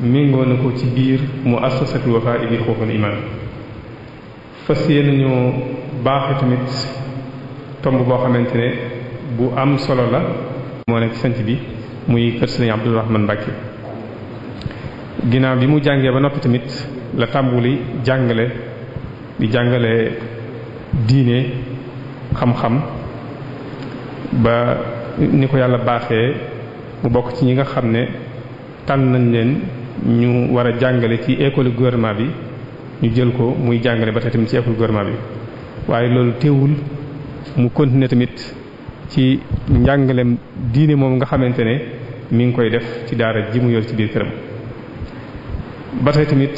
méngoo na ko ci biir mu assasatu Wafa bi xuuxul iman fas yéene ñoo baaxe tamit tomb boo xamante ne bu am solo la moo nekk sant bi muy kër Sëriñ Abdou Rahman Mbacke ginnaaw bi mu jàngee ba noppi tamit la tàmbuli jàngale di jàngale diine xam-xam ba ni ko yàlla baaxee mu bokk ci ñi nga xam ne tànn nañ leen ñu war a jàngale ci école gouvernement bi ñu jël ko muy jàngale ba tey tamit ci école gouvernement bi waaye loolu teewul mu continuer tamit ci njàngalem diine moom nga xamante ne mi ngi koy def ci daara ji mu yor ci biir këram. ba tey tamit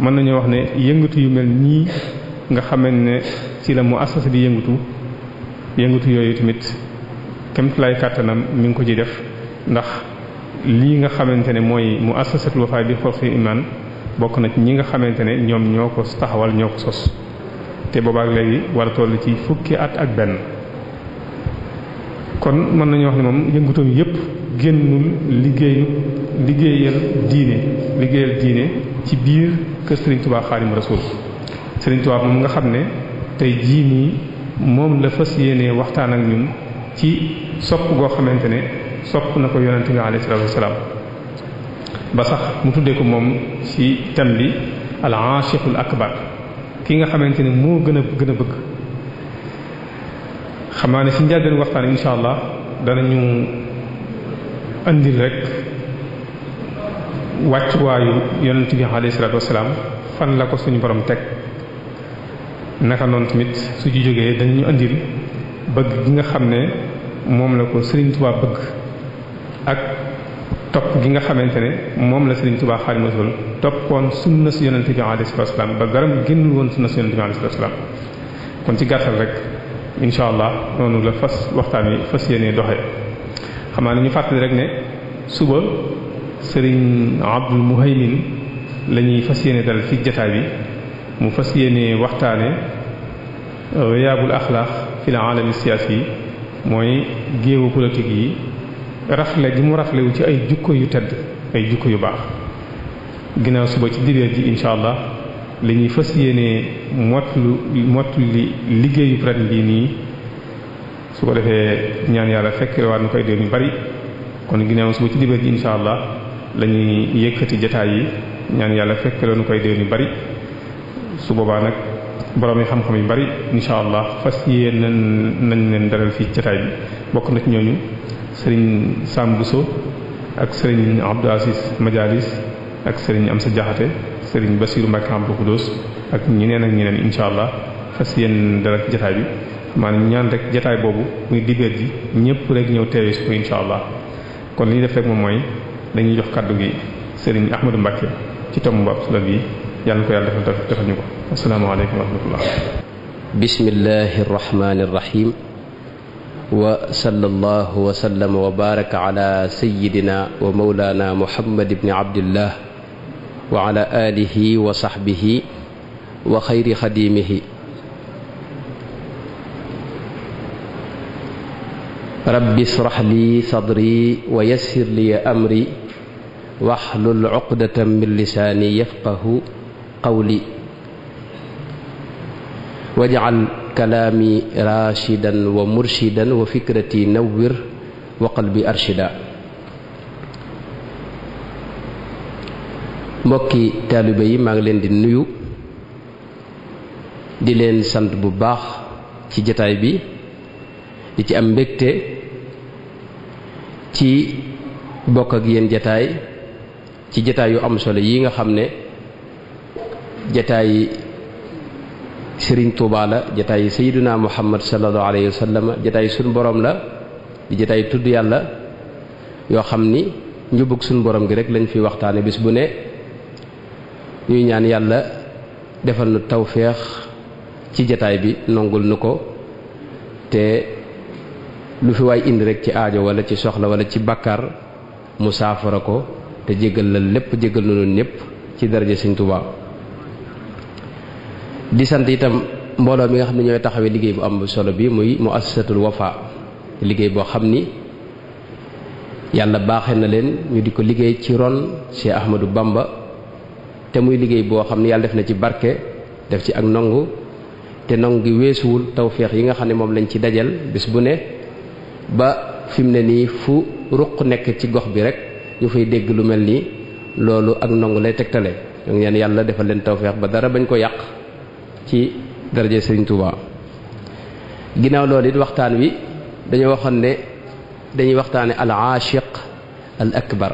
mën nañoo wax ne yëngatu yu mel nii nga xamante ne ci la mu assasa bi yëngatu yëngatu yooyu tamit kémtulaay kàttanam mi ngi ko ciy def ndax lii nga xamante ne mooy mu assasatul Wafa bi xorxi iman bokk na ci ñi nga xamante ne ñoom ñoo ko taxawal ñoo ko sos te boobaak léegi war a toll ci fukki at ak benn kon mën nañu wax ne moom yëngutoom yépp génnul liggéeyu liggéeyal diine liggéeyal diine ci biir kër Serigne Touba Xaadimu Rasuul Serigne Touba moom nga xam ne tey jii nii moom la fas yéenee waxtaan ak ñun ci sopp goo xamante ne sopp na ko yonent bi alayhi salaatu wasalaam ba sax mu tuddee ko moom ci thème bi al aashiqul akbar ki nga xamante ne moo gën a gën a bëgg xamaa ne ci njëlbeen waxtaan insha allah danañu andil rek wàccuwaayu yonent bi alayhi salaatu fan la ko suñu borom teg naka noonu tamit su ci jógee dañu andil bëgg gi nga xam ne moom la ko Sëriñ Tuubaa bëgg ak topp gi nga xamante ne moom la Sëriñ Tuubaa Xaadimu Rasuul toppoon su si yonente bi alayhi salaatu wa salaam ba garam génnul woon sunna si yonente bi alayhi salaatu wa salaam kon ci gàttal rek incha allah noonu la fas waxtaan wi fas yéenee doxee xam naa ne ñu fàttali rek ne suba Sëriñ Abdul Muhaymin la fas yéene dal fi jataay bi mu fas yéene waxtaane uh, riyaabul axlaaq fil aalami siyaasi mooy géewu politique yi rafle gi mu rafle wu ci ay jukko yu tedd ay jukko yu baax ginnaaw suba ci dibeer ji incha allah li ñuy fas yéenee mottlu mottli liggéeyu ren bii nii su ko defee ñaan yàlla fekk waat nu koy déen yu bari kon ginnaaw suba ci dibeer ji incha allah lañuy yëkkati jataay yi ñaan yàlla fekk la nu koy déen yu bari su boobaa nag borom yi xam-xam yu bari incha allah fas yéen nañ leen daral fii jataay bi bokk na ci ñooñu sëriñ Sam Bousso ak sëriñ Abdou Aziz Majalis ak sëriñ Amsa Jaxate sëriñ Basiru Mbàkke Abdou Xudoos ak ñu ñeneen ak ñeneen incha allah fas yéen dara jataay bi maanaam ñaan rek jataay boobu muy dibeer ji ñëpp rek ñëw teewee si ko incha allah kon li ñu def rek moom mooy dañuy jox kàddu gi sëriñ Ahmadou Mbàkke ci tomb bu ab solo bi yàlla ko yàlla defal defal ñu ko asalaamaaleykum wa rahmatullah bismillahi rahmaani wa sallallahu wa sallam wa baraka ala sayyidina wa mawlana muhammad ibni abdillah wa ala alihi wa sahbihi wa xayri xadimihi rabbi israh li sadri wa yassir li amri waxlul uqdatan min lisaani yafqahu qawli waj'al kalaami raashidan wa murshidan wa fikrati nawwir wa qalbi arshida mbokki taalibe yi maa ngi leen di nuyu di leen sant bu baax ci jataay bi di ci am mbégte ci bokk ak yéen jataay ci jataay yu am solo yi nga xam ne jataay sëriñ Tuuba la jataay sayyiduna muhammad sallallahu alayhi wa sallam jataay suñ boroom la di jataay tudd yàlla yoo xam ni njubug suñ borom gi rek lañ fi waxtaane bis bu ne ñuy ñaan yàlla defal nu tawféex ci jataay bi nongul nu ko te lu fi waay indi rek ci aajo wala ci soxla wala ci bakkar mu saafara ko te jéggal la lépp jéggal na ñun ñëpp ci daraja sëriñ Tuuba di sant itam mbooloo mi nga xam ne ñooy taxawee liggéey bu am solo bi muy mu assasatul wafa liggéey boo xam ni yàlla baaxee na leen ñu di ko liggéey ci ron Cheikh Ahmadou Bamba te muy liggéey boo xam ne yàlla def na ci barke def ci ak nongu te nongu gi weesuwul tawféex yi nga xam ne moom lañ ci dajal bis bu ne ba fi mu ne nii fu ruq nekk ci gox bi rek ñu fay dégg lu mel ni loolu ak nongu lay tegtale ñu ngi leen yàlla defal leen tawféex ba dara bañ ko yàq ci daraje Sëriñ Tuuba ginnaaw loolu it waxtaan wi dañu waxoon ne dañuy waxtaane al aashiq al akbar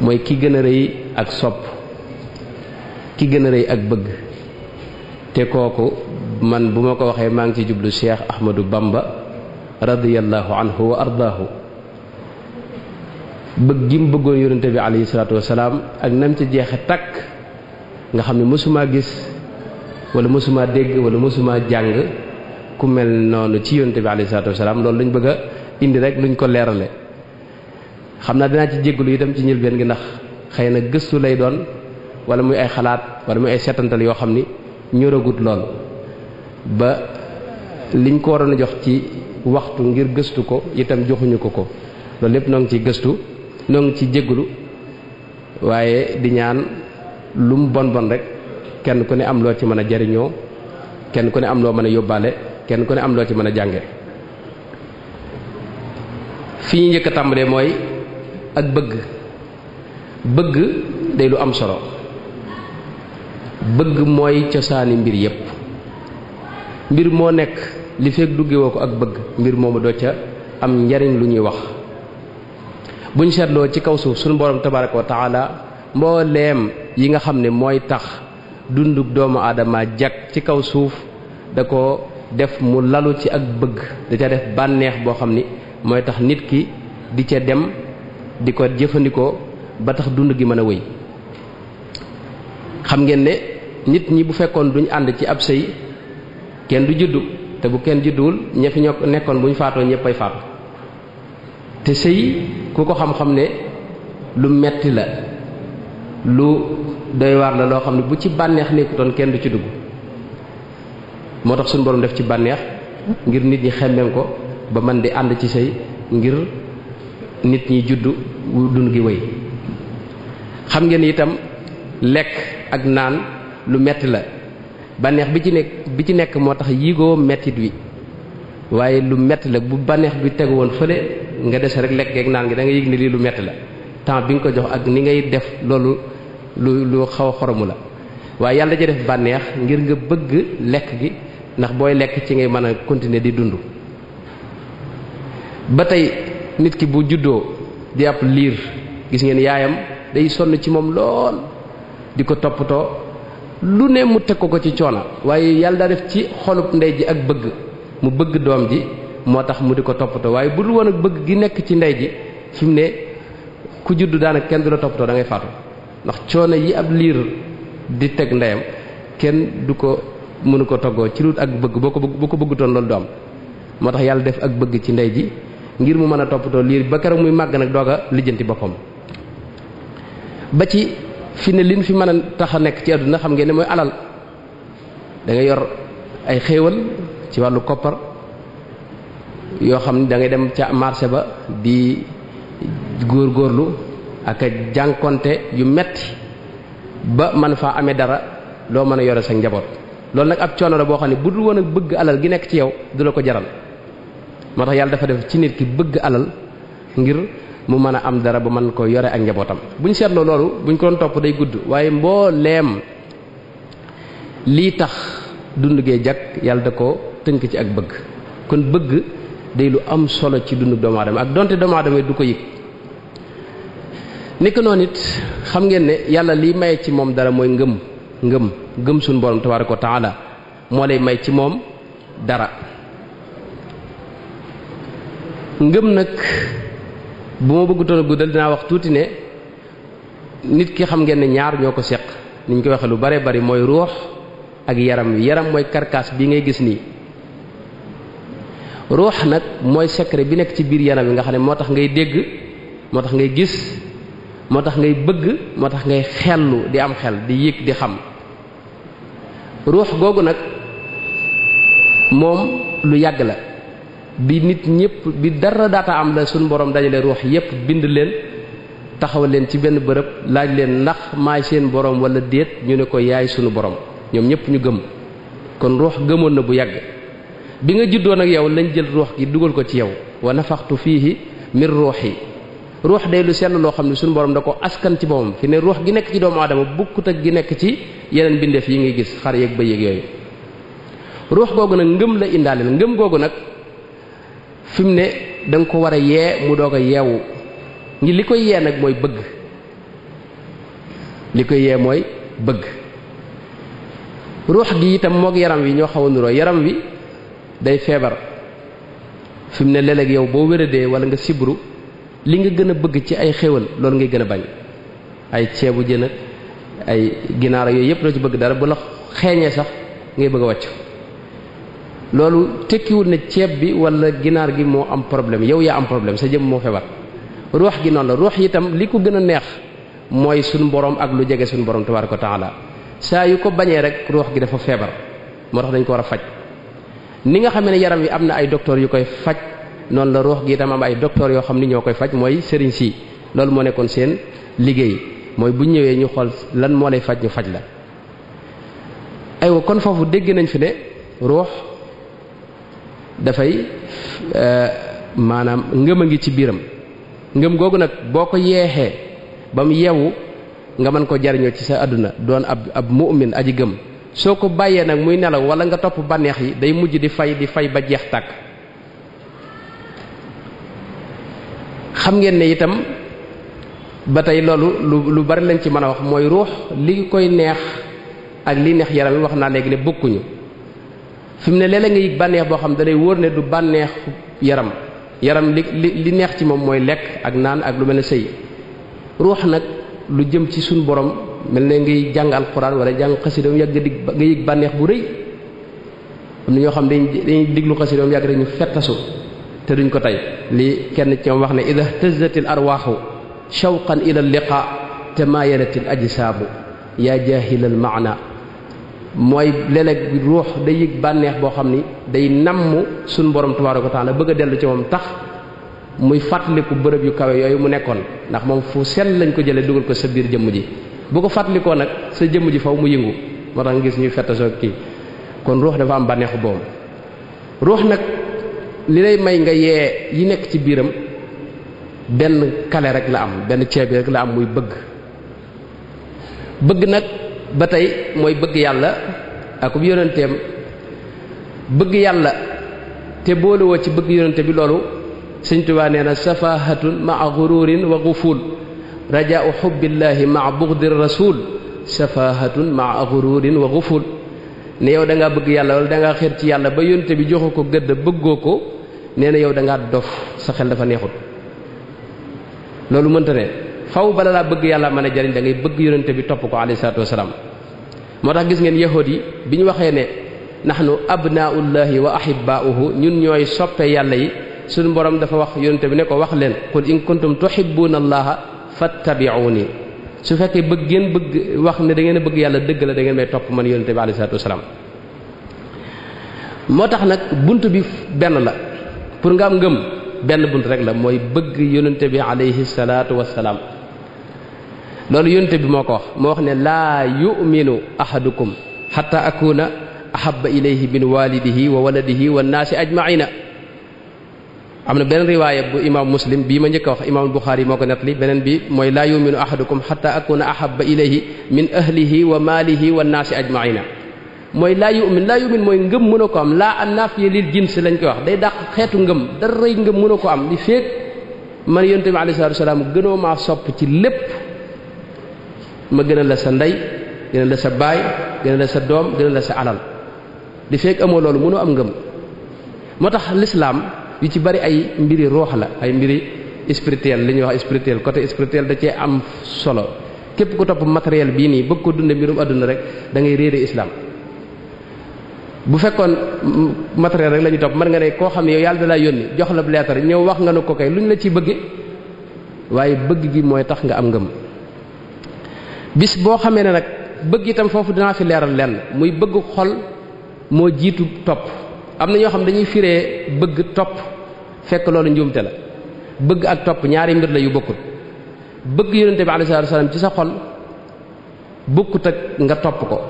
mooy ki gën a rëy ak sopp ki gën a rëy ak bëgg te kooku man bu ma ko waxee maa ngi ci jublu Cheikh Ahmadou Bamba radiyallahu anhu wa ardaahu bëgg gi mu bëggoon yonente bi alayhi salaatu wasalaam ak nam ci jeexe takk nga xam ne mësumaa gis wala mosuma dégg wala mosuma jàng ku mel noonu ci yoon bi alayhi salaatu wasalaam loolu lañ bëgg indi rek luñ ko leerale xam naa danaa ci jéggulu itam ci njëlbeen gi ndax xëy na gëstu lay doon wala muy ay xalaat wala muy ay seetantal yoo xam ni ñoragut lool ba liñ ko waroon a jox ci waxtu ngir gëstu ko itam joxuñu ko ko loolu lépp noo ngi ci gëstu noo ngi ci jéggulu waaye di ñaan lu bon bon rek kenn ku ne am loo ci mën a jariñoo kenn ku ne am loo mën a yóbbaale kenn ku ne am loo ci mën a jànge fi ñu njëkk a tàmbalee mooy ak bëgg bëgg day lu am solo bëgg mooy cosaani mbir yépp mbir moo nekk li fekk duggewoo ko ak bëgg mbir moomu doo ca am njariñ lu ñuy wax buñ seetloo ci kaw suuf suñu borom tabaraka wa taala mbooleem yi nga xam ne mooy tax dundug doomu aadama jag ci kaw suuf da ko def mu lalu ci ak bëgg da ca def bànneex boo xam ni mooy tax nit ki di ca dem di ko jëfandikoo ba tax dund gi mën a wéy xam ngeen ne nit ñi bu fekkoon duñu ànd ci ab sëy kenn du juddu te bu kenn judduwul ña fi ñoo nekkoon buñ faatoo ñëppay faatu te sëy ku ko xam-xam ne lu metti la lu doy waar la loo xam ne bu ci bànneex nekkutoon kenn du ci dugg moo tax suñu borom def ci bànneex ngir nit ñi xemmeem ko ba man di ànd ci sëy ngir nit ñi juddu dund gi wéy xam ngeen itam lekk ak naan lu metti la bànneex bi ci nekk bi ci nekk moo tax yigoo mettit wi waaye lu metti la bu bànneex bi tegu woon fële nga dese rek lekk ak naan gi da nga ni lii lu metti la temps bi nga ko jox ak ni ngay def loolu lu lu xaw xoromu la waaye yàlla ja def bànneex ngir nga bëgg lekk gi ndax booy lekk ci ngay mën a continuer di dund ba tey nit ki bu juddoo di ab liir gis ngeen yaayam day sonn ci moom lool di ko toppatoo lu ne mu teg ko ko ci coona waaye yàlla daa def ci xolub ndey ji ak bëgg mu bëgg doom ji moo tax mu di ko toppatoo waaye bu dul woon ak bëgg gi nekk ci ndey ji fi mu ne ku juddu daanaka kenn du la toppatoo da ngay faatu ndax coono yi ab liir di teg ndeyam kenn du ko mënu ko toggoo ci lu ak bëgg boo ko bëgg boo ko bëggutoon loolu du am moo tax yàlla def ak bëgg ci ndey ji ngir mu mën a toppatoo liir ba keroog muy màgg nag doog a lijjanti boppam ba ci fi ne liñ fi mën a tax a nekk ci àdduna xam ngeen ne mooy alal da yor ay xéewal ci wàllu koppar yoo xam ne dangay dem ca marché ba di góor góorlu ak a jànkonte yu metti ba man faa amee dara loo mën a yore sa njaboot loolu nag ab coono la boo xam ne bu dul woon a bëgg alal gi nekk ci yow du la ko jaral moo tax yàlla dafa def ci nit ki bëgg alal ngir mu mën a am dara ba mën ko yore ak njabootam buñ seetloo loolu buñ ko doon topp day gudd waaye mbooleem lii tax dund gee jàkk yàlla da ko tënk ci ak bëgg kon bëgg day lu am solo ci dundu doomu aadama ak donte doomu aadama du ko yëg nekk noonu it xam ngeen ne yàlla liy maye ci moom dara mooy ngëm ngëm ngëm suñu borom tabaaraka wa taala moo lay may ci moom dara ngëm nag bu ma bëggutoon a guddal dinaa wax tuuti ne nit ki xam ngeen ne ñaar ñoo ko seq ni ñu ko waxee lu bare bari mooy ruux ak yaram wi yaram mooy karkaas bi ngay gis nii ruux nag mooy secret bi nekk ci biir yaram wi nga xam ne moo tax ngay dégg moo tax ngay gis moo tax ngay bëgg moo tax ngay xellu di am xel di yëg di xam ruux googu nag moom lu yàgg la bi nit ñëpp bi dara daata am la suñ borom dajale ruux yépp bind leen taxaw leen ci benn bërëb laaj leen ndax maay seen boroom walla déet ñu ne ko yaay sunu boroom ñoom ñëpp ñu gëm kon ruux gëmoon na bu yàgg bi nga juddoo nag yow lañ jël ruux gi dugal ko ci yow wa nafaxtu fiihi min ruuxi ruux day lu sell loo xam ne suñu borom da ko askan ci boppam fi ne ruux gi nekk ci doomu aadama bukkut ak gi nekk ci yeneen bindeef yi ngay gis xar yeeg bëy yeeg yooyu ruux googu nag ngëm la indaaleel ngëm googu nag fi mu ne danga ko war a yee mu doog a yeewu ngi li koy yee nag mooy bëgg li koy yee mooy bëgg ruux gi itam moog yaram wi ñoo xaw a nuroo yaram wi day feebar fi mu ne leleg yow boo wéradee wala nga sibru li nga gën a bëgg ci ay xéwal loolu ngay gën a bañ ay ceebu jën ak ay ginaar yooyu yëpp doo ci bëgg dara bu la xeeñee sax ngay bëgg a wàcc loolu tekkiwul ne ceeb bi wala ginaar gi moo am problème yow yaa am problème sa jëm moo feebar ruux gi noonu la ruux tam li ko gën a neex mooy suñu borom ak lu jege suñu borom tabaaraka wa taala saa yu ko bañee rek ruux gi dafa feebar moo tax dañ ko war a faj ni nga xam ne yaram wi am na ay docteur yu koy faj noonu la ruux gi dama am ay docteur yoo xam ni ñoo koy faj mooy sëriñ si loolu moo nekkoon seen liggéey mooy bu ñëwee ñu xool lan moo lay faj ñu faj la aywa kon foofu dégg nañ fi ne ruux dafay euh, maanaam ngëm a ngi ci biiram ngëm googu nag boo ko yeexee ba mu yeewu nga mën ko jariñoo ci sa àdduna doon ab ab mu'min aji gëm soo ko bàyyee nag muy nelaw wala nga topp bànneex yi day mujj di fay di fay ba jeex tàkk xam ngeen ne itam ba tey loolu lu lu bari lañ ci mën a wax mooy ruux li koy neex ak li neex yaram wax naa léegi ne bokkuñu fi mu ne léeg-léeg nga yëg bànneex boo xam danay wóor ne du bànneex yaram yaram li li neex ci moom mooy lekk ak naan ak lu mel ne sëy ruux nag lu jëm ci suñu borom mel ne ngay jàng alxuraan wala jàng xasidoom yàgg nga yëg bànneex bu rëy am na ñoo xam dañuy diglu xasidoom yàgg rek ñu fettasu te duñ ko tey lii kenn ci wax ne ida htazatil arwaaxu shawqan ila liqa tamaayalatil saabu yaa jaahilal maana mooy léeg-léeg ruux day yëg bànneex boo xam ni day namm suñ borom tabaaraka wa taala bëgg a dellu ci moom tax muy fàttaliku bërëb yu kawe yooyu mu nekkoon ndax moom fu sell lañ ko jëlee dugal ko sa biir jëmm ji bu ko fàttalikoo nag sa jëmm ji faw mu yëngu moo tax nga gis ñuy fettasoo kii kon ruux dafa am bànneexu boobu ruux nag li lay may nga yee yi nekk ci biiram benn kale rek la am benn ceeb bi rek la am muy bëgg bëgg nag ba tey mooy bëgg yàlla akub yonenteem bëgg yàlla te boole boolewoo ci bëgg yonente bi loolu Sëñ Tuubaa nee na safahatun maa gururin wa gufuul rajaau xubbillaahi maa bugdi rasul safahatun maa gururin wa gufuul ne yow da ngaa bëgg yàlla wala da ngaa ci yàlla ba yonente bi joxu ko gëdd bëggoo ko nee na yow dangaa ngaa dof sa xel dafa neexut loolu mënta ne faw bala laa bëgg yàlla mën a jariñ da ngay bëgg yonente bi topp ko alayhi salaatu wasalaam moo tax gis ngeen yahood yi bi ñu waxee ne nahnu abnaullahi wa ahibaauhu ñun ñooy soppe yàlla yi suñu borom dafa wax yonente bi ne ko wax leen qul in kuntum tuhibbuuna allaha fattabi'uuni su fekkee bëgg ngeen bëgg wax ne da ngeen bëgg yàlla dëgg la da ngeen may topp man yonente bi alayhi salaatu wasalaam moo tax nag bunt bi benn la pour nga am ngëm benn bunt rek la mooy bëgg yonente bi alayhi salaatu wassalaam loolu yonente bi moo ko wax moo wax ne laa yuminu ahadukum xatta akuna ahaba ilayhi min walidihi wa waladihi wa naasi ajmaina am na beneen riwaaya bu imam muslim bii ma njëkk wax imam buxaari moo ko nettali beneen bi mooy laa yuminu ahadukum xatta akuna ahaba ilayhi min ahlihi wa maalihi wa naasi ajmaina mooy laa yumin laa yumin mooy ngëm mën a ko am laa an naafiya lil jins lañ koy wax day dàq xeetu ngëm daray ngëm mën a ko am li feeg man yonte bi alayhi salaatu gënoo maa sopp ci lépp ma gënal la sa ndey gënal la sa baay gënal la sa doom gënal la sa alal li feeg amoo loolu mënoo am ngëm moo tax lislaam yu ci bari ay mbiri roox la ay mbiri spirituel li ñuy wax spirituel côté spirituel da cee am solo képp ku topp matériel bii nii bëgg ko dunde mbirum àdduna rek da ngay réere islam bu fekkoon matériel rek la ñu topp mën nga ne koo xam ne yow yàlla dalaa laa yónni jox la leetar ñëw wax nga nu ko kay lu ñu la ci bëgge waaye bëgg gi mooy tax nga am ngëm bis boo xamee ne nag bëgg itam foofu danaa fi leeral lenn muy bëgg xol moo jiitu topp am na ñoo xam dañuy firee bëgg topp fekk loolu njuumte la bëgg ak topp ñaari mbir la yu bokkul bëgg yonente bi alayhi salaatu wasalaam ci sa xol bokkut ak nga topp ko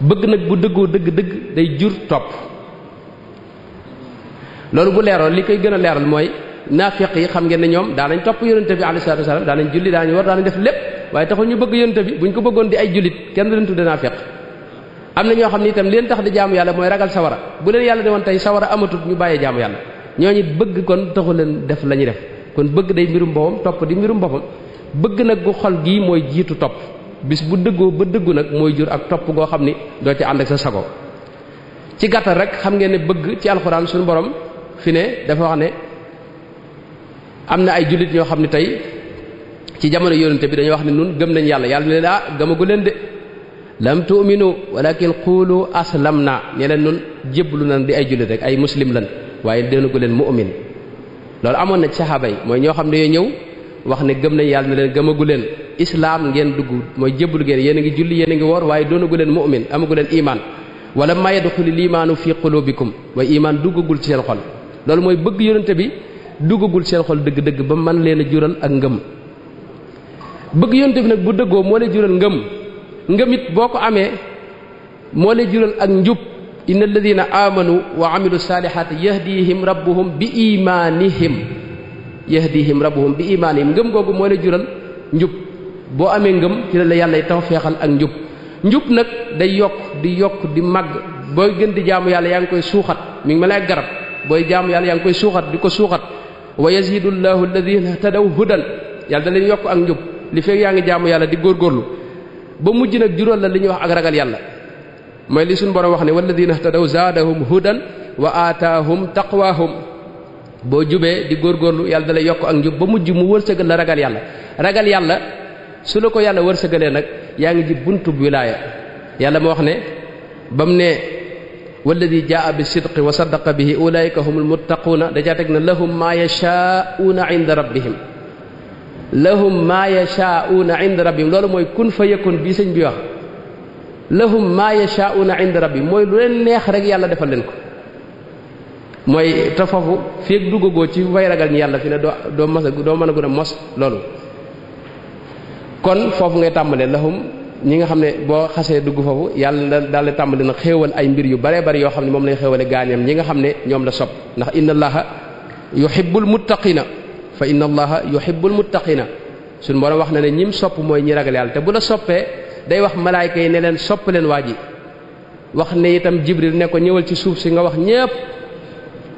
bëgg nag bu dëggoo dëgg-dëgg day jur topp loolu bu leeroon li koy gën a leeral mooy naafiq yi xam ngeen ne ñoom daanañ topp yonente bi alayhi salaatu wasalaam daanañ julli daanañ war daanañ def lépp waaye taxul ñu bëgg yonente bi buñ ko bëggoon di ay jullit kenn du leen tudde naafiq am na ñoo xam ne itam leen tax di jaamu yàlla mooy ragal sawara bu leen yàlla ne woon tey sawara amatut ñu bàyyee jaamu yàlla ñooñu bëgg kon taxul leen def la ñuy def kon bëgg day mbirum boppam topp di mbirum boppam bëgg nag gu xol gii mooy jiitu topp bis bu dëggoo ba dëggu nag mooy jur ak topp goo xam ni doo ci ànd ak sa sago ci gàttal rek xam ngeen ne bëgg ci alxuraan suñu borom fi ne dafa wax ne am na ay jullit ñoo xam ne tey ci jamono yonente bi dañoo wax ne nun gëm nañ yàlla yàlla ne leen ah gëmagu leen de lam tu'minu walakin qulu aslamna ñe leen nun jéblu nan di ay jullit rek ay muslim lan waaye déenagu leen mu'min loolu amoon na ci saxaaba mooy ñoo xam ne ñëw wax ne gëm nañ yàlla ne leen gëmagu leen islaam ngeen dugg mooy jébbalu geen yéen ngi julli yéen a ngi woor waaye doonagu leen mu'min amagu leen iman wala ma yadxulil imaanu fi qulubikum waaye iman duggagul ci seen xol loolu mooy bëgg yonente bi duggagul seen xol dëgg-dëgg ba man leen a jural ak ngëm bëgg yonente bi nag bu dëggoo moo lay jural ngëm ngëm it boo ko amee moo lay jural ak njub inna alladina amanu wa amilu saalihaati yahdihim rabbuhum bi imanihim yeex yahdihim rabbuhum bi imaanihim ngëm googu moo la jural njub boo amee ngëm ci la la yàlla tawfeexal ak njub njub nag day yokk di yokk di màgg booy gën di jaamu yàlla yaa ngi koy suuxat mi ngi mel ak garab booy jaamu yàlla yaa ngi koy suuxat di ko suuxat wa yazidu llahu alladina tadaw hudan yàlla da leen yokk ak njub li fekk yaa ngi jaamu yàlla di góor góorlu ba mujj nag jural la li ñuy wax ak ragal yàlla mooy li suñu borom wax ne walladina tadaw zaadahum hudan wa aataahum taqwaahum boo jubee di góor góorlu yàlla da lay yokk ak njub ba mujj mu wërsëgal la ragal yàlla ragal yàlla su la ko yàlla wërsëgalee nag yaa ngi ji buntub wilaaya yàlla moo wax ne ba mu ne walladi jaa bi sidqi wa saddaqa bihi ulaayika humul muttaquuna dajaa teg na lahum maa yashaa'uuna inda rabbihim lahum maa yashaa'uuna inda rabbihim loolu mooy kun fa yakun bii sëñ bi wax lahum maa yashaa'uuna inda rabbihim mooy lu leen neex rek yàlla defal leen ko mooy te foofu feeg duggagoo ci way ragal yàlla fi ne doo doo doo mën a gën a mos loolu kon foofu ngay tàmbalee lahum ñi nga xam ne boo xasee dugg foofu yàlla daal di tàmbali na xéewal ay mbir yu bare bari yoo xam ne moom lay xéewale gaañam ñi nga xam ne ñoom la sob ndax inna allaha yuhibbul muttaqina fa inna allaha yuhibbul muttaqina suñu borom wax na ne ñim sopp mooy ñi ragal yàlla te bu la soppee day wax malaayka yi ne leen sopp leen waa ji wax itam jibril ne ñëwal ci suuf si nga wax ñépp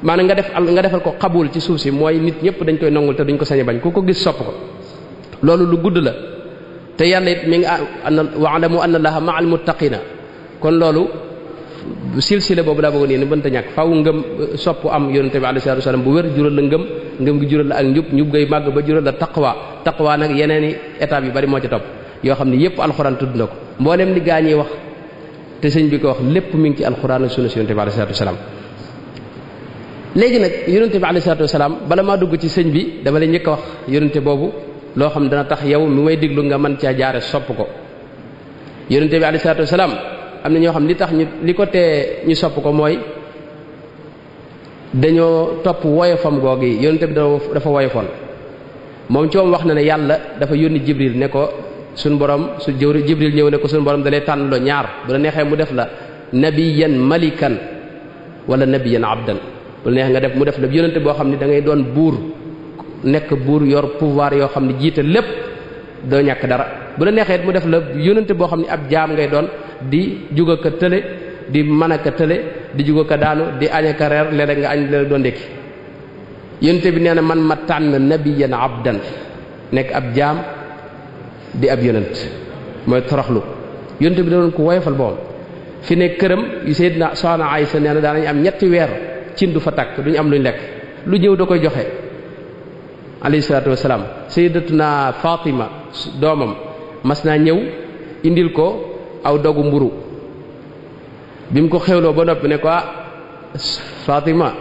maana nga def nga defal ko xabul ci suuf si mooy nit ñëpp dañ koy nangul te duñ ko sañ bañ ku ko gis sopp ko loolu lu gudd la te yàlla it mi ngi a ah, wa'lamu anna allaha ma'al na kon loolu silsila boobu daa bëggoon yéen bën ta ñàkk faw ngëm sopp am yonente bi alayhi salaatu wasallam bu wér jural la ngëm ngëm gi jural la ak njub njub gay màgg ba jural la taqwa taqwa nag yeneen i étapes yu bari moo ci topp yoo xam ne yépp alxuraan tudd na ko mboolem ni gaa ñi wax te sëñ bi ko wax lépp mi ngi ci alxuraan ak sunna si yonente bi alayhi salaatu léegi nag yonente bi alayhi salaatu wasalaam bala maa dugg ci sëñ bi dama lay njëkk a wax yonente boobu loo xam dana tax yow mi may déglu nga mën caa jaare sopp ko yonente bi alayhi salaatu wasalaam am na ñoo xam li tax ñu li ko tee ñu sopp ko mooy dañoo topp woyofam googu yi yonente bi dafa woyofoon moom ci moom wax na ne yàlla dafa yónni jibril ne ko suñ borom su jëwri jibril ñëw ne ko suñu borom dalay tànn loo ñaar bu la neexee mu def la nabiyan malikan wala nabiyan abdan bu neex nga def mu def la yonente boo xam ne dangay doon buur nekk buur yor pouvoir yoo xam ne jiite lépp doo ñàkk dara bu la mu def la yonente boo xam ne ab jaam ngay doon di juga ka tële di mën a tële di juga ka daanu di aña ka reer léeg-léeg nga añ léeg doon ndékki yonente bi nee na man ma tànn nabiyan abdan nekk ab jaam di ab yonent mooy toroxlu yonente bi da doon ko woyofal boom fi ne këram Seydina ay Aysa nee na daanañ am ñetti weer cin du fa tàkk duñu am luñu lekk lu ñëw da koy joxe alayhi salaatu wasalaam sayyidatuna Fatima doomam mas naa ñëw indil ko aw dogu mburu bi mu ko xewloo ba noppi ne ko ah Fatima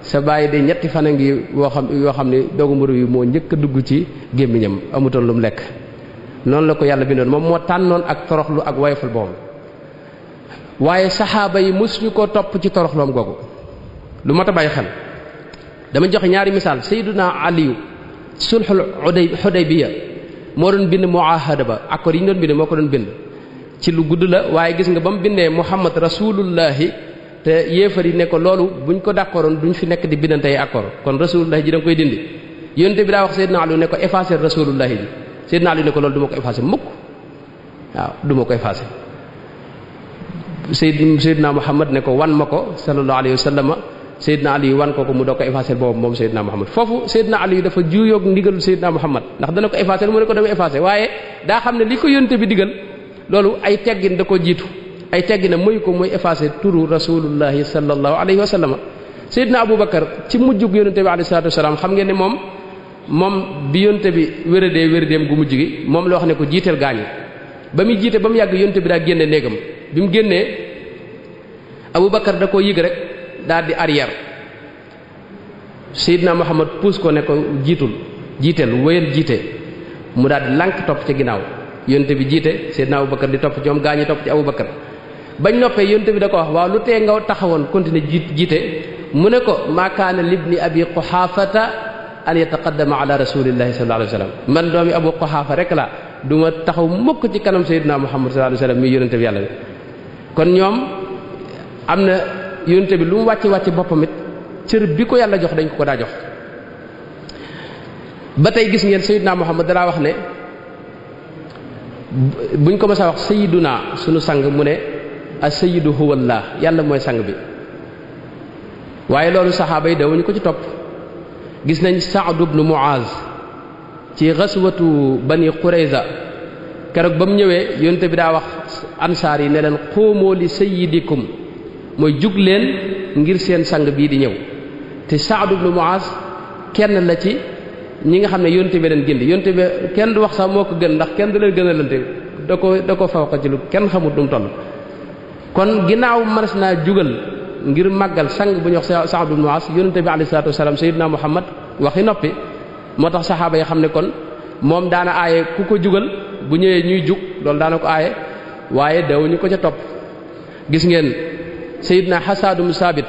sa bàyyi de ñetti fan a ngi yoo xam yoo xam ne dogu mburu bi moo njëkk a dugg ci gémmiñam amutoon lu mu lekk noonu la ko yàlla bindoon moom moo tànnoon ak toroxlu ak wayful boom waaye saxaaba yi mosuñu ko topp ci toroxloom googu lu mot a bàyyi xel dama joxe ñaari misaal sayyiduna aliyu sulhul hudaybiya moo doon bind muahada ba accord yi ñu doon bind moo ko doon bind ci lu gudd la waaye gis nga ba mu bindee muhammad rasulullahi te yéefar yi ne ko loolu buñ ko d'accordoon duñ fi nekk di bindante ay kon rasulullahi ji da koy dindi yonent bi daa wax sayyidna aliyu ne ko effacer rasulullahi ji sayyidna aliyu ne ko loolu du ma ko effacer mukk waaw du ma ko effacer ne ko wan ma ko sallallahu alayhi Seydina Ali wan ko ko mu doog ko effacé boobu moom Seydina Muhammad foofu Seydina Ali dafa juyoog ndigalu Seydina Muhammad ndax dana ko effacé mu ne ko dama effacé waaye daa xam ne li ko yónte bi digal loolu ay teggin da ko jiitu ay teggina mooy ko muy effacé turu rasulullahi sallallahu alayhi wa sallam Seydina Aboubacar ci mujjug yónente bi alayhi salaatu wasalaam xam ngeen ne moom moom bi yónente bi wéradee wéradeem gu mujj gi moom la wax ne ko jiiteel gaañi ba muy jiite ba mu yàgg yónente bi daa génne néegam bi mu génnee Aboubacar da koo yëg rek daal di arrière Seydina Muhammad puus ko ne ko jiitul jiiteel wéyal jiite mu daal di lànk topp ci ginnaaw yonte bi jiite Seydina Abubakar di topp ci moom gaa ñi topp ci Abubakar bañ noppee yonte bi da ko wax waaw lu tee nga taxawoon continuer jiit jiite mu ne ko maa kaana libni abi quxaafata an yataqaddama ala rasulillahi sallallahu alayhi wa sallam man doomi abu quxaafa rek la du ma taxaw mukk ci kanam sayyidina muhammad sallallahu alayhi wa sallam mi yonente yàlla bi kon ñoom yonte bi lu mu wàcce wàcce boppam it cër bi ko yàlla jox dañ ko ko daa jox ba tey gis ngeen sayyiduna Muhammad dalaa wax ne buñ ko mësa wax sayyiduna sunu sang mu ne a sayyidu huwallah yàlla mooy sang bi waaye loolu saxaaba yi dawuñu ko ci topp gis nañ Saad ibn Muaz ci xaswatu bani Qurayza keroog ba mu ñëwee yonte bi daa wax ansaar yi ne leen xoomoo li sayyidikum mooy jug leen ngir seen sang bii di ñëw te Saad ibnu Muaz kenn la ci ñi nga xam ne yonte bi leen gindi yonte bi kenn du wax sax moo ko gën ndax kenn du leen gën a lante da ko da ko faw ko ci lu kenn xamut dum toll kon ginnaaw manas naa jugal ngir màggal sang bu ñu wax Saad ibnu Muaz yonte bi alayhi salaatu wasalaam sayyidina Muhammad waxi noppi moo tax saxaaba yi xam ne kon moom daana aaye ku ko jugal bu ñëwee ñuy jug loolu daana ko aaye waaye dawuñu sayidna xasaadum saabit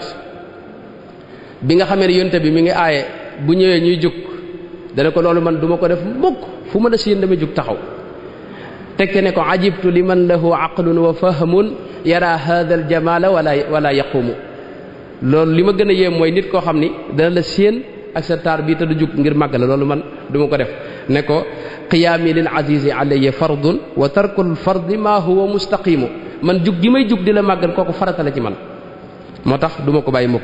bi nga xamee ne yonte bi mi ngi aaye bu ñëwee ñuy jóg dana ko loolu man duma ko def mukk fu ma la si dama damay taxaw tekke ne ko ajibtu li man lahu aqlun wa fahmun yara hada aljamala wala wala yaqumu loolu li ma gën a yéem mooy nit koo xam ni dana la séen ak sa taar bii te du jug ngir màgg la loolu man duma ko def ne ko qiyaami lil azizi alayya fardun wa tarkul fardi ma huwa mustaqimu man jug gi may jug di la màggal kooku farata la ci man moo tax duma ko bàyyi mukk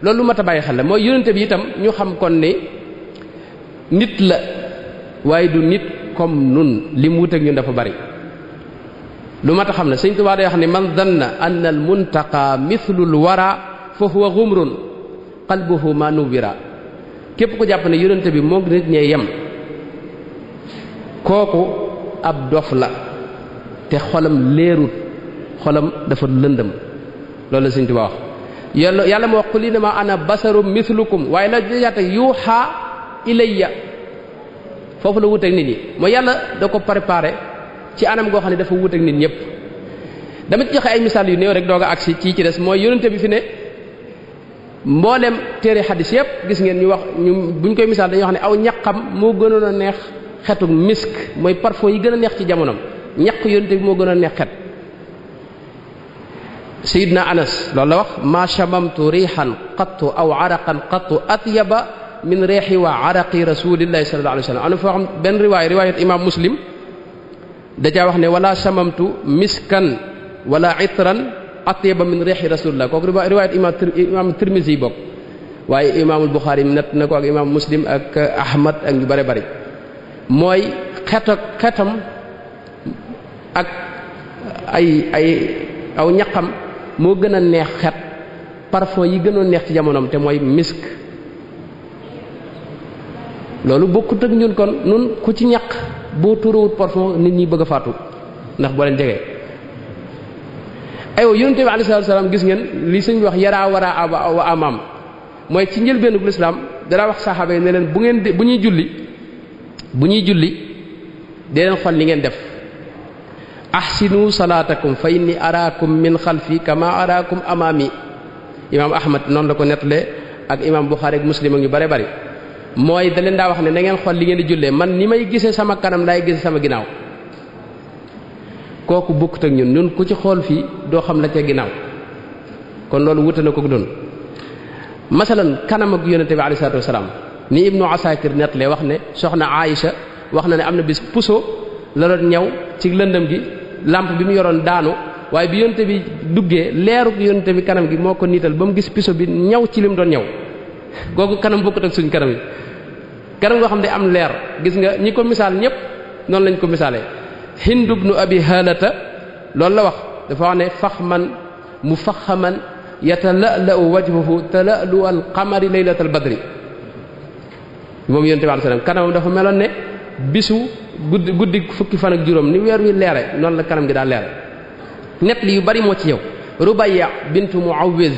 loolu lu mat a bàyyi xel la mooy yonente bi itam ñu xam kon ne nit la waaye du nit comme nun li mu wuteeg ñun dafa bari lu mat a xam ne sëñ Tuubaa day wax ne man danna anna al muntaqa mithlul wara fa huwa gumrun qalbuhu ma nuwira képp ko jàpp ne yonente bi moo ngi nit ñee yem kooku ab dof la te xolam leerut xolam dafa lëndam loolu la Sëriñ Tuubaa wax yàlla yàlla ma wax qul innamaa ana basarum mislukum waaye la jàtte yuuxa ilayya foofu la wuteeg nit ñi mooy yàlla da ko ci anam goo xam ne dafa wuteeg ñëpp dama ci joxe ay misaal yu néew rek doo a agsi ci ci des mooy yonente bi fi ne mboolem téere xadis yëpp gis ngeen ñu wax ñu buñ koy misaal dañuy wax ne aw ñaqam moo gënoon a neex xetu misk mooy parfum yi gën a neex ci jamonoom ñaq yonente bi moo gën a neex xet sayidna anas loolu la wax maa chamamtu riixan qattu aw araqan qattu atyaba min reexi waa araqi rasulillahi sallallahu alayhi wa sallam am foo xam benn riwaay riwaayat imam muslim da caa wax ne wala chamamtu miskan wala itran atyaba min reexi rasulillah kooku riwaayat imam imam tirmisi waaye imaamul buxaari nett na ko ak imam muslim ak ahmad ak ñu bare mooy xet ak ay ay aw ñaqam moo gën a neex xet parfum yi gënoon neex ci jamonoom te mooy misk loolu bokkut ak ñun kon nun ku ci ñaq boo tuurawut parfum nit ñi bëgg a faatu ndax boo leen jegee aywa yonente bi salaam gis ngeen li sëñ wax yaraa waraa aba wa amaam mooy ci njëlbéenu bu lislaam dara wax saxaaba yi ne leen bu ngeen bu ñuy julli bu ñuy julli dee leen xool li ngeen def ahsinu salaatakum fa inni araakum min xalfi kama araakum amaami imaam ahmad noon la ko nettale ak imaam buxaari ak muslim ak ñu bare bari mooy da leen daa wax ne na ngeen xool li ngeen di jullee man ni may gisee sama kanam laay gisee sama ginnaaw kooku bokkut ak ñun ñun ku ci xool fii doo xam la ca ginnaaw kon loolu wuute na ko doon masalan kanam ak yonente bi alayhi salaatu wasalaam ni ibnu asakir nettalee wax ne soxna aïcha wax na ne am na bis puso la doon ñaw ci lëndëm gi làmp bi mu yoroon daanu waaye bi yonte bi duggee leeruk yonte bi kanam gi moo ko niital ba mu gis piso bi ñaw ci lim doon ñaw googu kanam ko ak suñ kanam yi kanam goo xam ne am leer gis nga ñi ko misaal ñépp noonu lañ ko misaalee Hind nu Abi Halata loolu la wax dafa wax ne fax man faxman mufaxaman yatala'la'u wajhuhu tala'lu al qamari laylatal badri moom yonte bi sallallahu alayhi wasallam kanamam dafa meloon ne bisu guddi guddi fukki fan ak juróom ni weer wi leere noonu la kanam gi daa leere nett li yu bari moo ci yow Rubayya bintu Muawiz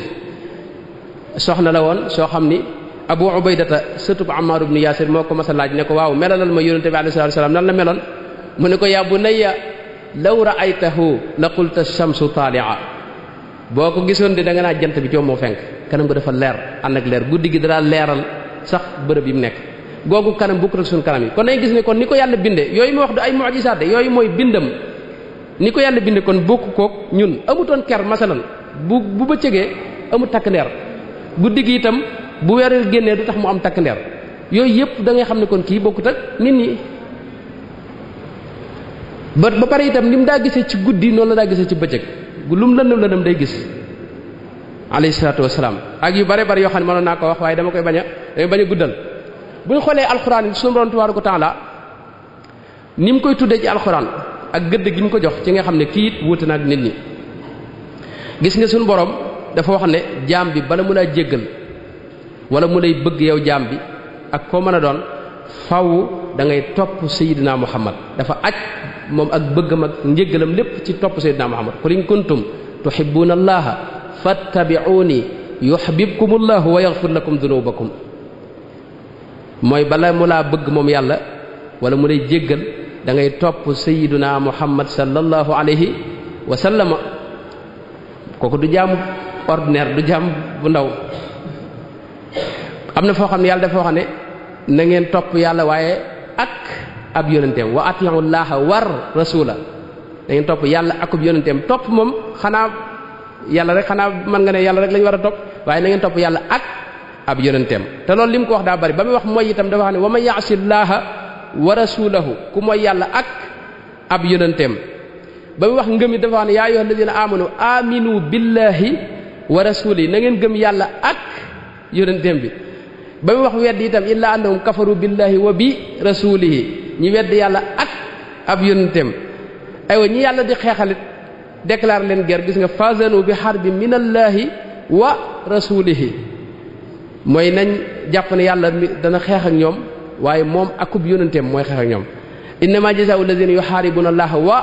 soxna la woon soo xam ni Abu Ubaydata sëtub Ammaar ibn Yaasir moo ko mas a laaj ne ko waaw melalal ma yonente bi a salaatu wasalaam nan la meloon mu ne ko yaa bunayya law ra'aytahu la qulta shamsu taali'a boo ko gisoon di danga nga naa jant bi ci moo fenk kanam gi dafa leer ànd ak leer guddi gi dara leeral sax bërëb yi mu nekk googu kanam bokkul ak suñu kanam yi kon dañuy gis ne kon ni ko yàlla binde yooyu ma wax du ay mu'jisaat de yooyu mooy bindam ni ko yàlla binde kon bokku koog ñun amutoon ker masalan bu bu bëccëgee amut takk ndeer guddi gi itam bu weer génnee du tax mu am takk ndeer yooyu yëpp da ngay xam ne kon kii bokkut ak nit ñi ba ba pare itam ni mu daa gisee ci guddi noonu la daa gisee ci bëccëg lu mu lëndëm lëndëm day gis alayhi salaatu wasalaam ak yu bare bare yoo xam ne mënoon naa ko wax waaye dama koy bañ a dama bañ a bu ñu xoolee alxuraan yi suñu borom ko taala ni mu koy tuddee ci alxuraan ak gëdd gi mu ko jox ci nga xam ne kii it naa na ak nit ñi gis nga suñu borom dafa wax ne jaam bi bala mu laa jéggal wala mu lay bëgg yow jaam bi ak koo mën a doon faw da ngay topp sayidina muhammad dafa aj moom ak bëggam ak njéggalam lépp ci topp sayidina muhammad qul in kuntum tuhibbuuna allaha fattabi'uuni yuhibbukum allahu wa yaghfir lakum dunubakum mooy bala mu laa bëgg moom yàlla wala mu lay jéggal da ngay topp sayiduna muhammad sallallahu alayhi wa sallama kooku du jaamu ordinaire du jaam bu ndaw am na foo xam ne yàlla dafa xam ne na ngeen topp yàlla waaye ak ab yonenteem wa atiyu llaaha war rasula da topp yàlla akub yonenteem topp moom xanaa yàlla rek xanaa man nga ne yàlla rek lañ war a topp waaye na topp yàlla ak ab yonenteem te loolu li mu ko wax daa bari ba muy wax mooy itam dafa wax ne wa man yaasi llaaha wa rasulahu ku mooy yàlla ak ab yonenteem ba muy wax ngëm it dafa wax ne yaa ayyuha alladina amanu aminu billahi wa rasuli na ngeen yàlla ak yonenteem bi ba muy wax weddi itam illa annahum kafaru billahi wa bi rasulihi ñi weddi yàlla ak ab yonenteem aywa ñi yàlla di xeexalit déclare leen ger gis nga fasanu bi xarbi min wa rasulihi mooy nañ jàpp na yàlla mi dana xeex ak ñoom waaye moom akub yónanteem mooy xeex ak ñoom innama jazaa'u alladhina yuhaaribuna allaha wa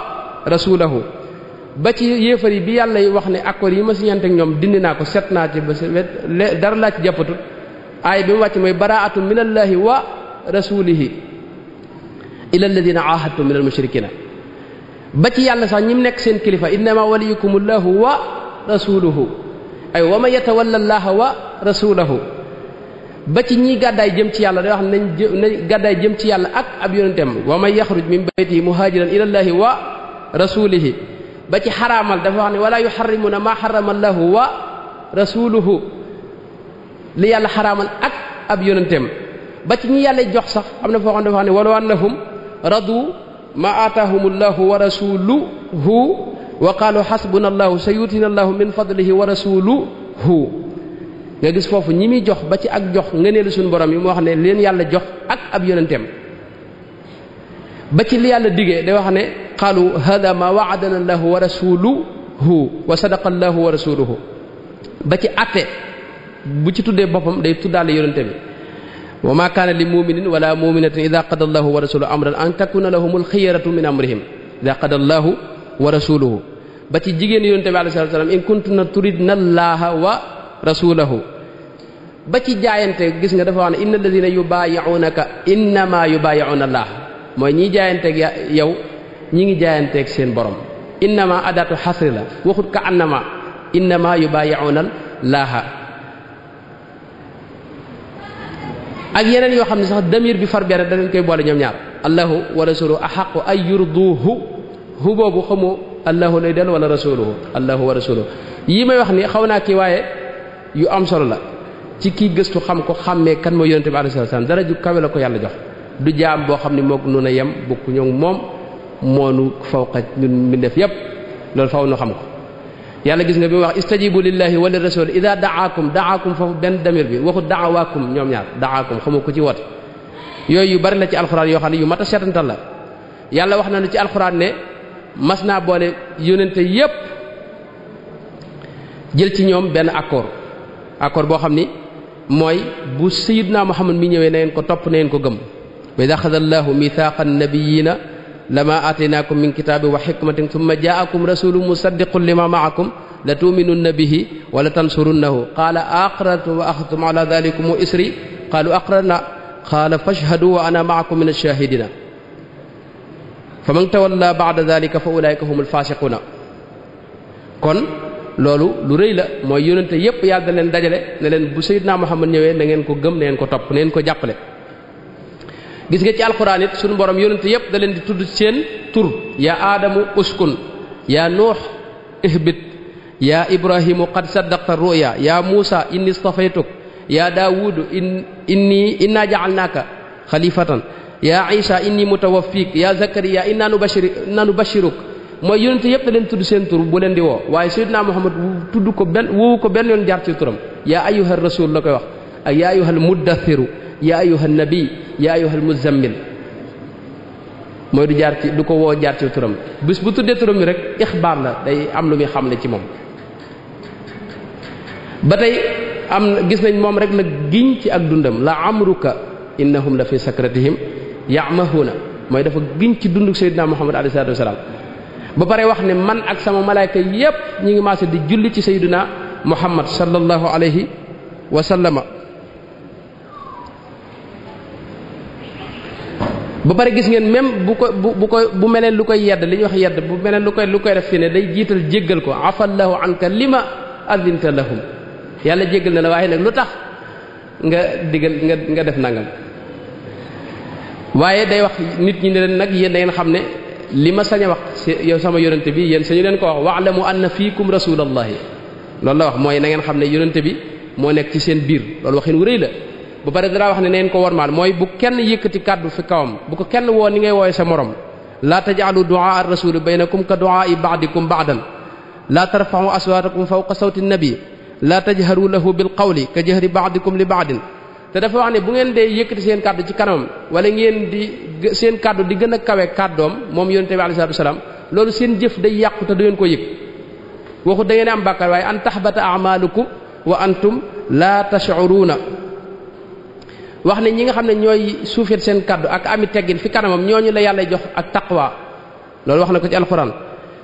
rasulahu ba ci yéefar yi bi yàlla yi wax ne accord yi ma siñante ak ñoom dindi naa ko set naa ci ba dara laa ci jàppatul aay bi mu wàcc mooy baraatu min allahi wa rasulihi ila alladhina aahadtum min almushrikina ba ci yàlla sax ñi mu nekk seen kilifa innama waliyukum allahu wa rasuluhu ay wa man yatawalla allaha ba ci ñi gàddaay jëm ci yàlla day wax nañ nañ gàddaay jëm ci yàlla ak ab yonenteem wa man yaxruj min baytihi muhajiran ila llahi wa rasulihi ba ci xaraamal dafa wax ne wala yuxarrimuna maa xarama allahu wa rasuluhu li yàlla xaraamal ak ab yonenteem ba ci ñi yàlla jox sax am na foo xam dafa wax ne walaw annahum radu ma aataahum llahu wa rasuluhu wa qaalu xasbuna allahu sayutina allahu min fadlihi wa rasuluhu nga gis foofu ñi muy jox ba ci ak jox ngëneelu suñu borom yi moo xam ne leen yàlla jox ak ab yonenteem ba ci li yàlla diggee day wax ne qaalu hada ma waadana allahu wa rasuluhu wa sadaqa allahu wa rasuluhu ba ci atte bu ci tuddee boppam day tuddaale yonente bi wa ma kaana li muminin wala muminatin ida qada allahu wa rasuluhu amran an takuna lahum alxiyaratu min amrihim ida qada allahu wa rasuluhu ba ci jigéen yonente bi alayhi in kuntunna turidna rasulahu ba ci jaayante gis nga dafa wax ne inna alladina yubaayi'unaka innama yubaayi'una allah mooy ñiy jaayanteeg yow ñi ngi jaayanteek seen borom innama adatu xasri la waxut ka annama innama yubaayi'una allaha ak yeneen yoo xam ne sax damir bi far benn danañ koy boole ñoom ñaar allahu wa rasuluhu axaqu ay yurduhu hu boobu xamoo allahu lay del wala rasuluhu allahu wa rasuluhu yii may wax ni xaw naa kii waaye yu am solo la ci kii gëstu xam ko xàmmee kan moo yonente bi alayhi salaam dara ju kawe ko yàlla jox du jaam boo xam ne mook nun a yem bokku ñoom moom moonu nu ñun mbindeef yépp loolu faw nu xam ko yàlla gis nga bi mu wax istajibu lillahi wa lirrasul ida daakum daakum foofu benn damir bi waxu daawaakum ñoom ñaar daakum xamu ko ci woote yooyu yu bari la ci alxuraan yoo xam ne yu mat a la yàlla wax na ne ci alxuraan ne mas naa boole ci ñoom benn accord accord boo xam ni mooy bu sayidna muhammad mi ñëwee na ngeen ko topp na ngeen ko gëm wa id axada allahu mithaqa annabiyina lama aataynaakum min kitaabi wa xikmatin summa jaakum rasulu musaddiqun lima maakum la tuuminunna bihi wa la tansurunnahu qaala aqrartum wa axadtum ala dalikum isri qaalu aqrarna qaala fashhadu wa ana maakum min alshahidina fa man tawalla baada dalika fa ulaika hum alfasiquna kon loolu lu rëy la mooy yónente yépp yàlla leen dajale na leen bu Seydina Muhammad ñëwee na ngeen ko gëm na ko topp na ko jàppale gis nga ci alquran it suñu borom yónente yépp daleen leen di tudd seen tur yaa aadamu uskun yaa nuux ihbit yaa ibrahimu qad saddaqta ruya yaa muusa inni stafaytuk yaa daawudu inni inna ja'alnaaka xalifatan yaa isa inni mutawaffik yaa zakariya inna nubashiruk mooy yonente yëpp da leen tudd seen tur bu leen di woo waaye sayyidina Muhammad tudd ko benn woowu ko benn yoon jaar ci turam yaa ayyuhal rasul la koy wax ak yaa ayyuhal muddathiru yaa ayyuhal nabi yaa ayyuhal muzammil mooy du jaar ci du ko woo jaar ci turam bis bu tuddee turam bi rek ixbaar la day am lu muy ne ci moom ba tey am gis nañ moom rek la giñ ci ak dundam la amruka innahum la fi sakratihim ya'mahuuna mooy dafa giñ ci dunduk sayyidina Muhammad alayhi salaatu wasalaam ba pare wax ne man ak sama malaayka yépp ñu ngi maase di julli ci sayyiduna muhammad sallallahu alayhi wa sallama ba pare gis ngeen même bu ko bu bu koy bu meleen lu koy yedd li ñuy wax yedd bu meleen lu koy lu koy def fi ne day jiital jéggal ko afallahu anka lima adinta lahum yàlla jéggal na la waaye nag lu tax nga digal nga nga def nangam waaye day wax nit ñi ne leen nag yéen da xam ne li ma sañ a wax yow sama yonente bi yéen sañu leen ko wax wa'lamu anna fiikum rasulallahi loolu la wax mooy na xam ne yonente bi moo nekk ci seen biir loolu waxin wu rëy la bu pare dara wax ne neen ko wormaal mooy bu kenn yëkkati kàddu fi kawam bu ko kenn woo ni ngay woowe sa morom laa tajaalu duaa rasuli baynakum ka duaa i baadikum baadan laa tarfaxu aswaatakum fawqa sawti nabi laa tajharu lahu bilqawli ka jahri baadikum li baadin te dafa wax ne bu ngeen dee yëkkati seen kàddu ci kanamam wala ngeen di seen kàddu di gën a kawe kàddoom moom yonente bi alayhi salaatu wasalaam loolu seen jëf day yàqu te du ngeen ko yëg waxu da ngeen am bàkkaar waaye an tahbata a'malukum wa antum la tash'uruna wax ne ñi nga xam ne ñooy suufeet seen kàddu ak ami teggin fi kanamam ñu la yàlla jox ak taqwa loolu wax na ko ci alxuraan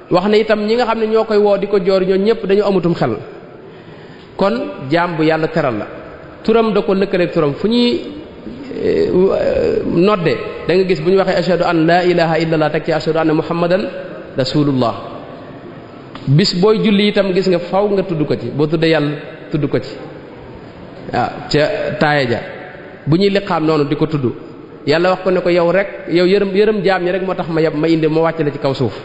wax ne itam ñi nga xam ne ñoo koy woo di ko joor ñoo ñëpp dañu amutum xel kon jaam yàlla teral la turam da ko lëkkaleeg turam fu ñuy eh, nodde danga gis bu ñu waxee ashhadu an laa ilaha illallah teg ci ashhadu anna muhammadan rasulullah bis booy julli itam gis nga faw nga tudd ko ci boo tuddee yàlla tudd ko ci waaw ca taaya ja bu ñuy liqaam noonu di ko tudd yàlla wax ko ne ko yow rek yow yërëm yërëm jaam ñi rek moo tax ma yab ma indi ma wàcc ci kaw suuf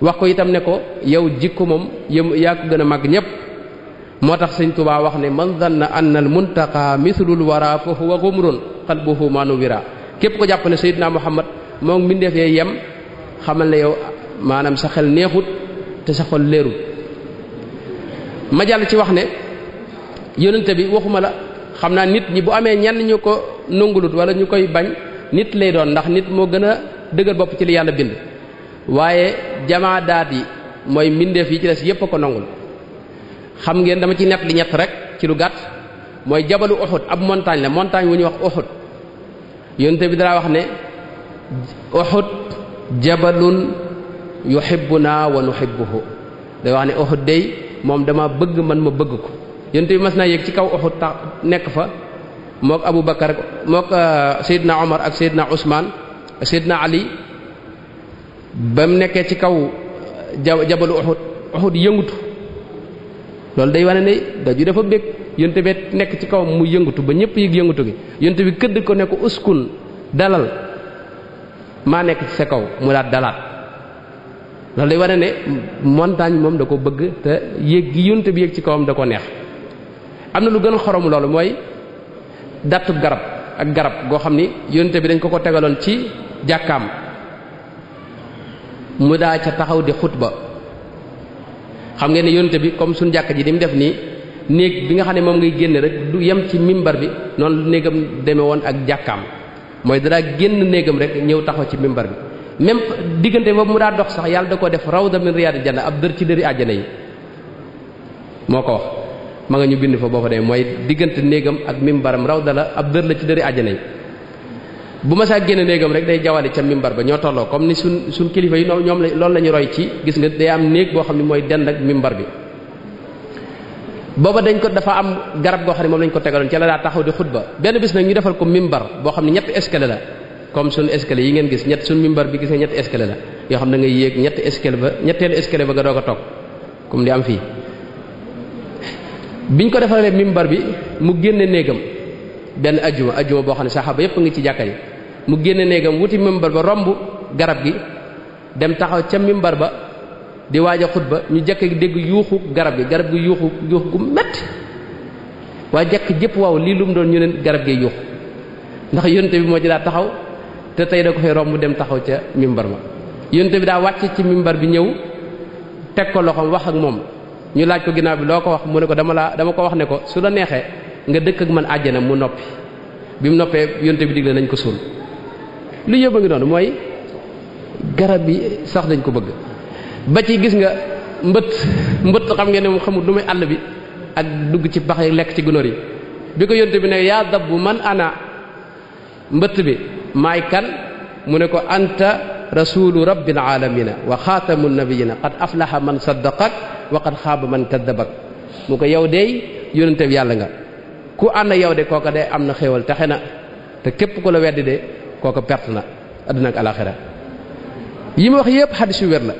wax ko itam ne ko yow jikko moom yëm yaa ko gën a màgg ñëpp moo tax sëñ tubaa wax ne man zanna anna al muntaqa mislul wara fa huwa gumrun qalbuhu manu wira képp ko jàpp ne sayyidina muhammad moom mbindeef yee yem xamal ne yow maanaam sa xel neexut te sa xol leerul ma jàll ci wax ne yonente bi waxuma la xam naa nit ñi bu amee ñenn ñu ko nungulut wala ñu koy bañ nit lay doon ndax nit moo gën a dëgër bopp ci li yàlla bind waaye jamaadaat yi mooy mbindeef yi ci des yépp a ko nangul xam ngeen dama ci nett li ñett rek ci lu gàtt mooy jabalu Uhud ab montagne la montagne wu ñu wax Uhud yonte bi dara wax ne Uhud jabalun yuhibbuna wa nuhibbuhu day wax ne Uhud day moom dama bëgg man ma bëgg ko yonte bi mas naa yéeg kaw Uhud tax nekk fa mook Abu Bakar mook euh, Seydina Omar ak Seydina Ousmane ak Seydina Ali ba nekkee ci kaw euh, jabalu Uhud Uhud yëngutu loolu day wane ne daju dafa bég yonte bi nekk ci kawam mu yëngatu ba ñëpp yëg yëngatu gi yonte bi këdd ko ne ko dalal maa nekk ci sa kaw mu daat dalaat loolu day ne montagne moom da ko bëgg te yéeg bi yéeg ci kawam da ko neex am na lu gën xoromu loolu mooy dattu garab ak garab goo xam ni yonte bi dañ ko ko tegaloon ci jàkkaam mu daa ca taxaw di ba xam ngeen ne yonte bi comme suñu jàkk ji ni mu def nii néeg bi nga xam ne moom ngay génn rek du yem ci mimbar bi noonu néegam deme woon ak jàkkaam mooy danaa génn néegam rek ñëw taxaw ci mimbar bi même diggante boobu mu daa dox sax yàlla da koo def rawda min riyaadil janna ab dër ci dëri àjjana yi moo ko wax ma nga ñu bind fa boo fa demee mooy diggante néegam ak mimbaram rawda la ab dër la ci dëri àjjana yi bu ma saa génn néegam rek day jawale ca mimbar ba ñoo tolloo comme ni suñ suñ kilifa yi ñoom la loolu la roy ci gis nga day am néeg boo xam ne mooy dend ak mimbar bi booba dañ ko dafa am garab goo xam ne moom lañ ko tegaloon ci la daa taxaw di xutba benn bis nag ñu defal ko mimbar boo xam ne ñetti escalier la comme suñu escalier yi ngeen gis ñett suñu mimbar bi gis nga ñetti escalier la yoo xam ne da ngay yéeg ñetti escalier ba ñetteelu escalier ba nga doog a toog comme di am fii biñ ko defalee mimbar bi mu génne néegam benn ajjuma ajjuma boo xam ne saxaaba yépp ngi ci jàkka yi mu génn néegam wuti mimbar ba romb garab gi dem taxaw ca mimbar ba di waaja a xutba ñu jekk dégg yuuxu garab gi garab gi yuuxu yuuxu gu metti waaye jekk jëpp waaw lii lu mu doon ñu garab gee yuuxu ndax yonte bi moo ci daa taxaw te tey da ko fay romb dem taxaw ca mimbar ma yonte bi daa wàcc ci mimbar bi ñëw teg ko loxoom wax ak moom ñu laaj ko ginnaaw bi loo ko wax mu ne ko dama laa dama ko wax ne ko su la neexee nga dëkk ak man àjjana mu noppi bi mu noppee yonte bi digle nañ ko suul lu yëpp a ngi noonu mooy garab yi sax dañ ko bëgg ba ci gis nga mbëtt mbëtt xam nga ne mu xamul lu muy àll bi ak dugg ci pax yi lekk ci gunóor yi bi ko yonte bi ne yaa bu man ana mbëtt bi maay kan mu ne ko anta rasulu rabbil alamina wa xaatamu nabiyina qad aflaha man saddaqak wa qad xaaba man kaddabak mu ko yow dey yonente bi yàlla nga ku ànd yow de kooka de am na xéewal taxe na te képp ku la weddi de kooku perte na adduna ak alaxira yi ma wax yëpp xadis yu wér la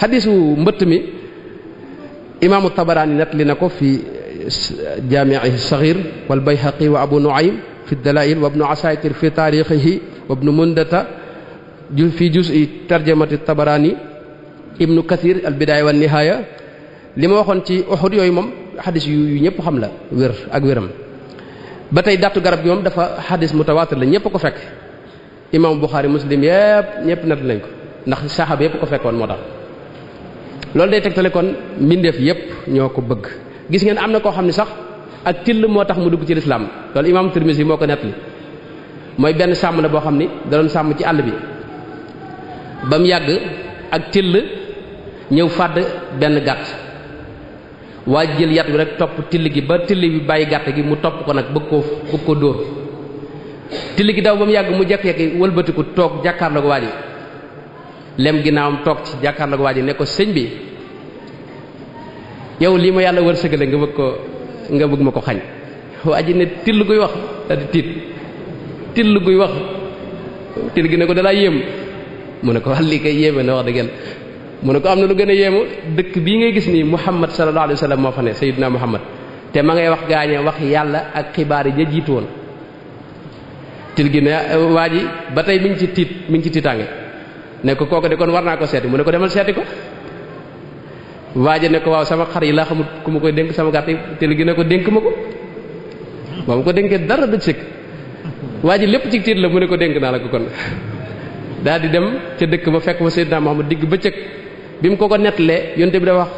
xadisu mbëtt mi imaamu tabaraani nettali na ko fi eh, jaami'i saxiir wal bayhaqi wa abu nu'aym fi dalaa'il wa ibnu asaakir fi taarixihi wa ibnu mundata fi juz'i tarjamati tabaraani ibnu kathir al wa nihaaya li ma waxoon ci Uhud yooyu moom xadis yu ñëpp xam la wér ak wéram ba tey dattu garab gi moom dafa xadis mutawaatir la ñëpp ko fekk imam Bukhari muslim yëpp ñëpp nett nañ ko ndax saxaaba yëpp ko fekkoon moo tax loolu day tegtale kon mbindeef yëpp ñoo ko bëgg gis ngeen am na koo xam ne sax ak till moo tax mu dugg ci lislaam loolu imam Tirmisi moo ko nettali mooy benn sàmm la boo xam ni da doon sàmm ci àll bi ba mu yàgg ak till ñëw fàdd benn gàtt waa jël yat bi rek topp till gi ba till bi bàyyi gàtt gi mu topp ko nag bëgg koo bëgg ko dóor till gi daw ba mu yàgg mu jekk-jekk wëlbatiku toog jàkkaarloog waa lem lem ginnaawam toog ci jàkkaarloog waa ji ne ko señ bi yow lii ma yàlla wërsëgale nga bëgg ko nga bëgg ma ko xañ waa ji ne till guy wax daal di tiit till guy wax till gi ne ko dalaa yéem mu ne ko wax lii kay yéeme ne wax dëgg mu ne ko am na lu gën a yéemu dëkk bii ngay gis nii muhammad sallallahu alayhi wa sallam moo fa ne sayyidina muhammad te ma ngay wax gaañe wax yàlla ak xibaar yi ja jiitu til ne eh, waa ji ba tey mi ngi ci tiit mi ngi ci tiitaange ne ko kooku de kon war naa ko seeti mu ne ko demal seeti ko waa ji ne ko waaw sama xar yi laa xamul ku ma koy dénk sama gàtt yi til ne ko dénk ma ko ba mu ko dénkee dara du sëkk waa ji lépp ci tiit la mu ne ko dénk naa la ko kon daal di dem ca dëkk ma fekk fa Seydina Muhammad digg bëccëg bi mu ko ko nettalee yonte bi da wax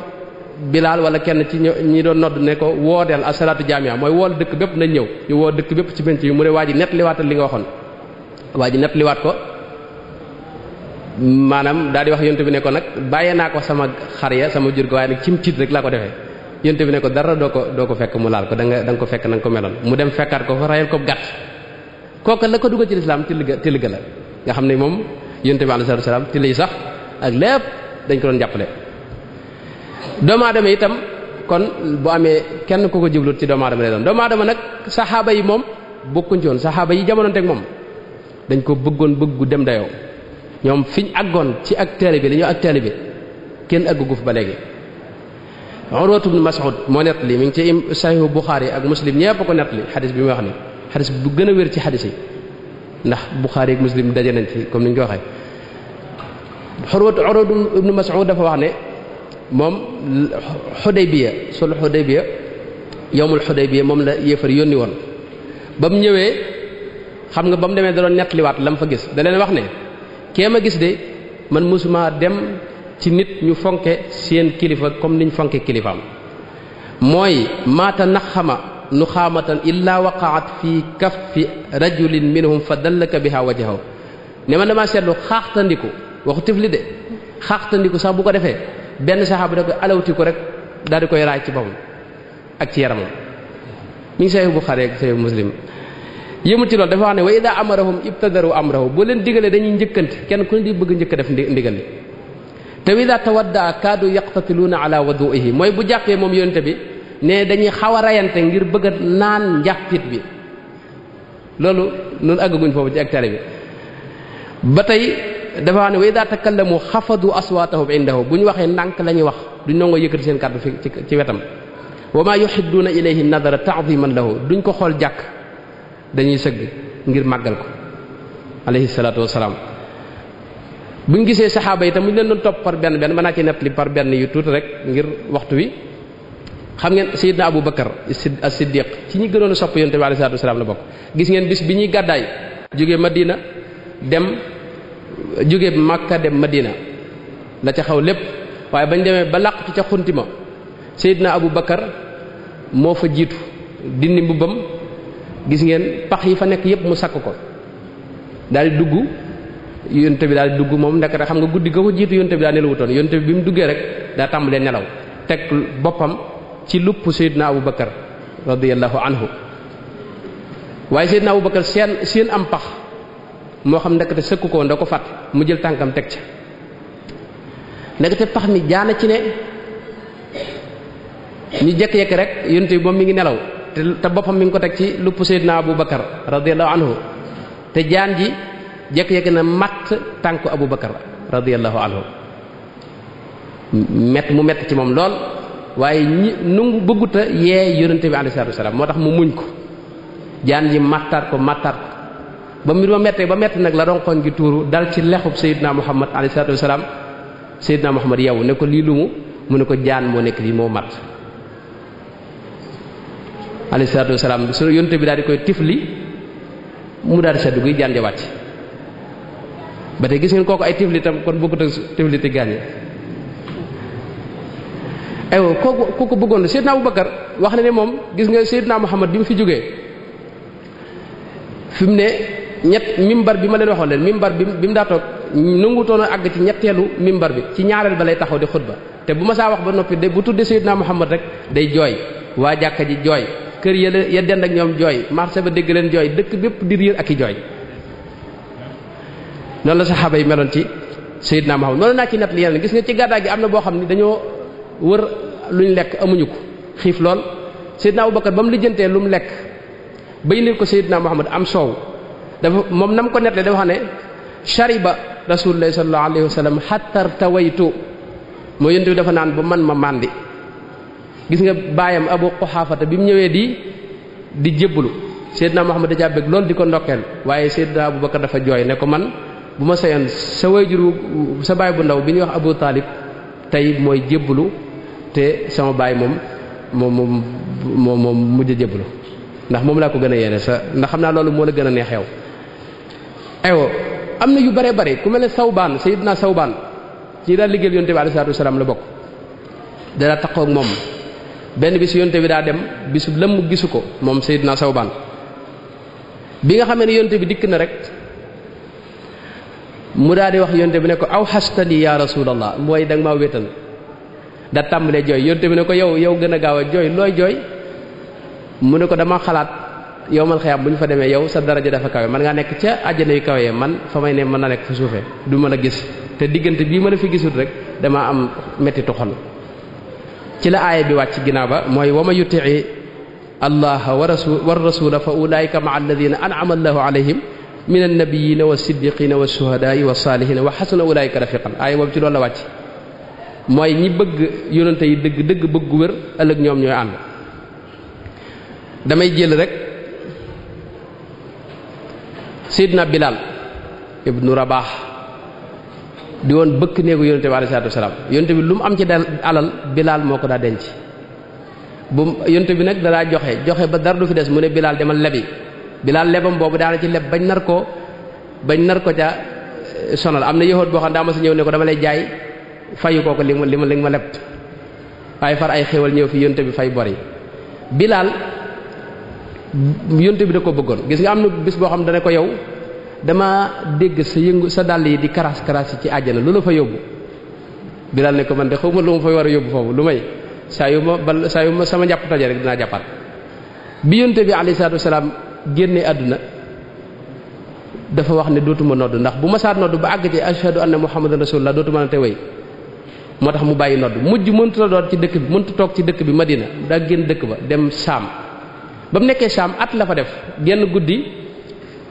bilaal wala kenn ci ñi doon nodd ne ko woodeel asalaatu jaamiya mooy wool dëkk bépp nañ ñëw ñu woo dëkk bépp ci benc bi mu ne waa ji nett liwaatal li nga waxoon waa ji nett liwaat ko maanaam daal di wax yonte bi ne ko nag bàyyee naa ko sama xar ya sama jur ko waaye nag cim tiit rek laa ko defee yonte bi ne ko dara doo ko doo ko fekk mu laal ko da nga da nga ko fekk na nga ko meloon mu dem fekkaat ko fa rayal ko gàtt kooka la ko duggal ci lislaam tilliga ga la nga xam ne moom yonte bi alayhi salaatu wa salaam sax ak lépp dañ ko doon doomu aadama itam kon bu amee kenn ku ko jublut ci doomu aadama lay doomu aadama nag saxaaba yi moom bokkuñ ci saxaaba yi jamono teg moom dañ ko bëggoon bëggu dem dayoo ñoom fiñ àggoon ci ak taalibe li ñu ak taalibe kenn àggu guf ba léegi Urwatu ibn Mas'ud moo nett li mi ngi ci saxihu Buxaari ak Muslim ñëpp ko nett li xadis bi muy wax ni xadis bu gën a wér ci xadis yi ndax Buxaari ak Muslim daje nañ ci comme ni ñu waxee Urwatu Urwatu ibn moom xudaybiya sul xudaybiya yowmul xudaybiya moom la yéefar yónni woon ba mu ñëwee xam nga ba mu demee da doon nettaliwaat la mu fa gis da leen wax ne kee ma gis de man mësuma dem ci nit ñu fonke seen kilifa comme niñ fonke kilifaam mooy maata naxama nu xaamatan illaa waqaat fi kaffi rajulin minhum fa dallaka biha wajahaw ne man damaa seetlu xaaxtandiku waxu tifli de xaaxtandiku sax bu ko defee benn saxaabu da ko alawti ko rek daal di koy raaj ci boppam ak ci yaramam mi ngi saxiix Buxaari ak saxiix Muslim yëmut ci loolu dafa wax ne wa ida amarahum ibtadaru amrahu boo leen digalee dañuy njëkkante kenn ku ne di bëgg njëkk def ndigal li te wa ida tawaddaa kaadu yaqtatiluuna ala waduihi mooy bu jàppee moom yonente bi ne dañuy xaw a rayante ngir bëgg a naan njàppit bi loolu noonu àggaguñ foofu ci ak bi ba tey dafa wax ne wa ida takallamu xafadu aswaatahum indahu bu ñu waxee ndànk la ñuy wax duñ nangoo yëkkati seen kàddu fi ci wetam wa maa yuxiduuna ilayhi nadara taadiman lahu duñ ko xool jàkk dañuy sëgg ngir màggal ko alayhi salaatu wasalaam buñ gisee saxaaba yi tam buñ leen doon topp par benn benn mën naa ci nettali par benn yu tuuti rek ngir waxtu wi xam ngeen sayidna abou bakar as siddiq ci ñi gënoon a sopp yonte bi alayhi salaatu wasalaam la bokk gis ngeen bis bi ñuy gàddaay jógee madina dem jóge Makka dem Madina la ca xaw lépp waaye bañ demee ba làq ci ca xunti ma Seydina Abu Bakar moo fa jiitu dindi mbubbam gis ngeen pax yi fa nekk yépp mu sakk ko daal di dugg yonte bi daal di dugg moom ndekete xam nga guddi ga ko jiitu yonte bi daa nelawutoon yonte bi mu duggee rek daa tàmbalee nelaw teg boppam ci lupp Seydina Abu Bakar radiyallahu anhu waaye Seydina Abu Bakar seen seen am pax moo xam ndekete sëkku ko woon da ko fàtt mu jël tànkam teg ca ndekete pax mi jaana ci ne ñu jekk yekk rek yonte bi moom mi ngi nelaw te te boppam mi ngi ko teg ci lupp Seydina Abu Bakar radiyallahu anhu te jaan ji jekk-jekk na matt tànku Abu Bakar radiyallahu anhu mett mu mett ci moom lool waaye ñi nungu bëgguta yee yonente bi alayhi salaatu wasalaam moo tax mu muñ ko jaan ji mattaat ko mattaat ko ba mbir ma mettee ba metti nag la ronkoon gi tuuru dal ci lexub Seydina Muhammad alayhi salaatu wasalaam Seydina Muhammad yow ne ko lii lu mu mu ne ko jaan moo nekk lii moo mat alayhi salaatu wasalaam su yonte bi daal di koy tifli mu daal di seddu guy jaan ja wàcc ba tey gis ngeen kooku ay tifli tam kon bëggut ak tifli te gaañe aywa kooku kooku bëggoon Seydina Abubakar wax na ne moom gis nga Seydina Muhammad bi mu fi jógee fi ne ñett mimbar bi ma leen waxoon leen mimbar bi mu daa toog nangutoon a àgg ci ñetteelu mimbar bi ci ñaareel ba lay taxaw di xutba te bu ma saa wax ba noppi de bu tuddee Seydina Muhammad rek day jooy waa jàkka ji jooy kër ya ya dend ak ñoom jooy marché ba dégg leen jooy dëkk bépp di riir ak i jooy noonu la saxaaba yi meloon ci Seydina Muhammad noonu naa ci nett li yeneen gis nga ci gàddaa gi am na boo xam ne dañoo wër luñ lekk amuñu ko xiif lool Seydina Abubakar ba mu lijjantee lu mu lekk bay leen ko Seydina Muhammad am soow dafa moom nam ko nettali dafa xam ne shariba rasulullahi sallallahu alayhi wa sallam xatta tawaytu moo yëntu dafa naan ba man ma màndi gis nga baayam abu quxaafata bi mu ñëwee di di jébbalu seydina muhammad da jàbbeeg loolu di ko ndokkeel waaye seydina abubakar dafa jooy ne ko man bu ma sayoon sa wayjur sa baay bu ndaw bi ñuy wax abu taalib tey mooy jébbalu te sama baay moom moom moom moom mujj jébbalu ndax moom laa ko gën a yéene sa ndax xam naa loolu moo la gën a neex aywa am na yu bare bare ku mel ne sawbaan sayidna sawbaan ci daal liggéeyal yonte bi alayhi salaatu wasalaam la bokk dana taxaw ak moom benn bis yonte bi daa dem bisu lëmm gisu ko moom sayidna sawbaan bi nga xamee ne yonte bi dikk na rek mu daal di wax yonte bi ne ko aw xastani ya rasulallah mooy da nga maa wétal da tàmbalee jooy yonte bi ne ko yow yow gën a gaaw a jooy looy jooy mu ne ko dama xalaat yowmal xiyaam bu ñu fa demee yow sa daraja dafa kawe man ngaa nekk ca àjjana yu kawe man fa may ne mën naa nekk fa suufee du mën a gis te diggante bii ma la fi gisul rek damaa am mettitu xol ci la aaya bi wàcc ginnaaw ba mooy wa ma yutii allaha wa rasul wa rasula fa ulaika maa alladina anama allahu alayhim min annabiyina wa siddiqina wa shuhadaai wa saalihina wa xasuna ulaika rafiqan aaya boobu ci loolu la wàcc mooy ñi bëgg yonente yi dëgg dëgg bëgg wér ëllëg ñoom ñooy ànd damay Seydina Bilal a baax di woon bëkk néegu yonente bi alayhi salaatu wasalaam yonente bi lu mu am ci dal alal bilaal moo ko daa denc bu yonente bi nag dadaa joxe joxe ba dara du fi des mu ne Bilal demal lebi Bilal lebam boobu daana ci leb bañ nar koo bañ nar ko ca eh, sonal am na yowoot boo xam daa ma sa ñëw ne ko dama lay jaay fayu ko li ma li ma li ma leb waaye far ay xéwal ñëw fi yonente bi fay bor yi yonte bi da ko bëggoon gis nga am na bis boo xam dana ko yow dama dégg sa yëngu sa dàll yi di karas karas yi ci àjjana lu la fa yóbbu Bilaal ne ko man de xaw ma lu ma fa yóbbu foofu lu may saa yu ma bal ma sama njàpp toje rek dinaa jàppal bi yonte bi alayhi salaatu wasalaam génnee àdduna dafa wax ni dootuma nodd ndax bu ma saat nodd ba àgg ci ashhadu anna muhammadan rasulullah dootuma nate way moo tax mu bàyyi nodd mujj mëntu la ci dëkk bi mëntu toog ci dëkk bi madina daa génn dëkk ba dem saam ba mu nekkee Saam at la fa def genn guddi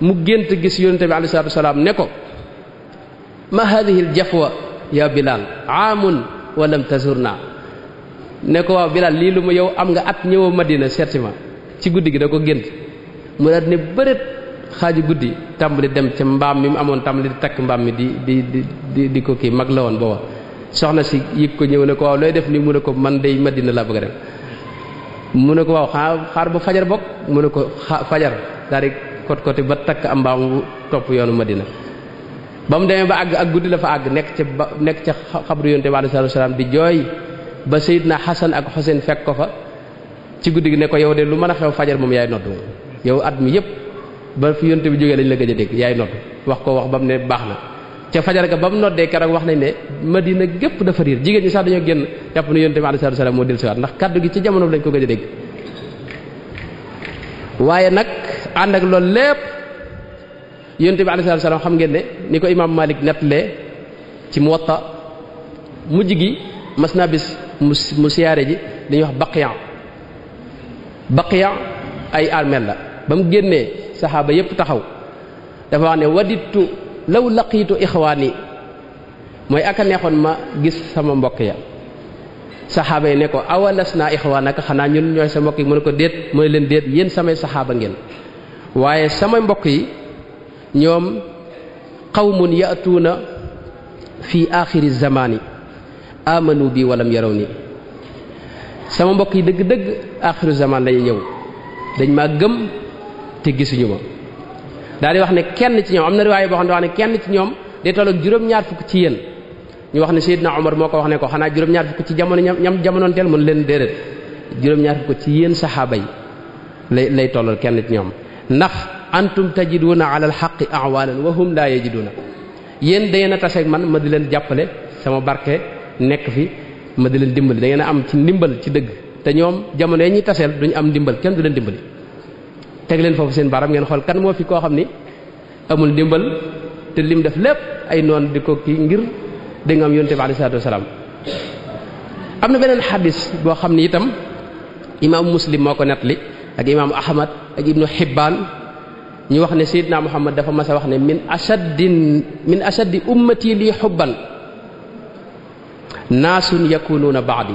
mu gént gis yonente bi alayhi salaatu wasalaam ne ko ma hadihi l jafwa ya Bilaal aamun wa lam tazurna ne ko waaw Bilaal lii lu ma yow am nga at ñëwoo Madina seeti ma ci guddi gi da ko gént mu daal ne bërét xaaju guddi tàmbali dem ca mbaam mi mu amoon tàmbali di takk mbaam mi di di di di ko kii mag la woon booba soxna si yëg ko ñëw ne ko waaw looy def nii mu ne ko man day Madina laa bëgg a dem mu ne ko waaw xaar bu fajar bokk mu ne ko fajar daal di kot koti ba takk am mbaam bu topp yoonu Madina ba mu demee ba àgg ak guddi la fa àgg nekk ca ba nekk ca xabru yonte bi alayhi salaatu wasalaam di jooy ba Seydina Xasan ak Xuseen fekk ko fa ci guddi gi ne ko yow de lu mën a xew fajar moom yaay noddu yow at mi yëpp ba fi yonte bi jógee lañ la gëj dégg yaay noddu wax ko wax ba mu ne baax na ca fajar ga ba mu noddee keroog wax nañ ne madina gépp dafa riir jigéen ñi sax dañoo génn jàpp ne yonte bi alayhi salaam moo dellusiwaat ndax kaddu gi ci jamono lañ ko gëj a waaye nag ànd ak lool lépp yonte bi alayhi salaam xam ngeen ne ni ko imaam Malik nettalee ci mu Muwatta mujj gi mas naa bis mu mu siyaare ji dañuy wax baqiyan baqiyan ay armeel la ba mu génnee saxaaba yépp taxaw dafa wax ne waditu law laqiitu ixwaani mooy ak a neexoon ma gis sama mbokk ya saxaaba yi ne ko awalas naa ixwaanaka xanaa ñun ñooy sa mbokk yi mu ne ko déet mu ne leen déet yéen samay saxaaba ngeen waaye sama mbokk yi ñoom qawmun yatuuna fi aaxiri zamaani amanu bi walam yaraw nii sama mbokk yi dëgg-dëgg aaxiru zamaan lañu ñëw dañ maa gëm te gisuñu ma daal di wax ne kenn ci ñoom am na riwaay boo xam ne ne kenn ci ñoom day toll ak juróom-ñaar fukk ci yéen ñu wax ne Seydina Omar moo ko wax ne ko xanaa juróom-ñaar fukk ci jamono ñam jamonoonteel mën leen déedéet juróom-ñaar fukk ci yéen saxaaba yi lay lay tollal kenn ci ñoom ndax antum tajiduna ala alxaqi awalan wa hum laa yajiduna yéen da ngeen a taseeg man ma di leen jàppale sama barke nekk fi ma di leen dimbali da ngeen am ci ndimbal ci dëgg te ñoom jamono yi ñuy taseel duñu am ndimbal kenn du leen dimbali teg leen foofu seen baram ngeen xool kan moo fi koo xam ni amul ndimbal te lim def lépp ay noon di ko kii ngir dégg nga am yonte bi am na beneen xadis boo xam ni itam imaam muslim moo ko nettali ak imaam ahmad ak ibnu xibbaan ñu wax ne sayidna muhammad dafa mas wax ne min achaddin min achaddi ummati lii xubban naasun yakunuuna baadi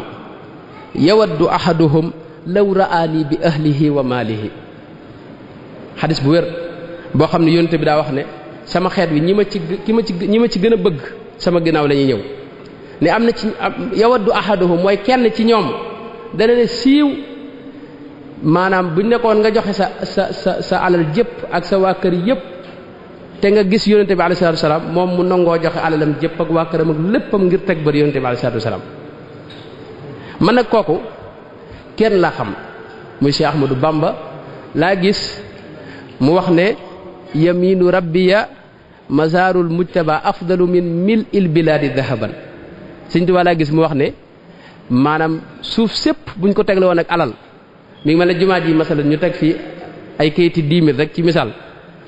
yawaddu ahaduhum law ra'aani bi ahlihi wa maalihi xadis bu wér boo xam ne yonte bi daa wax ne sama xeet bi ñi ma ci ki ma ci ñi ma ci gën a bëgg sama ginnaaw la ñuy ñëw ni am na ci yawaddu ahaduhum mooy kenn ci ñoom dana ne siiw maanaam buñ nekkoon nga joxe sa sa sa sa alal jëpp ak sa waa kër yëpp te nga gis yonente bi alayhi salaatu wasalaam moom mu nangoo joxe alalam jëpp ak waa këram ak léppam ngir teg bër yonente bi alayhi salaatu wasalaam man nag kooku kenn laa xam muy Cheikh Ahmadou Bamba laa gis mu wax ne yaminu rabbiya mazaarul mujtaba afdalu min mil il bilaadi dahaban sëñ Tuubaa laa gis mu wax ne maanaam suuf sépp buñ ko tegle woon ak alal mi ngi mel ne jumaa ji masala ñu teg fii ay kayiti dix mille rek ci misaal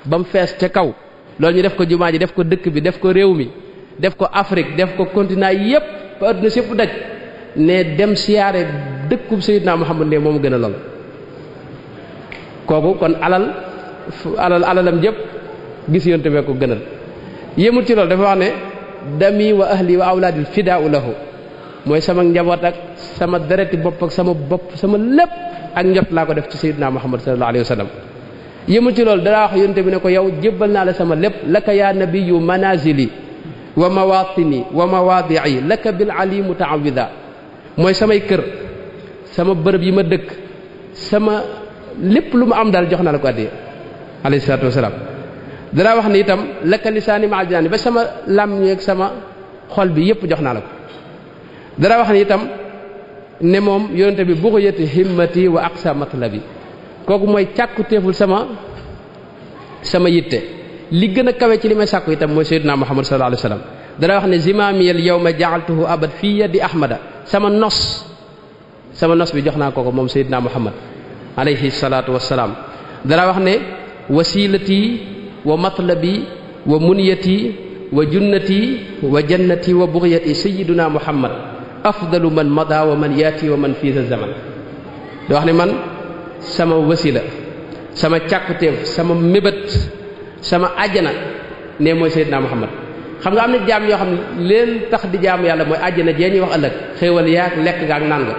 ba mu fees ca kaw loolu ñu def ko jumaa ji def ko dëkk bi def ko réew mi def ko Afrique def ko continent yépp ba adduna sépp daj ne dem siyaare dëkkub Seydina Muhammad ne moom gën a lool kooku kon alal alal alalam jëpp gis yonte bee ko gënal yëmut ci loolu dafa wax ne dami wa ahli wa awlaadi fidaa u lahu mooy sama njaboot ak sama dereti bopp ak sama bopp sama lépp ak njot laa ko def ci sayyidina muhammad sallallahu alayhi wa sallam ci loolu danaa wax yonte bi ne ko yow jébbal naa sama lépp laka yaa nabiyu manazili wa mawatini wa mawaadii laka bil ali mutaawida mooy samay kër sama bërëb yi ma dëkk sama lépp lu ma am daal jox naa la ko addiya alayhi salaatu wasalaam danaa wax ni itam lakka lisaani ma aljaani ba sama làmmiñ sama xol bi yëpp jox naa la ko danaa wax ni itam ne moom yonente bi buxuyati himmati wa aqsa matlabi kooku mooy càkku téeful sama sama yitte li gën a kawe ci li may sàkku itam mooy sayyidina muhammad sallallahu alayhi wasallam dana wax ne zimaamiyal yawma ja'altuhu abad fii yadi ahmada sama nos sama nos bi jox naa ko moom sayyidina muhammad alayhi wassalaam dana wax ne wasiilati wa matlabi wa munyati wa junnati wa jannati wa bugyati sayiduna muhammad afdalu man mada wa man yaati wa man fii sa zaman di wax ne man sama wasila sama càkkutéef sama mébét sama àjjana ne mooy sayiduna muhammad xam nga am na jaam yoo xam ne leen tax di jaamu yàlla mooy àjjana jee ñuy wax ëllëg xéewal yaak lekk ga ak naan nga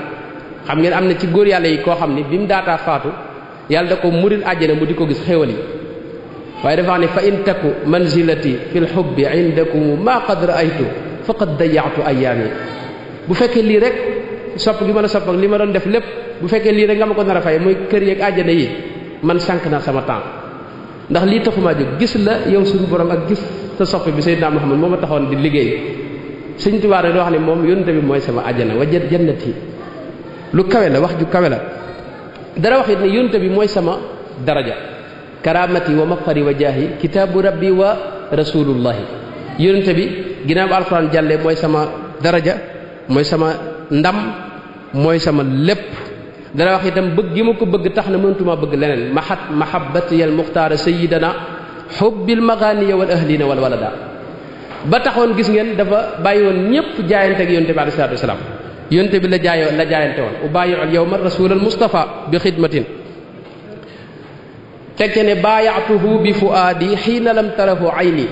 xam ngeen am na ci góor yàlla yi koo xam ne bi mu daataa faatu yàlla da ko muril àjjana mu di ko gis xéwal yi waaye defaa ne fa in taku manzilati fi lxubbi indakum ma qad raaytu faqad ay ayaami bu fekkee lii rek sopp gi mën a sopp ak li ma doon def lépp bu fekkee lii rek nga ma ko nar a fay muy kër yeeg àjjana yi man sànq naa sama temps ndax lii taxumaa jóg gis la yow suñu borom ak gis sa sopp bi Seydina Muhammad moo ma taxoon di liggéey Sëñ Tuubaa da wax ne moom yónnte bi mooy sama àjjana wa jannati lu kawe la wax ju kawe la dara wax it ne yonte bi mooy sama daraja karamati wa mafari wa jaahi kitaabu rabbi wa rasulullahi yonente bi ginnaaw alquran jàllee mooy sama daraja mooy sama ndam mooy sama lépp dara wax itam bëgg gi ma ko bëgg tax na mëntumaa bëgg leneen ya mahat mahabbati al muxtaara sayidana xubbil maganiya wal ahlina wal walada ba taxoon gis ngeen dafa bàyyi woon ñépp jaayante ak yonente bi alayhi salaam yonte bi la jaayoo la jaayante woon ubaayiul yawma rasulal mustafa bi xidmatin tegte ne baayaatuhu bi fuaadi xiina lam tarahu ayni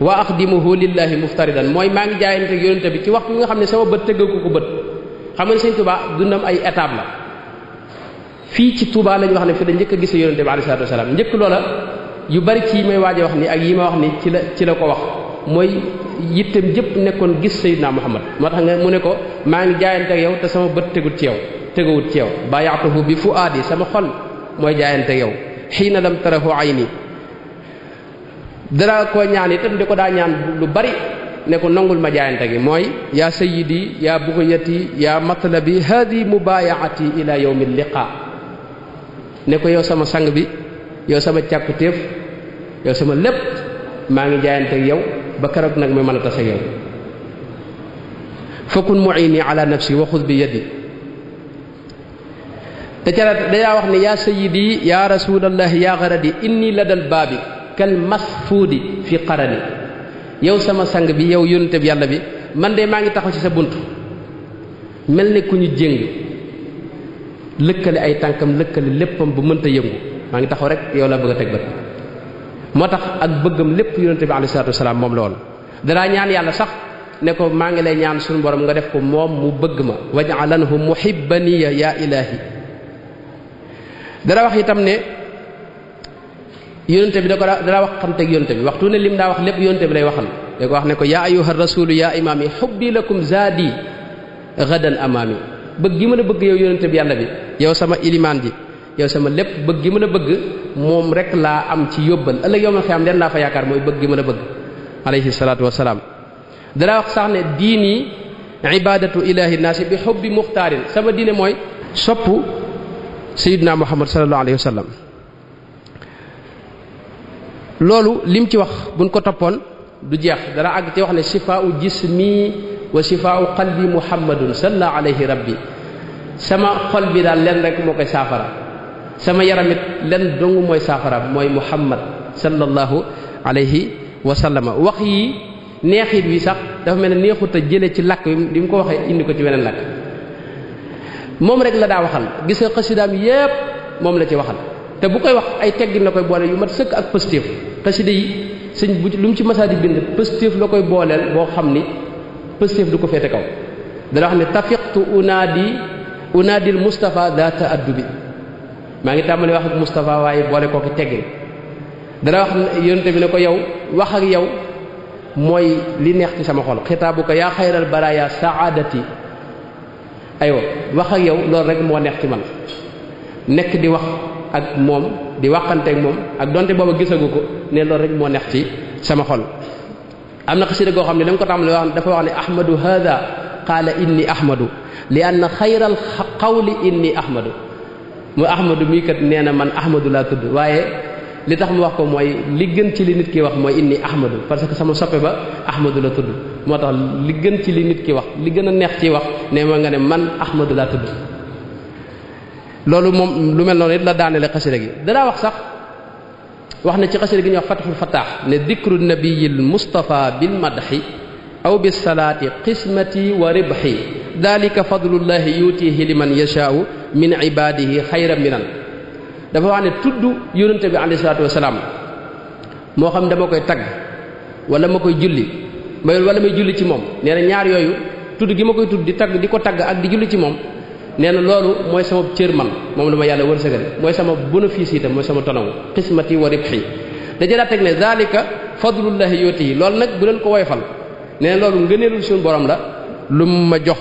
wa axdimuhu lillahi muftaridan mooy maa ngi jaayante yonente bi ci wax bi nga xam ne sama bët tëggaku ko bët xam nga sëñ Tuubaa dundam ay étape la fii ci Tuubaa lañu wax ne fi la njëkk a gisee yonente bi alayhi salaatu wasalaam njëkk loola yu bari ci may waaje wax ni ak yi ma wax ni ci la ci la ko wax mooy yittem jëpp nekkoon gis sayyidina muhammad moo tax nga mu ne ko maa ngi jaayante ak yow te sama bët tegut ci yow teguwut ci yow bayaatuhu bi fuaadi sama xol mooy jaayante ak yow xiina lam tarahu ayni dara ko ñaan itam di ko daa ñaan lu bari ne ko nangul ma jaayante gi mooy yaa sayyidi yaa buxyati yaa matlabi hadi mubayaati ila yawmi liqa ne ko yow sama sang bi yow sama càkkutéef yow sama lépp maa ngi jaayante ak yow ba keroog nag muy mën a tase yow fakun muini ala nafsi wa xud bi yadi te ca dayaa wax ne yaa sayidi yaa rasulallahi yaa garadi inni ladal baabi kal masfuudi fi qarani yow sama sang bi yow yónnte yàlla bi man de maa ngi taxaw ci sa bunt mel ni ku ñu jéng lëkkale ay tànkam lëkkale léppam bu mënta yëngu maa ngi taxaw rek yow laa bëgg a teg bët moo tax ak bëggam lépp yonente bi alayhi salaatu moom la woon danaa ñaan yàlla sax ne ko maa ngi lay ñaan sunu borom nga def ko moom mu bëgg ma mu muhibbaniya yaa ilaahi dana wax itam ne yonente bi da ko dana wax xanteeg yonente bi waxtu ne lim daa wax lépp yonente bi lay waxal da ko wax ne ko yaa ayuha rasulu yaa imaami xubbi lakum zaadi gadan amaami bëgg gi mën a bëgg yow yonente bi yàlla bi yow sama ilimaan ji yow sama lépp bëgg gi mën a bëgg moom rek laa am ci yóbbal ëllëg yow ma fi am leen laa fa yaakaar mooy bëgg gi mën a bëgg alayhi salaatu wasalaam dara wax sax ne diin yi ibadatu ilahi naasi sama diine mooy sopp sayiduna muhammad salallahu wa sallam loolu lim ci wax buñ ko toppoon du jeex dana àgg ci wax ne sifaau jismi wa sifaau qalbi muhammadun salla alayhi rabbi sama xol bi daal leen rek moo koy saafara sama yaram yaramit lenn dong mooy saafaraam mooy muhammad sallallahu alayhi wa sallama wax yi neexit wi sax dafa mel ne neexut a jëlee ci lakk bi mu ko waxee indi ko ci weneen làkk moom rek la daa waxal gis nga xasidaam yépp moom la ci waxal te bu koy wax ay teggin la koy booleel yu mat sëkk ak pëstéef xasida yi sëñ bu lu mu ci masaa di bind pëstéef la koy booleel boo xam ni pëstéef du ko féete kaw dana wax ne tafiqtu unaadi unaadil mustafa daa taaddu bi maa ngi tàmbali wax ak Moustapha waaye boole kooki teggin dana wax yonente bi ne ko yow wax ak yow mooy li neex ci sama xol xitaabu ko yaa xayral baraaya saadati aywa wax ak yow loolu rek moo neex ci man nekk di wax ak moom di waxante ak moom ak donte booba gisagu ko ne loolu rek moo neex ci sama xol am na xasida goo xam ne da nga ko tàmbali wax dafa wax ne ahmadu hada qaala inni ahmadu li anna xayral qawli inni ahmadu mu ahmadu mii kat nee na man ahmadu laa tudd waaye li tax mu wax ko mooy li gën ci li nit ki wax mooy inni ahmadu parce que sama soppe ba ahmadu la tudd moo tax li gën ci li nit ki wax li gën a neex ci wax ne ma nga ne man ahmadu laa tudd loolu moom lu mel noonu it la daanele xasida gi danaa wax sax wax na ci xasida gi ñu wax fatxul fataax ne dikru nabiyil mustafa bi madxi aw bis salaati qismati wa ribxi dalika fadlullahi yutihi liman yashaau min ibadihi xayra minan dafa wax ne tudd yónente bi alayhi salaatu wasalaam moo xam dama koy tagg wala ma koy julli may wala may julli ci moom nee na ñaar yooyu tudd gi ma koy tudd di tagg di ko tagg ak di julli ci moom nee na loolu mooy sama cër man moom la ma yàlla wërsëgal mooy sama bénéfice itam mooy sama tonawu xismati wa ribxi daje daa teg ne zalika fadlullahi yooti yi loolu nag bu leen ko woyfal nee na loolu ngëneelul suñu borom la lu ma jox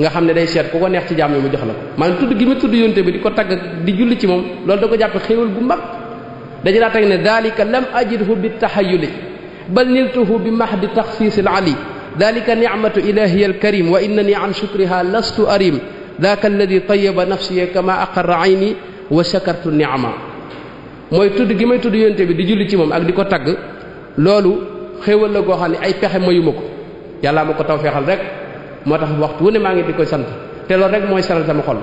nga xam ne day seet ku ko neex ci jaam yi mu jox la ko maanaam tudd gi mu tudd yonte bi di ko tagg di julli ci moom loolu da ko jàppe xéewal gu mag dañu daa teg ne dalika lam ajidhu bi taxayuli bal niltuhu bi mahdi taxsiisil ali dalika nicmatu ilahiya alkarim wa innani an shukriha lastu arim daaka alladi tayaba nafsiya kama aqarra ayni wa shakartu nicma mooy tudd gi may tudd yonte bi di julli ci moom ak di ko tagg loolu xéewal la goo xam ne ay pexe mayuma ko yàllaa ma ko tawfeexal rek moo tax waxtu wu maa ngi di koy sant te loolu rek mooy saral sama xol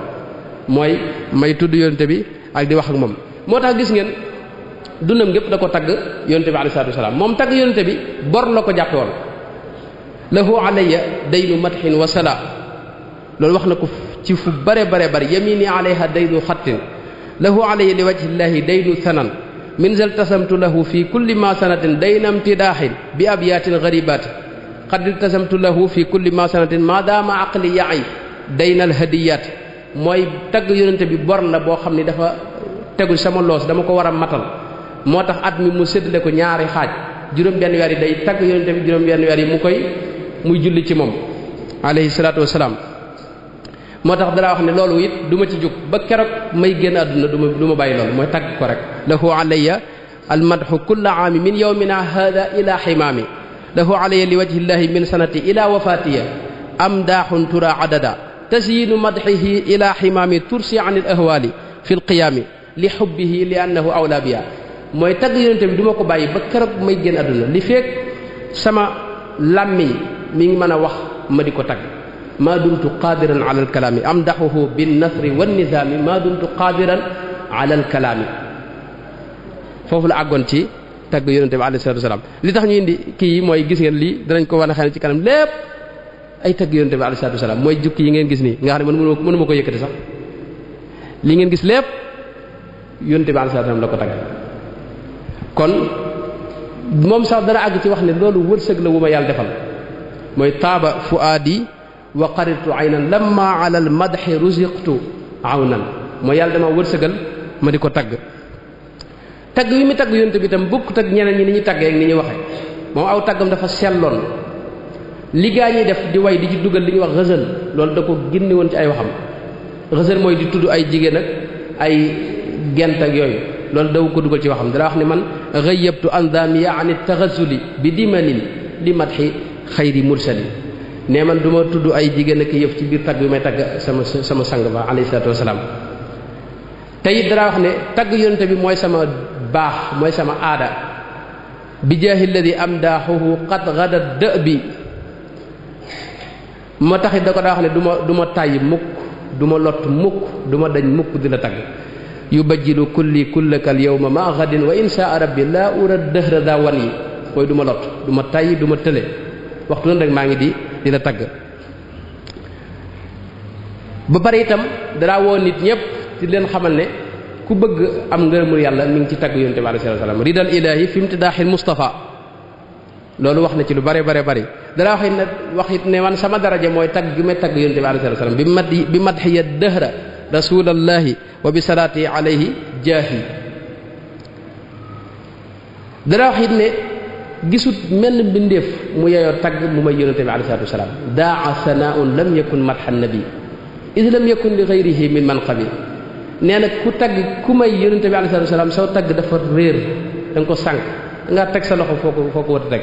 mooy may tudd yonte bi ak di wax ak moom moo tax gis ngeen dundam gépp da ko tagg yonte bi alayhi salaatu wasalaam moom tagg yonte bi bor la ko jàppe woon lahu alayya daynu matxin wa sala loolu wax na ko ci fu bare bare bare yamini alayha daynu xattin lahu alayya li wajhillahi daynu sanan min zaltasamtu lahu fi kulli ma sanatin dayna imtidaaxin bi abyaatin garibaati xad iltasamtu lahu fi kulli masanatin madama aqli yaay dayna alhadiyat mooy tagg yonente bi bor la boo xam ni dafa tegu sama loos dama ko war a matal moo tax at mi mu séddale ko ñaari xaaj juróom-benn weer yi day tagg yonente bi juróom-benn weer yi mu koy muy julli ci moom alayhi salaatu wasalaam moo tax dalaa wax ne loolu it duma ci jóg ba keroog may génn àdduna duma du ma bàyyi loolu mooy tagg ko rek lahu alayya almadhu kulla aami min yawmina lahu alaya li wajhi llahi min sanati ila wafatiya am daaxun tura adada tasyiinu madxihi ila ximaami tursi an il ahwaali fi lqiyaami li xubbihi li annahu awla biya mooy tagg yonente bi du ma ko bàyyi ba keroog may génn àdduna li feek sama làmmiñ mi ngi mën a wax ma di ko tagg maa dumtu qaadiran ala alkalaami am daxuhu binnasri wannizaami maa dumtu qaadiran ala alkalaami foofu la àggoon ci tagg yonente bi alayhi salaatu wasalaam li tax ñu indi kii yi mooy gis ngeen lii danañ ko wane xëy ci kanam lépp ay tagg yonente bi alayhi salaatu wasalaam mooy jukki yi ngeen gis ni nga xam ne mënu ko yëkkati sax li ngeen gis lépp yonente bi alayhi salaatu wasalaam la ko tagg kon moom sax dana àgg ci wax ne loolu wërsëg la wu ma yàlla defal mooy taaba fuaadi wa qaritu aynan lamma ala al madhi ruziqtu awnan mooy yàlla dama wërsëgal ma di ko tagg tagg wi mu tagg yonent bi tam bokkut ak ñeneen ñi ni ñu taggee ak ni ñu waxee moom aw taggam dafa selloon li gaa ñuy def di way di ci dugal li ñuy wax xësël loolu da ko génne woon ci ay waxam xësël mooy di tudd ay jigéen ay gent ak yooyu loolu daw ko dugal ci waxam dara wax ne man xëyyabtu andami yaani taxasuli bi di ma dimanin li matxi xayri mursalin ne man du ma tudd ay jigéen ak yëf ci biir tagg bi may tagg sama sama sang ba alayhi salaatu wasalaam baax mooy sama aada bi jaahi alladi am daaxuhu qad ghadat da'bi moo taxit da ko daa wax ne du ma du ma tàyyi mukk du ma mukk du ma dañ mukk di la tagg yubajjilu kulli kullakal yawma ma ghadin wa insha rabbi laa urad dëhra daa wan yi mooy duma ma lott du ma tàyyi du ma tële waxtu nan rek maa ngi di di la tagg ba pare itam danaa woo nit ñëpp di leen xamal ne ku bëgg am ngërëmul yàlla mi ngi ci tagg yonte bi alayhi salaam ridal ilaahi fi imtidaaxil Mustafa loolu wax na ci lu bare bare bari dara wax it ne wax it ne man sama daraja mooy tagg gi may tagg yonte bi alayhi salaam bi mad bi madxiya dëhra rasulallaahi wa bi salaati alayhi jaahi dara wax it ne gisut mel mbindeef mu yeyoo tagg mu may yonente bi alayhi salaatu wasalaam daa sanaun lam yakun madxan nabi id lam yakun li gayrihi min manqabi nee na ku tagg ku may yonente bi alayhi salaam saw tagg dafa réer da ko sànq da ngaa teg sa loxo foo ko foo ko war a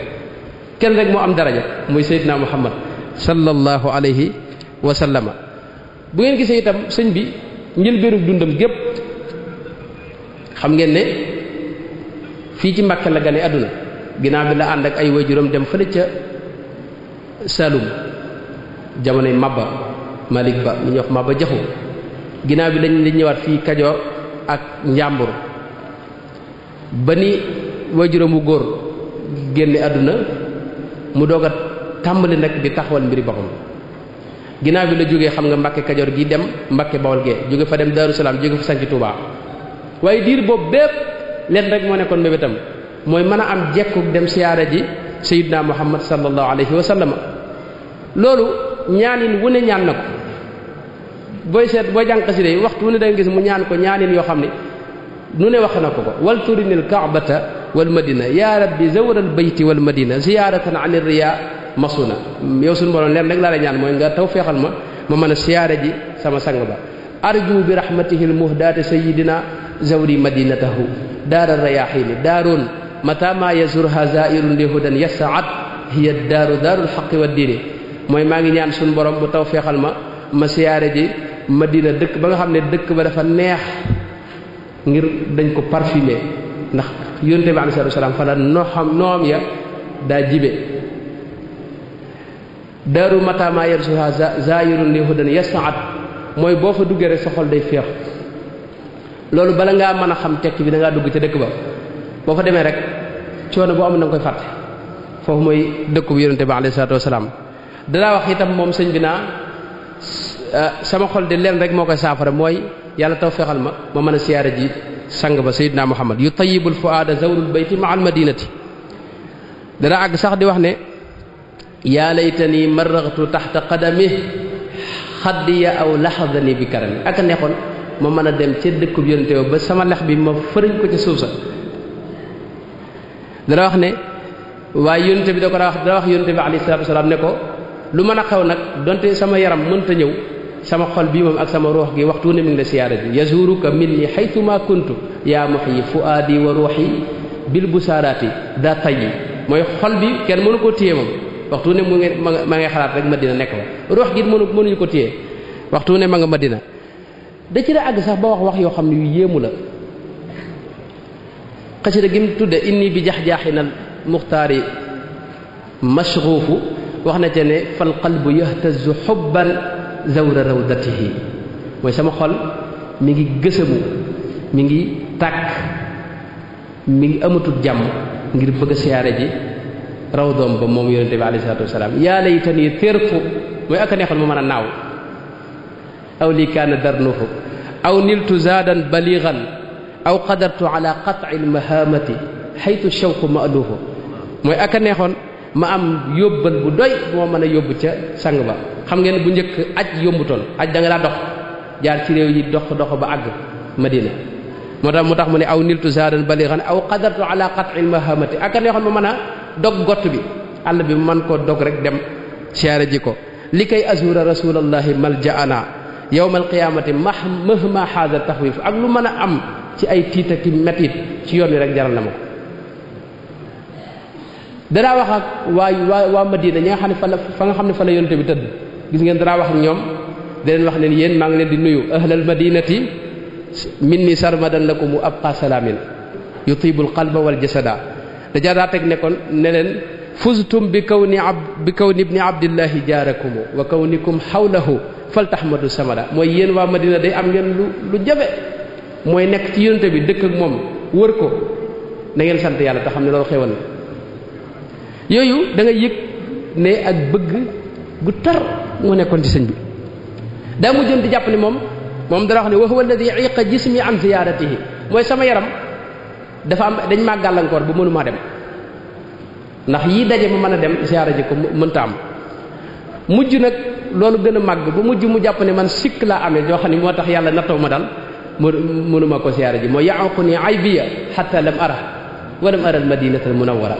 kenn rek moo am daraja mooy Seydina Muhammad sallallahu alayhi wa sallama bu ngeen gisee itam sëñ bi njëlbéeru dundam gépp xam ngeen ne fii ci Mbàkke la gane àdduna ginnaaw bi la ànd ak ay waajuram dem fële ca Saalum jamonoy Mabba Malik Ba mu ñuy wax Jaxu ginaaw bi dañ dañ ñëwaat fii Kajoor ak Njàmbur ba ni waajuram bu góor génne àdduna mu doog a tàmbali nag di taxawal mbiri boppam ginnaaw bi la jógee xam nga Mbàkke Kajoor gi dem Mbàkke Bawol gee jóge fa dem Daaru Salaam jóge fa sanc Tuubaa waaye diir boobu bépp leen rek moo nekkoon mbébétam mooy mën a am jekku dem siyaara ji sayyidna Muhammad sallallahu alayhi wa sallam loolu ñaanin wu ne ñaan na booy seet booy jàng xasida yi waxtu ne da gis mu ñaan ko ñaanin yoo xam ne nu ne wax na ko ko wal turinil kaabata wal madina yaa rabbi zawral bayti wal madina ziyaaratan an riya masuna yow suñu borom leen rek laa lay ñaan mooy nga taw feexal ma ma mën a siyaare ji sama sang ba arju bi rahmatihil muhdaati sayidina zawri madinatahu daara rayaxiini daaroon mata ma yazurha zairun li hudan at hiya daaru daarul xaqi wa diini mooy maa ngi ñaan suñu borom bu taw feexal ma ma siyaare madina dëkk ba nga xam ne dëkk ba dafa neex ngir dañ ko parfumé ndax yonte bi alayhi salaam fa la noxam ya daa jibe daaru matama yarsuha zaayirun li hudan yasaat mooy boo fa duggee rek sa day féex loolu bala ngaa mën a xam tekki bi da ngaa dugg ca dëkk ba boo fa demee rek coono boo am na koy fàtte foofu mooy dëkk bu yonente bi alayhi wasalaam danaa wax itam moom sëñ bi naa Euh, sama xol de leen rek moo koy saafara mooy yàlla taw fexal ma ma mën a siyaara ji sang ba sayyidina muhammad yu tayibul fuaada zawrul bayti ma al madinati dana àgg sax di wax ne yaa laytani marraxtu taxta qadami xaddiya aw laxadani bi karami ak a neexoon ma mën a dem ca dëkkub yonente ba ba sama lex bi ma fëriñ ko ca suuf sa dana wax ne waaye yonente bi da ko daa wax dana wax yonente bi alayhi salaatu wasalaam ne ko lu mën a xew nag donte sama yaram mënta ñëw sama xol bi moom ak sama ruux gi waxtu ne mi ngi la siyaara ji yazuruka minni xaytuma kuntu yaa muhyi fuaadi wa ruuxi bil busaaraati daa tayyi mooy xol bi kenn mënu koo téye moom waxtu ne mu ngi ma ngay xalaat rek madina nekk fa ruux gi mënu mënuñu ko téye waxtu ne ma nga madina da ci la àgg sax ba wax wax yoo xam ne yu yéemu la xasida gi mu tudde inni bi jax na muxtaari mashruufu wax na ca ne fal qalbu yahtazu xubban zawra rawdatihi mooy sama xol mi ngi gësamu mi ngi tàkk mi ngi amatul jàmm ngir bëgg a siyaare ji raw doom ba moom yonente bi alayhi salaatu wasalaam yaa laytanii tarku mooy ak a neexoon mu mën a naaw aw lii kaana darnuhu aw niltu zaadan baligan aw qadartu ala qatci almahaamati xaytu shawqu maaluhu mooy ak neexoon ma am yóbbal bu doy bu ma mën a yóbbu ca sang ba xam ngeen bu njëkk aj yombutoon aj da nga daa dox jaar ci réew yi dox dox ba àgg madina moo tax mu tax mu ne aw niltu zaadan balixan aw qadartu ala qatil mahamati ak neexoon ma mën a dog gott bi àll bi man koo dog rek dem siyaare ji ko li kay azura rasulallahi maljaana yowma alqiyamati mahma haada taxwif ak lu mën a am ci ay tiita ki metit ci yoon wi rek jaral na ma danaa wax ak waa waa waa Madina ñi nga xam ne fa la fa nga xam ne fa la yonte bi tëdd gis ngeen danaa wax ak ñoom di leen wax leen yéen maa ngi leen di nuyu ahlal madinati minni sarmadan lakum wa abqa salaamin yutibul qalba wal jasada dajaa daa teg nekkoon ne leen fuztum bi kaw kawni ab bi kawni ibni abdillahi jaarakum wa kawnikum xawlahu faltahmadu samada mooy yéen waa Madina day am ngeen lu lu jafe mooy nekk ci yonte bi dëkk moom wër ko na ngeen sant yàlla xam ne loolu xewal na yooyu dangay nga yëg ne ak bëgg gu tar moo nekkoon ci sëñ bi daa mujjoon di jàpp ni moom moom dana wax ne wa huwa alladi iqa jismi an ziyaaratihi mooy sama yaram dafa am dañ maa gàllankoor bu mënuma dem ndax yii daje ma mën a dem ziyaara ji ko mënta am mujj nag loolu gën a màgg ba mujj mu jàpp ne man sikk laa amee yoo xam ne moo tax yàlla nattoo ma dal mu mënuma ko ziyaara ji mooy yaqu ni ay biya xata lam ara walam ara al madinata al munawara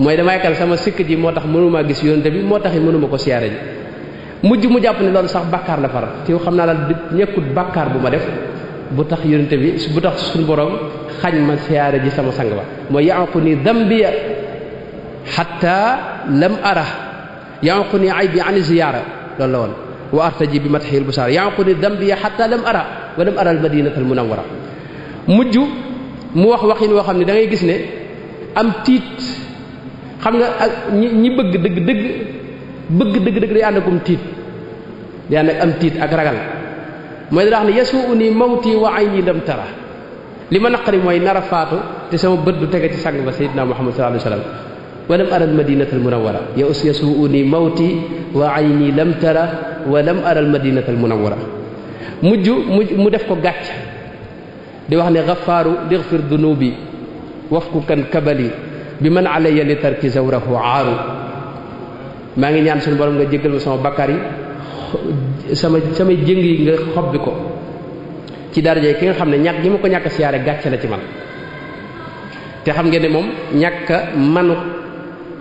mooy damay kal sama sikk ji moo tax mënuma gis yonent bi moo tax mënuma ko siyaare ji mujj mu jàpp ne loolu sax bàkkaar la far te xam naa la ñekkut bàkkaar bu ma def bu tax yonent bi bu tax suñu borom xañ ma siyaare ji sama sang ba mooy yanqu ni dambiya xatta lam ara ni ay bi ani ziyaara loolu la woon wa artaji bi matxil bu saar yanqu ni dambiya xatta lam ara wa lam ara al madinata al munawwara mujj mu wax waxin woo xam ne da gis ne am tiit xam nga ak ñi ñi bëgg dëgg dëgg bëgg dëgg dëgg day ànd akum tiit day ànd ak am tiit ak ragal mooy da wax ne yasuu nii mawti wa ayni lam tara li ma naqari mooy nar faatu te sama bët du tege ci sàng ba sayyidina muhammad sallallahu alayhi wa sallam walam ara al madinata al yasuu nii mawti wa ayni lam tara wa lam ara al madinata al munawwara mujj mu def ko gàcc di wax ne gafaaru dixfir dunubi wafku kan kabali bi man alayya li tarki zawrahu aaru maa ngi ñaan suñu borom nga jéggal ma sama bakkaar yi sama sama jëng yi nga xobbi ko ci daraje ki nga xam ne ñàkk gi ma ko ñàkk siyaare gàcce la ci man te xam ngeen ne moom ñàkk manu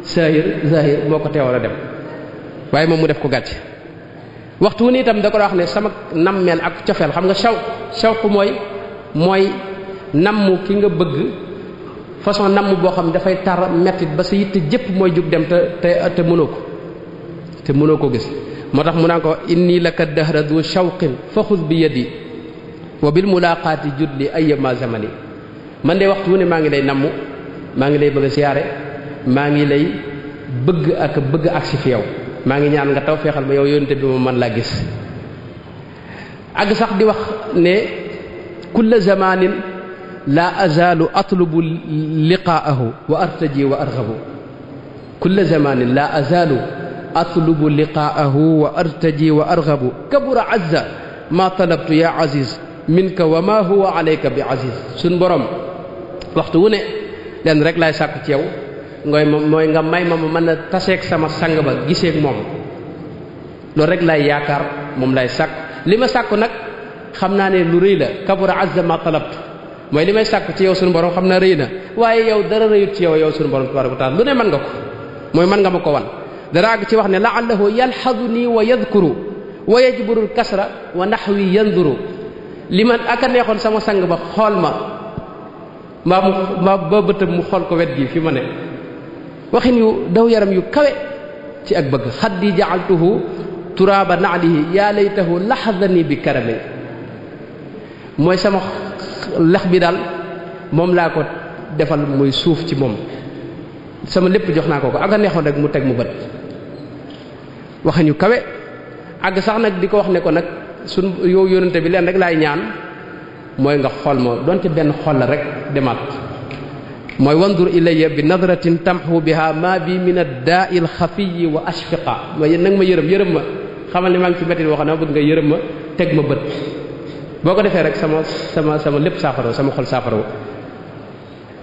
saahir saahir moo ko teewal a dem waaye moom mu def ko gàcce waxtu wu ni itam da ko wax ne sama nammeel ak cofeel xam nga saw sawq mooy mooy nammu ki nga bëgg façon namm boo xam ne dafay tar mettit ba sa yitte jëpp mooy jug dem te te te mënoo ko te mënoo ko gis moo tax mu naan ko inni laka dahra du shawqin fa xud bi yadi wa bil mulaqaati judli ayyama zamani man de waxtu wu ne maa ngi lay namm maa ngi lay bëgg a siyaare maa ngi lay bëgg ak bëgg agsi fi yow maa ngi ñaan nga taw feexal ma yow yonente bi ma man laa gis ak sax di wax ne kulla zamanin laa azaalu atlubu liqaahu wa artaji wa arxabu kulla zamanin laa azaalu atlubu maa talabtu yaa aziz minka wa maa huwa alayka bi aziz suñ borom waxtu wu ne lenn rek laay sàkku ci yow mooy nga may ma ma mën a taseeg sama sang ba giseeg moom loolu rek laay yaakaar moom lay sàkk li ma sàkku nag xam naa ne lu rëy la kabura azza maa talabtu mooy li may sàkku ci yow sunu borom xam na rëy na waaye yow dara rëyut ci yow yow sunu borom tabaraka taala lu ne man nga ko mooy man nga ma ko wan dara àgg ci wax ne laallahu yalxadu nii wa yadkuru wa yajburul kasra wa naxwi yanduru li man aka neexoon sama sang ba xool ma mbaa mu mbaa bëtëb mu xool ko wet gi fi ma ne waxin yu daw yaram yu kawe ci ak bëgg xaddi jaaltuhu turaaba naalihi yaa laytahu laxadani bi karame mooy sama lex bi daal moom laa ko defal muy suuf ci moom sama lépp jox naa ko ko ak a neexoon rek mu teg mu bët waxe ñu kawe àgg sax nag di ko wax ne ko nag sun yow yónnante bi leen rek laay ñaan mooy nga xool ma donte benn xol la rek demaat mooy wandur ilayya bi nadratin tamxu biha ma bi min daa il xafiyi wa ashfiqa mooy nag ma yërëm yërëm ma xamal ne maa ngi ci métti boo xam ma bëgg nga yërëm ma teg ma bët boo ko defee rek sama sama sama lépp saafara sama xol saafara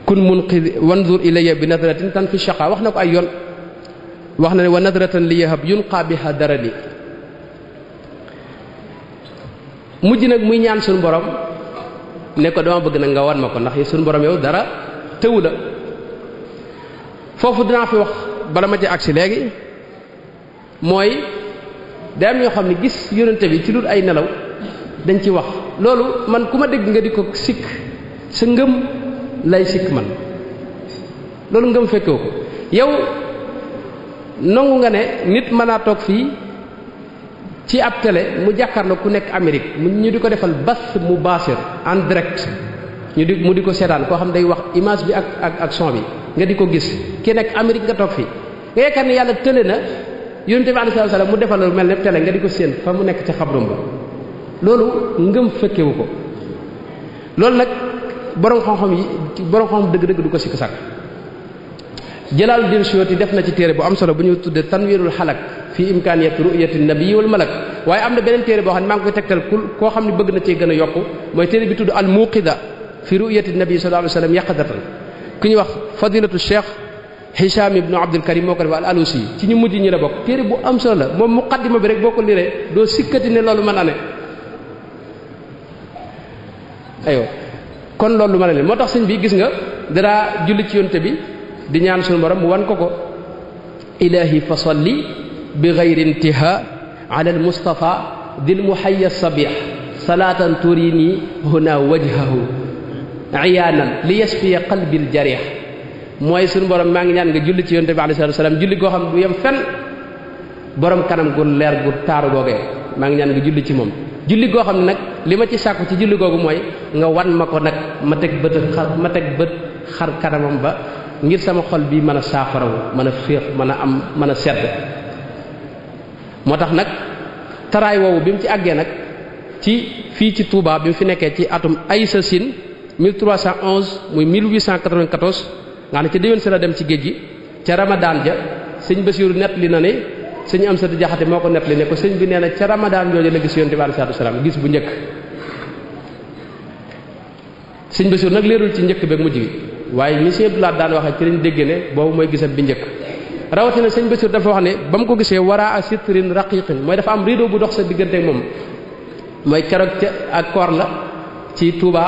kun munqid wanzur ilayya bi nadratin tan fi shaqa wax na ko ay yoon wax na ne wa nadratan li yahab xaa dara darali mujj nag muy ñaan suñu borom nekk ko dama bëgg nag nga wan ma ko ndax suñu borom yow dara tëwu la foofu danaa fi wax bala ma ci agsi léegi mooy day yoo xam ne gis yonente bi ci dul ay nelaw dañ ci wax loolu man ku ma dégg nga di ko sikk sa ngëm lay sikk man loolu ngëm fekkoo ko yow nangu nga ne nit mën naa toog fii ci ab télé mu jàkkaarloo ku nekk Amérique mu ñu di ko defal bas mu baasir en direct ñu di mu di ko seetaan koo xam day wax image bi ak ak ak son bi nga di ko gis ki nekk Amérique nga toog fii nga yaakaar ne yàlla tële na yonent bi alayhi salaam mu defal lu mel ne télé nga di ko séen fa mu nekk ci xabrum ba loolu ngëm fekkewu ko loolu nag borom xam-xam yi borom xam dëgg-dëgg du ko sikk sàkk Jalaaluddin Suyuti def na ci téere bu am solo bu ñu tuddee tanwirul xalak fii imkaaniyati ru'yati nabi wal malak waaye am na beneen téere boo xam ne maa ngi koy tegtal ku koo xam ne bëgg na cee gën a yokk mooy téere bi tudd al muqida fi ru'yati nabi sallallahu alayhi wasallam yaqadatan ku ñuy wax fadilatu cheikh Hisham ibnu Abdul Karim moo ko def al alusi ci ñu mujj ñi la bokk téere bu am solo la moom muqaddima bi rek boo ko liree doo sikkati ne loolu mën a ne aywa kon loolu lu ma leen moo tax sëñ bi gis nga dara julli ci yonte bi di ñaan suñu borom mu wan ko ko ilahi fa salli bi gayri intiha ala al mustafa dil muhayya sabih salaatan turini huna wajhahu iyaanan li yasfiya qalbi al jarih mooy suñu borom maa ngi ñaan nga julli ci yonte bi alayhi salatu wasalam julli goo xam du yem fenn borom kanam gu leer gu taaru googee maa ngi ñaan nga julli ci moom julli goo xam ne nag li ma ci sàkku ci julli googu mooy nga wan ma ko nag ma teg bët ma teg bët xar kanamam ba ngir sama xol bi mën a saafarawu mën a féex mën a am mën a sedd moo tax nag taraay woowu bi mu ci àggee nag ci fii ci Touba bi mu fi nekkee ci atum ay sa sin 1311 muy 1894 nga xam ne ci déwén sa la dem ci géej gi ca Ramadan ja sëñ Basiiru nett li na ne sëñ am satu jaxate moo ko nettali ne ko sëñ bi nee na ca ramadaan jooju la gis yonte bi alayhi salaatu wasalaam gis bu njëkk sëñ Basiru nag leerul ci njëkk beeg mujj gi waaye ñi sëñ Abdulaat daan waxee ci lañ dégg boobu mooy gisam bi njëkk rawatina sëñ Basiru dafa wax ne ba mu ko gisee wara a sitrin raqiqin mooy dafa am rideau bu dox sa digganteeg moom mooy keroog ca ak koor la ci Touba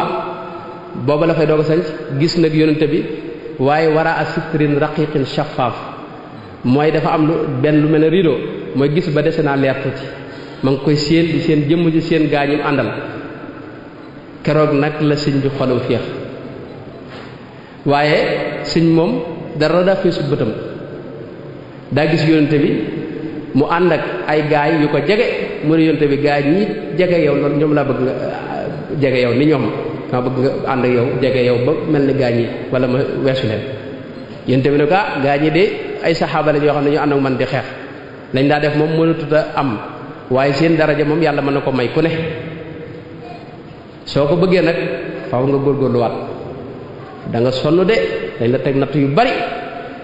booba la fay doog a gis nag yonente bi waaye wara a sitrin raqiqin mooy dafa am lu benn lu mel ne rideau mooy gis ba dese naa leer tuuti ma ngi koy séen di seen jëmm ji seen gaa ñim àndal keroog nag la sëñ bi xolam féex waaye sëñ moom dara daa feesu bëtam daa gis yonente bi mu ànd ak ay gaay yu ko jege mu ne yonente bi gaay yi jege yow loolu ñoom laa bëgg nga ah, jege yow ni ñoom maa bëgg nga ànd ak yow jege yow ba mel ni gaay yi wala ma weesu leen yonente bi ne ko ah gaay ñi de ñëpp ay saxaaba lañ yoo xam ne ñu ànd ak man di xeex lañ daa def moom mënatut a am waaye seen daraja moom yàlla mën na ko may ku ne soo ko bëggee nag faaw nga góor góorgóorluwaat da nga sonn de dañ la teg natt yu bari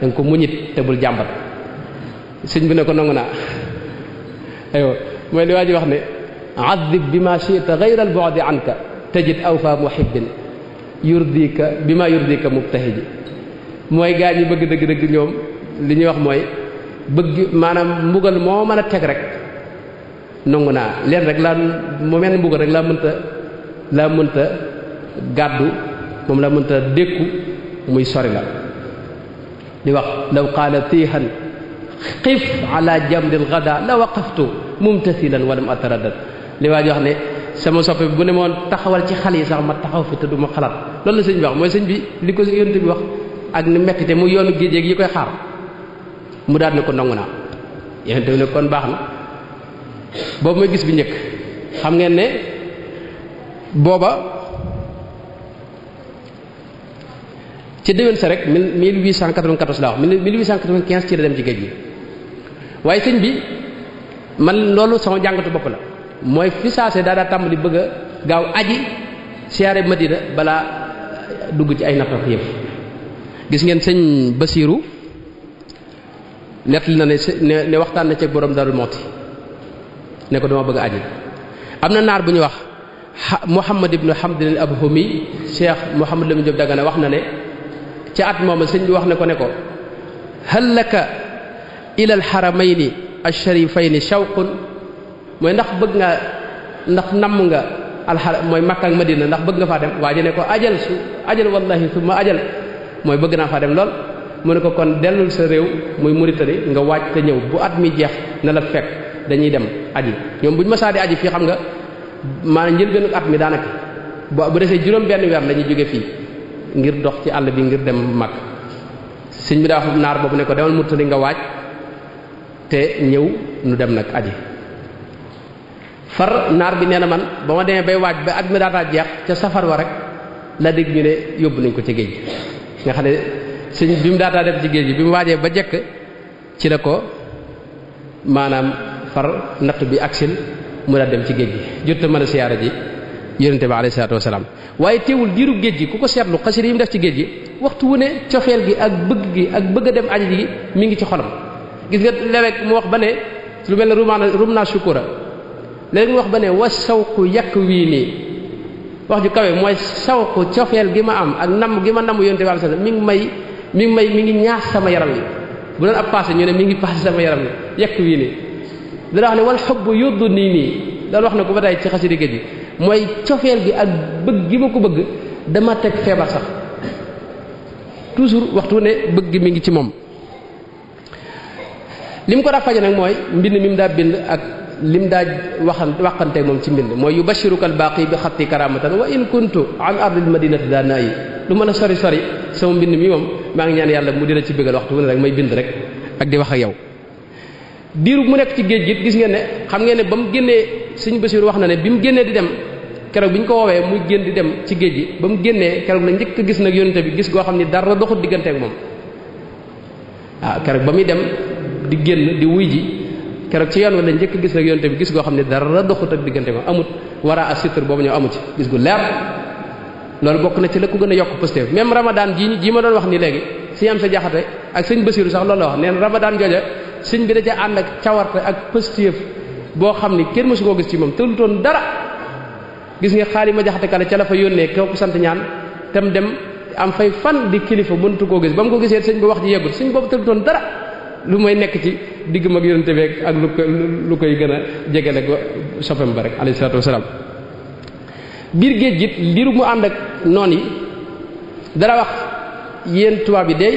da ko muñit te jàmbat sëñ bi ne ko nangu naa aywa mooy li waa ji wax ne azib bi ma chita gayra al bu'di anka tajid aw fa muhibbin yurdika bi ma yurdika mubtahiji mooy gaa ñi bëgg dëgg-dëgg ñoom li ñuy wax mooy bëgg maanaam mbugal moo mën a teg rek nangu naa leen rek laa moo mel ni mbugal rek laa mënta laa mënta gàddu moom laa mënta dékku muy sori la li wax law qaala tiihan xif ala jamdil gada la waqaftu mumtasilan walam ataraddad li waa ji wax ne sama soppe bu ne moon taxawal ci xal yi sax ma taxaw fi te du ma xalaat loolu la sëñ bi wax mooy sëñ bi li ko yonte bi wax ak ni mekkite mu yoonu géej gi yi koy xaar mu daal ne ko nangu naa yonent bi ne kon baax na boobu mooy gis bi njëkk xam ngeen ne booba ci déwén sa rek mille huit cent quatre-vingt-quatorze la wax mille huit cent quatre-vingt-quinze ci la dem ci géej gi waaye sëñ bi man loolu sama jàngatu bopp la mooy fi saase tàmbali bëgg a gaaw aji siyaare Madina balaa dugg ci ay nax nax gis ngeen sëñ Basiiru nettali na ne ne waxtaan na boroom dara moo ti ne ko dama bëgg aji am na naar bu ñu wax Muhammad ibnu Hamdin Abhumi Cheikh Muhammad Lamine Diop ne wax na ne ci at mooma sëñ bi wax ne ko ne ko hal laka ila alxaramayni alsharifayni shawqun mooy ndax bëgg nga ndax namm nga alxara mooy Makka ak Madina ndax bëgg nga faa dem waa ji ne ko ajal su ajal wallahi summa ajal mooy bëgg naa faa dem lool mu ne ko kon dellul sa réew muy Mauritanie nga waaj te ñëw bu at mi jeex na la fekk dañuy dem aji ñoom bu ñu mësaa di aji fii xam nga maanaam njëlbeenu at mi daanaka bu desee juróom benn weer la ñuy jóge fii ngir dox ci àll bi ngir dem mag sëñ bi daa wax naar boobu ne ko demal Mauritanie nga waaj te ñëw nu dem nag aji far naar bi nee na man ba ma demee bay waaj ba at mi daataa jeex ca safar wa rek la dégg ñu ne yóbbu nañ ko ci géej nga xam ne sëñ bi mu daataa dem ci géej gi bi mu waajee ba jekk ci la ko maanaam far natt bi aksil mu daal dem ci géej gi jot a mën a siyaara ji yonente bi alayhi salaatu wasalaam waaye teewul diiru géej gi ku ko seetlu xasida yi mu def ci géej gi waxtu wu ne cofeel gi ak bëgg gi ak bëgg a dem aji gi mi ngi ci xolam gis nga léeg mu wax ba ne lu mel ne rumaana rumna shukura léegi mu wax ba ne wa sawku yàq wii nii wax ju kawe mooy sawku cofeel gi ma am ak nam gi ma namu yonente bi mi may mi ngi may mi ngi ñaax sama yaram yi bu doon ab passé ñu ne mi ngi passé sama yaram yi yekk wii nii dana wax ne wal xob yuddu nii nii daal wax na ko ba tey gi mooy cofeel gi ak bëgg gi ma ko bëgg dama teg feebar sax toujours waxtu ne bëgg mi ngi ci moom li mu ko daa faje nag mooy mbind mi mu daa bind ak li lim daa waxan waxante moom ci mbind mooy yu bashiruka albaqi bi xatti karamatan wa in kuntu an ardil madinati daa naayi lu mën a sori sori sama mbind mi moom maa ngi ñaan yàlla mu dina ci bëggal waxtu wu ne rek may bind rek ak di wax a yow diiru mu nekk ci géej gi gis ngeen ne xam ngeen ne ba mu génnee sëñ Basiiru wax na ne bi mu génnee di dem keroog bi ko woowee muy génn di dem ci géej gi ba mu génnee keroog la njëkk a gis nag yonente bi gis goo xam ni dara doxut diggante ak moom waaw ah keroog ba muy dem di génn di wuy ji keroog ci yoon wa la njëkk gis nag yonente bi gis goo xam ne dara doxut ak diggante moom amut war a asitre boobu ñoo amu ci gis gu leer loolu bokk na ci la ko gën a yokk pëstéef même ramadan jii jii ma doon wax ni léegi sëñ am sa jaxate ak sëñ basiru sax loolu la wax neen ramadan jooja sëñ bi da ca ànd ak cawarte ak pëstéef boo xam ni kenn mësu koo gis ci moom tëlutoon dara gis nga xaali ma jaxate kale ca la fa yónnee kooku sant ñaan tam dem am fay fan di kilifa mëntu koo gis ba mu ko gisee sëñ bi wax ji yeggut sëñ boobu tëlutoon dara lu may nekk ci digg mag yonente beeg ak lu ko lu koy gën a jegele soppam ba rek alayhi salaatu wasalaam biir géej git liiru mu ànd ak noon yi dara wax yéen tubaab yi day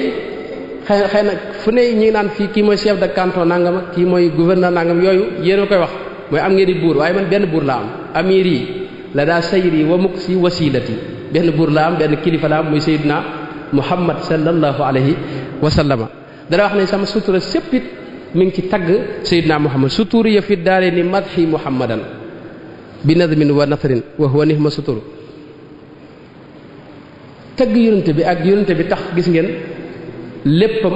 xëy xëy na fu ne ñi ngi naan fii kii mooy chef de canton nangam kii mooy gouverneur nangam yooyu yéen koy wax mooy am ngeen di buur man benn buur la am amir yi la daa sayir yi wa mukk si wasilati benn buur la am benn kilifa la am muy sayyidina muhammad sallallahu alayhi wa sallama dara wax ne sama sutura séppit mi ngi ci tagg sayyidina muhammad suturi ya fi daare ni madhi muhammadan bi nadmin wa nafarin wa huwa nihma suturu tagg yonente bi ak yonente bi tax gis ngeen léppam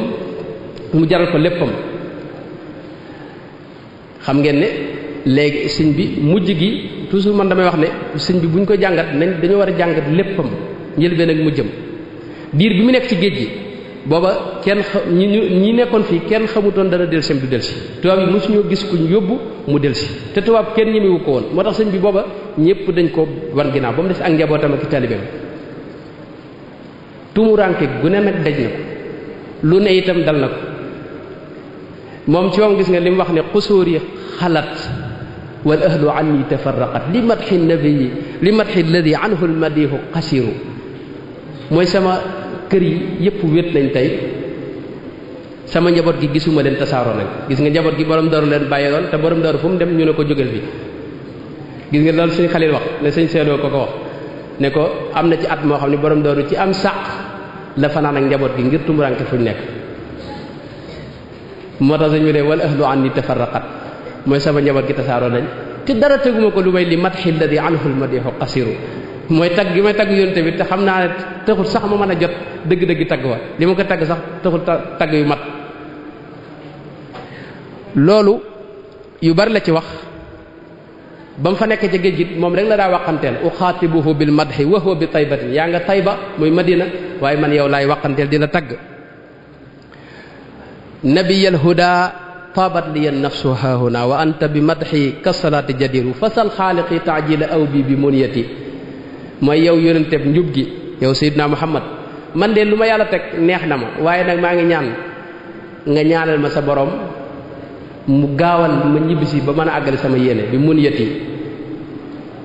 mu jaral ko léppam xam ngeen ne léegi sëñ bi mujj gi toujours man damay wax ne sëñ bi bu ñu ko jàngat nañ dañoo war a jàngat léppam njëlbeen ak jëm diir bi mu nekk ci géej gi booba kenn ñi ñi nekkoon fii kenn xamutoon dana delluseem du dellusi tubaab yi mosuñoo gis kuñ yóbbu mu dellusi te tubaab kenn ñemewu ko woon moo tax sëñ bi booba ñëpp dañ ko wan ginnaaw ba mu des ak njabootam ak taalibeem tumuranke gu nag daj na ko lu ne itam dal na ko moom ci moom gis nga li mu wax ne xusóori xalat wal ahlu anni tafarraqat li matxi nabii li matxi alladi anhu almadihu xasiru mooy sama kër yi yëpp wét nañ tey sama njaboot gi gisuma leen tasaaroo nañ gis nga njaboot gi borom daru leen bàyyi loon te borom daru fu mu dem ñu ne ko jógal fi gis nga loolu suñ xalil wax ne suñ seeloo ko ko wax ne ko am na ci at moo xam ne boroom daru ci am sàq la fanaan ak njaboot gi ngir tumuranke fuñ nekk moo tax suñ bi ne wal ahlu anni tafarraqat mooy sama njaboot gi tasaaroo nañ te dara teguma ko lu may li matxi alladi anhu almadixu qasiru mooy tagg gi may tagg yonte bi te xam naa ne taxul sax ma mën a jot dëgg-dëgg tagg wa li ma ko tagg sax taxul tagg yu mat loolu yu bari la ci wax ba mu fa nekkee ca géej gi moom rek la daa waxanteel uxaatibuhu bil madhi wa huwa bi taybatin yaa nga tayba muy madina waaye man yow laay waxanteel dina la tagg nabiyal huda taabat liya nafsu haahuna wa anta bi madhi kasalaati jadiru fasal xaaliqi taajila aw bi bi muniyati mooy yow yonenteb njub gi yow Seydina Muhammad man de lu ma yàlla teg neex na ma waaye nag maa ngi ñaan nga ñaanal ma sa boroom mu gaawal ma ñibbisi ba mën a àggale sama yéene bi mun yët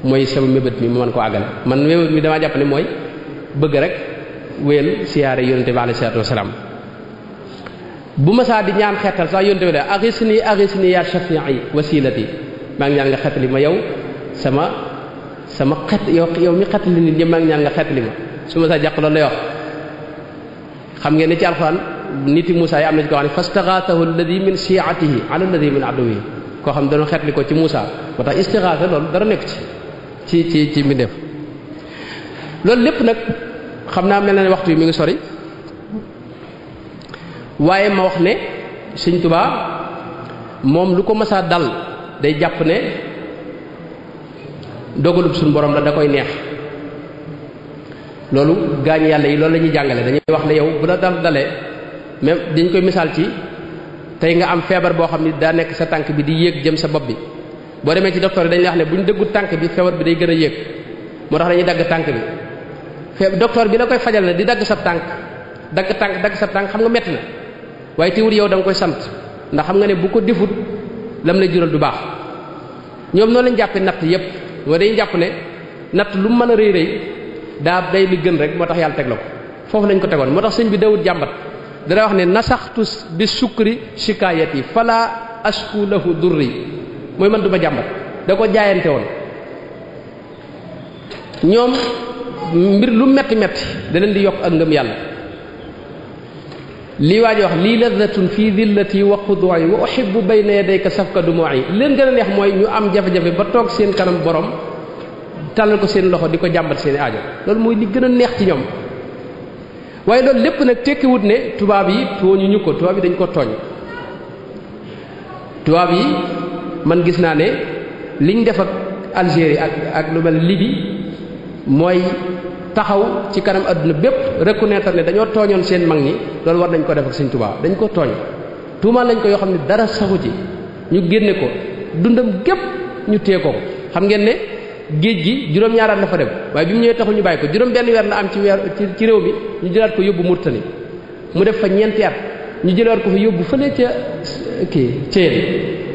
mooy sama mébét mi ma mën koo àggale man mébét mi damaa jàpp ne mooy bëgg rek wéyal siyaare yonente bi alayhi salaatu bu ma saa di ñaan xettal sax yonente bi de axis nii axis nii yaa shafii wasilati maa ngi ñaan nga xettali ma yow sama sama xet yow yow mi xet li nit ñi maa ngi ñaan nga xet li ma su ma saa jàq loolu lay wax xam ngeen ne ci alxuraan niti Moussa yi am na ci koo xam ne fastaxaasahu alladi min shiatihi ala alladi min aduwihi koo xam ne dañoo xetli ko ci Moussa ba tax istixaasa loolu dara nekk ci ci ci ci mbindeef loolu lépp nag xam naa mel na ne waxtu yi mi ngi sori waaye ma wax ne Sëñ Tuubaa moom lu ko masaa dal day jàpp ne dogalub suñu boroom la da koy neex loolu gaañ yàlla yi loolu la ñuy jàngale dañuy wax ne yow bu la dal dalee même dañ koy misaal ci tey nga am feebar boo xam ni daa nekk sa tànk bi di yéeg jëm sa bopp bi boo demee ci docteur yi dañuy wax ne bu ñu dëggu tànk bi feebar bi day gën a yéeg moo tax dañuy dagg tànk bi feeb docteur bi la koy fajal na di dagg sa tànk dagg tànk dagg sa tànk xam nga metti na waaye teewul yow danga koy sant ndax xam nga ne bu ko defut lam lay jural du baax ñoom noonu lañ jàppee natt yépp waaye day jàpp ne natt lu mën a rëy rëy daa day li gën rek moo tax yàlla teg la ko foofu lañ ko tegoon moo tax sëñ bi dawut jàmbat dana wax ne nasaxtu bi sukkri shikaayat yi falaa asku lahu durri mooy man duma jàmbat da ko jaayante woon ñoom mbir lu metti metti deneen di yokk ak ngëm yàlla lii waa ji wax lii ladatun fii wax yi dillati wa xuduwaay wa uhibbu bayna yadayka safka yi leen gën a neex mooy ñu am jafe-jafe ba toog seen kanam borom talal ko seen loxo di ko jàmbat seeni aajo loolu mooy li gën a neex ci ñoom waaye loolu lépp nag tekkiwut ne tubaab yi tooñu ñu ko tubaab yi dañ ko tooñ tubaab yi man gis naa ne liñ def ak Algérie ak ak lu mel Libye mooy taxaw ci kanam adduna bépp neetar ne dañoo tooñoon seen mag ñi loolu war nañ ko def ak Sëriñ Tuubaa dañ ko tooñ tuumaal lañ ko yoo xam ne dara saxu ci ñu génne ko dundam gépp ñu téye ko xam ngeen ne géej gi juróom-ñaar at la fa dem waaye bi mu ñëwee taxu ñu bàyyi ko juróom benn weer la am ci weer ci réew mi ñu jëlaat ko yóbbu Murtani mu def fa ñeenti at ñu jëlaat ko fa yóbbu fële ca kii Thiel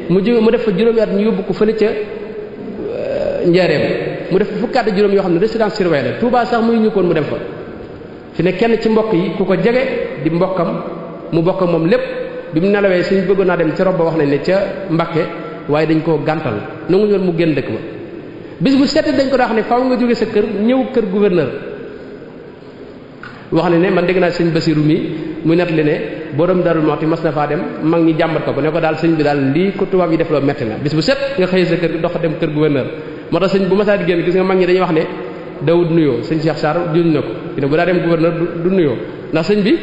mu mu def fa juróomi at ñu yóbbu ko fële ca euh, Njaareem mu def fukki juróom yoo xam ne résidence surveillée la Touba sax muy ñu koon mu dem fa fi ne kenn ci mbokk yi ku ko jege di mbokkam mu bokk moom lépp bi mu nelawee suñ bëggoon naa dem ci rob ba wax nañ ne ca Mbakke waaye dañ koo gàntal nangu ñoon mu génn dëkk ba bis bu sett dañ ko daa wax ne faw nga jóge sa kër ñëw kër gouverneur wax ne ne man dégg naa sëñ Basiru mi mu nett li ne borom Darou Moukhty mas na faa dem mag ñi jàmbat ko ko ne ko daal sëñ bi daal lii def loo metti na bis bu set nga xëy dem kër gouverneur moo tax sëñ bu masaa di génn gis nga mag ñi dañuy wax ne dawud nuyoo sëñ Cheikh Sarr juñ na ko dina bu daa dem gouverneur du nuyoo ndax sëñ bi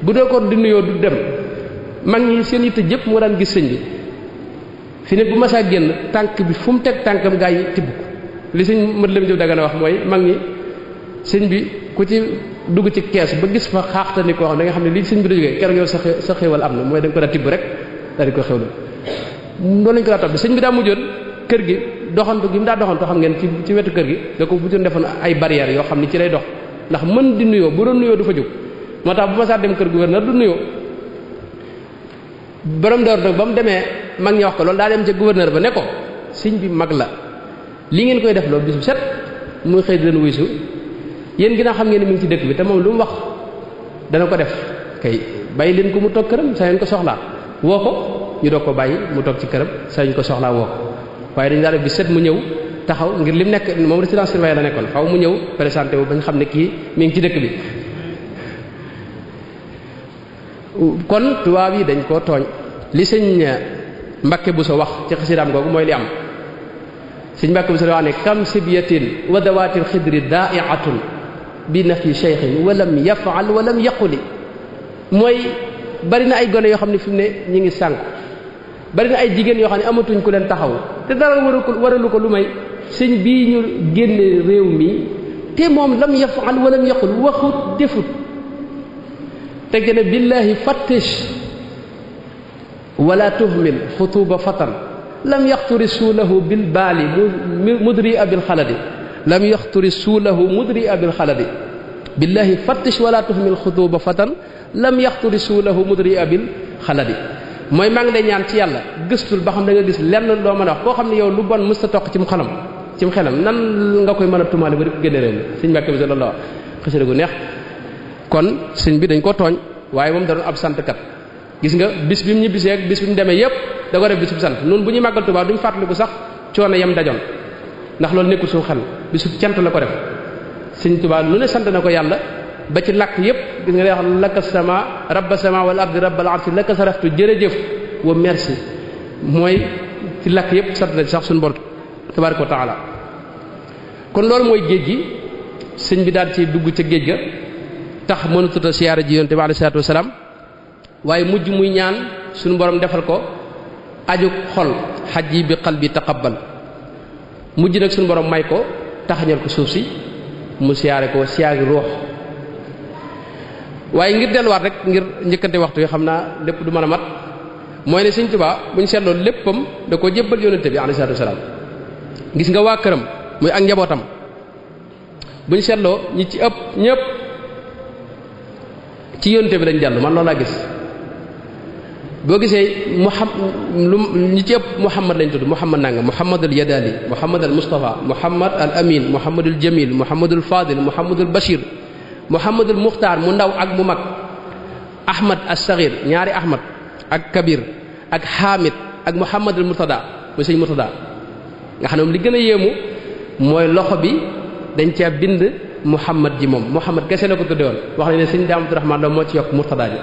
bu dee ko di nuyoo du dem mag ñi seen yitte jëpp moo daan gis sëñ bi fi ne bu masaa génn tànk bi fu mu teg tànkam gaa yi tibb li sëñ mët lem jëf daga na wax mooy mag ñi sëñ bi ku ci dugg ci kees ba gis fa xaaxta ni koo xam da nga xam ne lii sëñ bi da jógee keroog yow sa sa am na mooy da nga ko daa tibb rek daal di ko xewlu noonu lañ ko daa topp sëñ bi daa mujjoon kër gi doxantu gi mu daa doxantu xam ngeen ci ci wetu kër gi da ko butoon defoon ay barrières yoo xam ni ci lay dox ndax mën di nuyoo bu doon nuyoo du fa jóg moo tax bu ma saa dem kër gouverneur du nuyoo borom door nag ba mu demee mag ñi wax ko loolu daa dem ca gouverneur ba ne ko sëñ bi mag la li ngeen koy def loolu bis bu set muy xëy di leen wuy su yéen ginnaaw xam ngeen ne mi ngi ci dëkk bi te moom lu mu wax dana ko def kay bàyyi leen ko mu toog këram saa yéen ko soxlaa woo ko ñu doog ko bàyyi mu toog ci këram saa ko soxlaa woo waaye dañ daa bi set mu ñëw taxaw ngir lim nekk moom résidence surveillée la nekkoon faaw mu ñëw présenté wu bañ xam ne kii mi ngi ci dëkk bi kon tubaab yi dañ koo tooñ li sëñ Mbakke sa wax ci xasidaam googu mooy li am sëñ Mbakke Buso wax ne kam sibyatin wa daa xidri daaiatun bi nafi cheikhin walam yafaal walam yaquli mooy bari na ay gone yoo xam ne fi mu ne ñi ngi sànq bari na ay jigéen yoo xam ne amatuñ ko leen taxaw te dara war waralu ko lu may sëñ bii ñu génne réew mi te moom lam yafal wala mu yaqul waxut defut teg ne billaahi fattish wala tuhmil futuba fatan lam yaxturi suulahu bil baali mudri abil xaladi lam yaxturi suulahu mudri abil xaladi billaahi fattish wala tuhmil futuba fatan lam yaxturi suulahu mudri abil xaladi mooy maa ngi ñaan ci yàlla gëstul ba xam da gis lenn loo mën a wax koo xam ne yow lu bon mësta toq ci mu xalam ci mu xelam nan nga koy mën a tumaale ba di ko génne réew mi sëñ bi sa loolu la wax xësëre gu neex kon sëñ bi dañ ko tooñ waaye moom da doon ab kat gis nga bis bi mu ñibbiseek bisee ak bis bi mu demee yépp da ko def bis sant noonu bu ñuy màggal Tuubaa duñ fàttaliku sax coono yam dajoon ndax loolu nekkul suñu xel bisu cant la ko def sëñ Tuubaa lu sant na ko yàlla ba ci làkk yépp gis nga day wax lakka rabba sama wala ardi rabbal arsi lakka saraftu jërëjëf wa merci mooy ci làkk yépp sant na sax suñu bor tabaraka wa taala kon loolu mooy géej gi sëñ bi daal ci dugg ci géej ga tax mënatut a siyaara ji yonte bi alei salatu wasalaam waaye mujj muy ñaan suñu borom defal ko aju xol xaj yi bi xal bi taqabbal mujj nag suñu borom may ko taxañal ko suuf si mu siyaare ko siyaagi ruux waaye ngir delluwaat rek ngir njëkkante waxtu yi xam naa lépp du mën a mat mooy ne Sëriñ Tuubaa buñ seetloo léppam da ko jéppal yonente bi alayhi salaatu nga waa këram muy ak njabootam buñ seetloo ñi ci ëpp ñëpp ci yonente bi lañ jàll man loolu laa gis boo gisee xam lu ñi ci ëpp Muhammad lañ tudd Muhammad nanga Muhammad al Yadali Muhammad al Mustafa Muhammad al Amin Muhammad al Jamil Muhammad al Fadil Muhammad al Bashir Mouhamadul Muxtaar mu ndaw ak mu mag Ahmad as-Saghir ñaari Ahmad ak Kabir ak Hamid ak Mouhamadul Murtada mu sëñ Murtada nga xam ne moom li gën a yéemu mooy loxo bi dañ caa bind Mouhamad ji moom Mouhamad kese na ko tudde woon wax ne sëñ Daam Abdurahmaan la moo ci yokk Murtada ji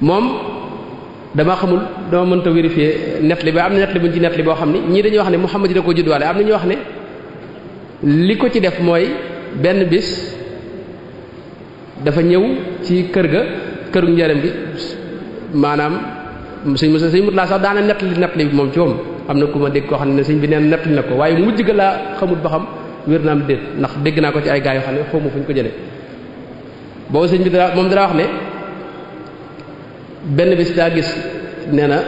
moom dama xamul dama mënta vérifier net li am na net ci net boo xam ne ñii dañuy wax ne Mouhamad ji da ko juddwaale am na ñu wax ne li ko ci def mooy. benn bis dafa ñëw ci kër ga këru njëram gi maanaam mu sëñ Musaa sëñ Murtalaa sax daana nettali nettali bi moom ci moom am na ku ma dégg koo xam ne sëñ bi neen nettali na ko waaye mujj ga laa xamut ba xam wér naam déet ndax dégg naa ko ci ay gaa yoo xam ne xaw ma fu ñu ko jëlee boobu sëñ bi dara moom dara wax ne benn bis daa gis nee na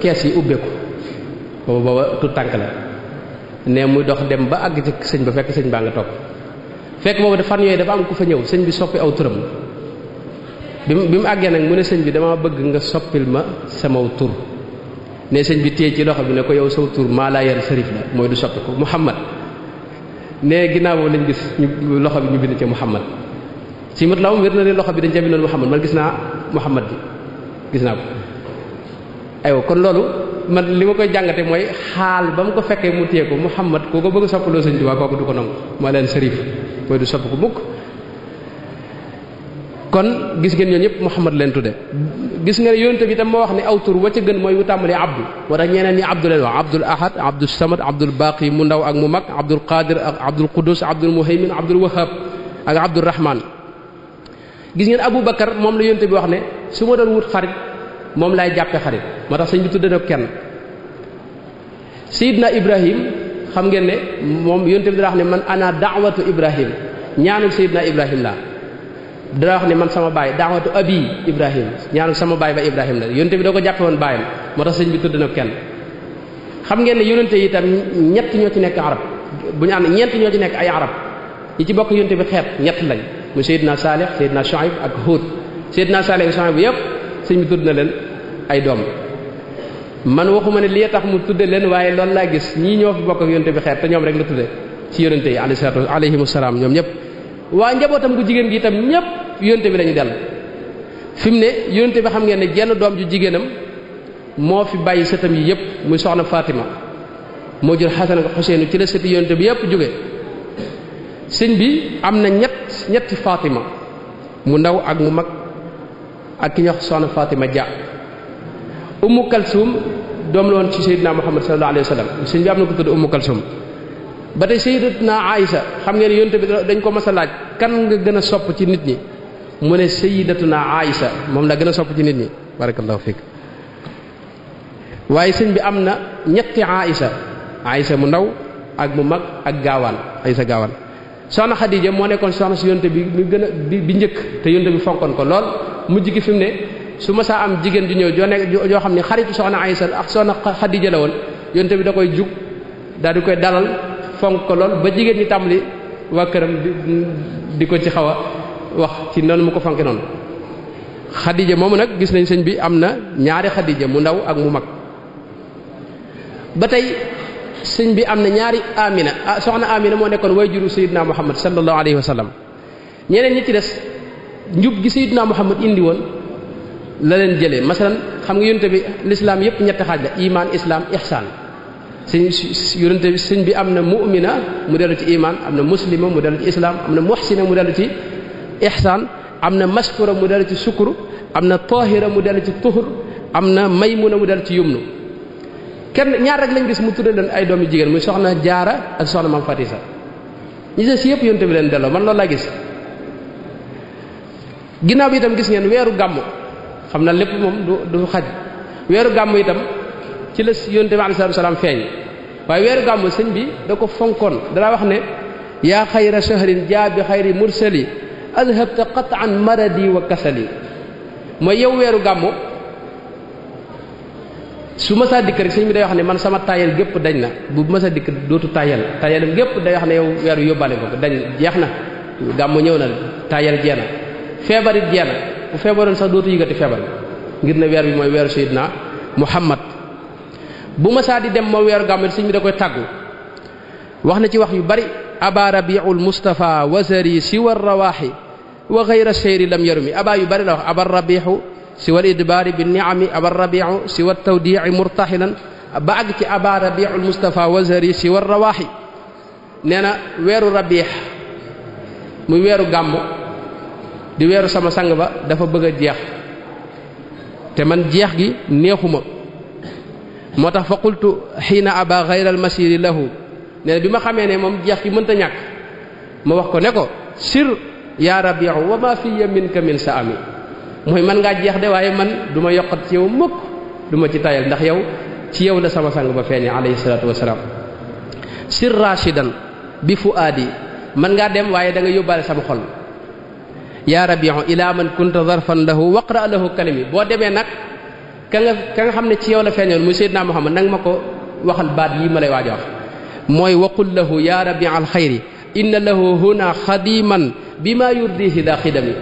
kees yi ubbeeku booba booba tànk la ne muy dox dem ba àgg ci sëñ ba fekk sëñ baa nga toog fekk boobu fan yooyu dafa am ku fa ñëw sëñ bi soppi aw turam bi mu bi mu àggee nag mu ne sëñ bi dama bëgg nga soppil ma samaw tur ne sëñ bi téye ci loxo bi ne ko yow saw tur maa laa yar sërif la mooy du soppi ko Muhammad ne ginnaaw boobu lañ gis ñu loxo bi ñu bind ci Muhammad si mat law wér na ne loxo bi dañ ca bindoon Muhammad man gis naa Muhammad bi gis naa ko aywa kon loolu man li ma koy jàngate mooy xaal ba mu ko fekkee mu téye ko Muhammad ku ko bëgg soppaloo sëñ Tuubaa kooku du ko nangu moo leen sërif mooy du sopp ko mukk kon gis ngeen ñoo ñëpp Muhammad leen tudde gis nga yoonte yonent bi tam moo wax ne aw tur wa ca gën mooy wu tàmbali abdu moo tax ñeneen ñi abdu leen wax abdul ahad abdul samad abdul baqi mu ndaw ak mu mag abdul qadir ak abdul qudus abdul muhaymin abdul wahab ak abdul rahman gis ngeen abou bakar moom la yonent moom laay jàppe xarit moo tax sëñ bi tudde na kenn sayidna ibrahim xam ngeen ne moom yonte bi dara wax ne man ana daawatu ibrahim ñaanul sayidna ibrahim la dara wax ne man sama baay daawatu abi ibrahim ñaanul sama baay ba ibrahim la yonte bi doo ko jàppe woon baayam moo tax sëñ bi tudd kenn xam ngeen ne yonente yi itam ñett ñoo ci nekk arab bu ñu ànd ñeent ñoo ci nekk ay arab ñi ci bokk yonte bi xeet ñetti lañ mu sayidna saalih sayidna shuaib ak hud sayidna saalih ak shuaib sëñ bi tudd na leen ay doom man waxuma ne lii tax mu tudde leen waaye loolu laa gis ñii ñoo fi bokk ak yonte bi xeer te ñoom rek la tudde ci yonente yi alayhi salaatu alayhimu salaam ñoom ñëpp waa njabootam gu jigéen gi itam ñëpp yonte bi lañu dell fi mu ne yoonte bi xam ngeen ne jenn doom ju jigéenam moo fi bàyyi sa sëtam yi yëpp muy soxna faatima moo jël Xasan ak Xuseenu ci la sëti yonte bi yëpp jóge sëñ bi am na ñett ñetti Fatima mu ndaw ak mu mag ak ki ñuy wax soxna Fatima Dia ummu kalsum doom loon ci Seydina Muhammad sallallahu alayhi wa sallam sëñ bi am na ko tudd ummu kalsum ba tey Sayyidatuna Aïsa xam ngeen yonte bi dañ ko mas a laaj kan nga gën a sopp ci nit ñi mu ne Sayyidatuna Aïsa moom la gën a sopp ci nit ñi barakallahu fiik waaye sëñ bi am na ñetti Aïsa Aïsa mu ndaw ak mu mag ak gaawaan Aïsa gaawaan soxna Xadija moo nekkoon soxna si yonte bi mu gën a bi njëkk te yonte bi fonkoon ko lool mujj gi fi mu ne su masaa am jigéen ju ñëw joo nekk joo xam ne xaritu soxna Aysa ak soxna Xadija la woon yonte bi da koy jug daal di koy dalal fonk ko lool ba jigéen ñi tàmbali waa këram di ko ci xaw a wax ci noonu mu ko fonke noonu Xadija moomu nag gis nañ sëñ bi am na ñaari Xadija mu ndaw ak mu mag ba tey sëñ bi am na ñaari Amina ah, soxna Amina moo nekkoon way juru Seydina Muhammad sallallahu alayhi wa sallam ñeneen ñi ci des njub mu xam Muhammad indi woon la leen jëlee masalan xam nga yonente bi lislaam yépp ñetti xaaj la iman islam ihsaan sëñ yonente bi sëñ bi am na mu'mina mu dellu ci iman am na muslima mu dellu ci islam am na muhsina mu dellu ci ihsaan am na maskura mu dellu ci sukkur am na tahira mu dellu ci tuhur am na maymuna mu dellu ci yumnu kenn ñaar rek lañ gis mu tudde leen ay doomi jigéen muy soxna jaara ak soxna mam fatisa ñi des yépp yonente bi leen delloo man loolu laa gis ginnaaw bi itam gis ngeen weeru gàmmu xam na lépp moom du du xaj weeru gàmmu itam ci la yonte bi alayhi salaam feeñ waaye weeru gàmmu sëñ bi da ko fonkoon danaa wax ne yaa xayra shahrin jaa bi xayri mursali adhabta qatan maradi kasali mooy yow weeru gàmmu su ma saa dikk rek sëñ bi day wax ne man sama taayel gépp dañ na bu ma saa dikk dootu tayal tayalam gépp day wax ne yow weeru yóbbaale ko dañ jeex na gàmmu ñëw na tayal jee feebar it jeex bu feebaroon sax dootu yëgati feebar ngir ne weer bi mooy weeru Seydina Muhammad bu ma saa di dem ma weeru gàmmu sëñ bi da koy tàggu wax na ci wax yu bari aba rabiul mustafa wasari siwa rawaxi wa xayra seyri lam yarumi aba yu bari la wax aba rabihu siwa idbaari bi niami aba rabiu siwa tawdii murtaxilan ba àgg ci aba rabiul mustafa wasari siwa rawaxi nee na weeru rabix muy weeru gàmmu di weeru sama sang ba dafa bëgg a jeex te man jeex gi neexuma moo tax fa qultu xiina aba xayra al masiri lahu nee na bi ma xamee ne moom jeex gi mënta ñàkk ma wax ko ne ko sir yaa rabiu wa ma fiya minka min sa ami mooy man ngaa jeex de waaye man du ma yokkat ci yow mukk du ma ci tayal ndax yow ci yow la sama sang ba feeñe alayhi salaatu wasalaam sir rachidan bi fuaadi man ngaa dem waaye da nga yóbbaale sama xol yaa rabiu ila man kunta zarfan lahu waqra lahu kalimi boo demee nag ka nga xam ne ci yow la feeñoon muy seydina muhammad nanga ma ko waxal baat yi ma lay waajo wax mooy waqul lahu yaa rabi alxayri inna lahu huna xadiman bima yurdihi daa xidami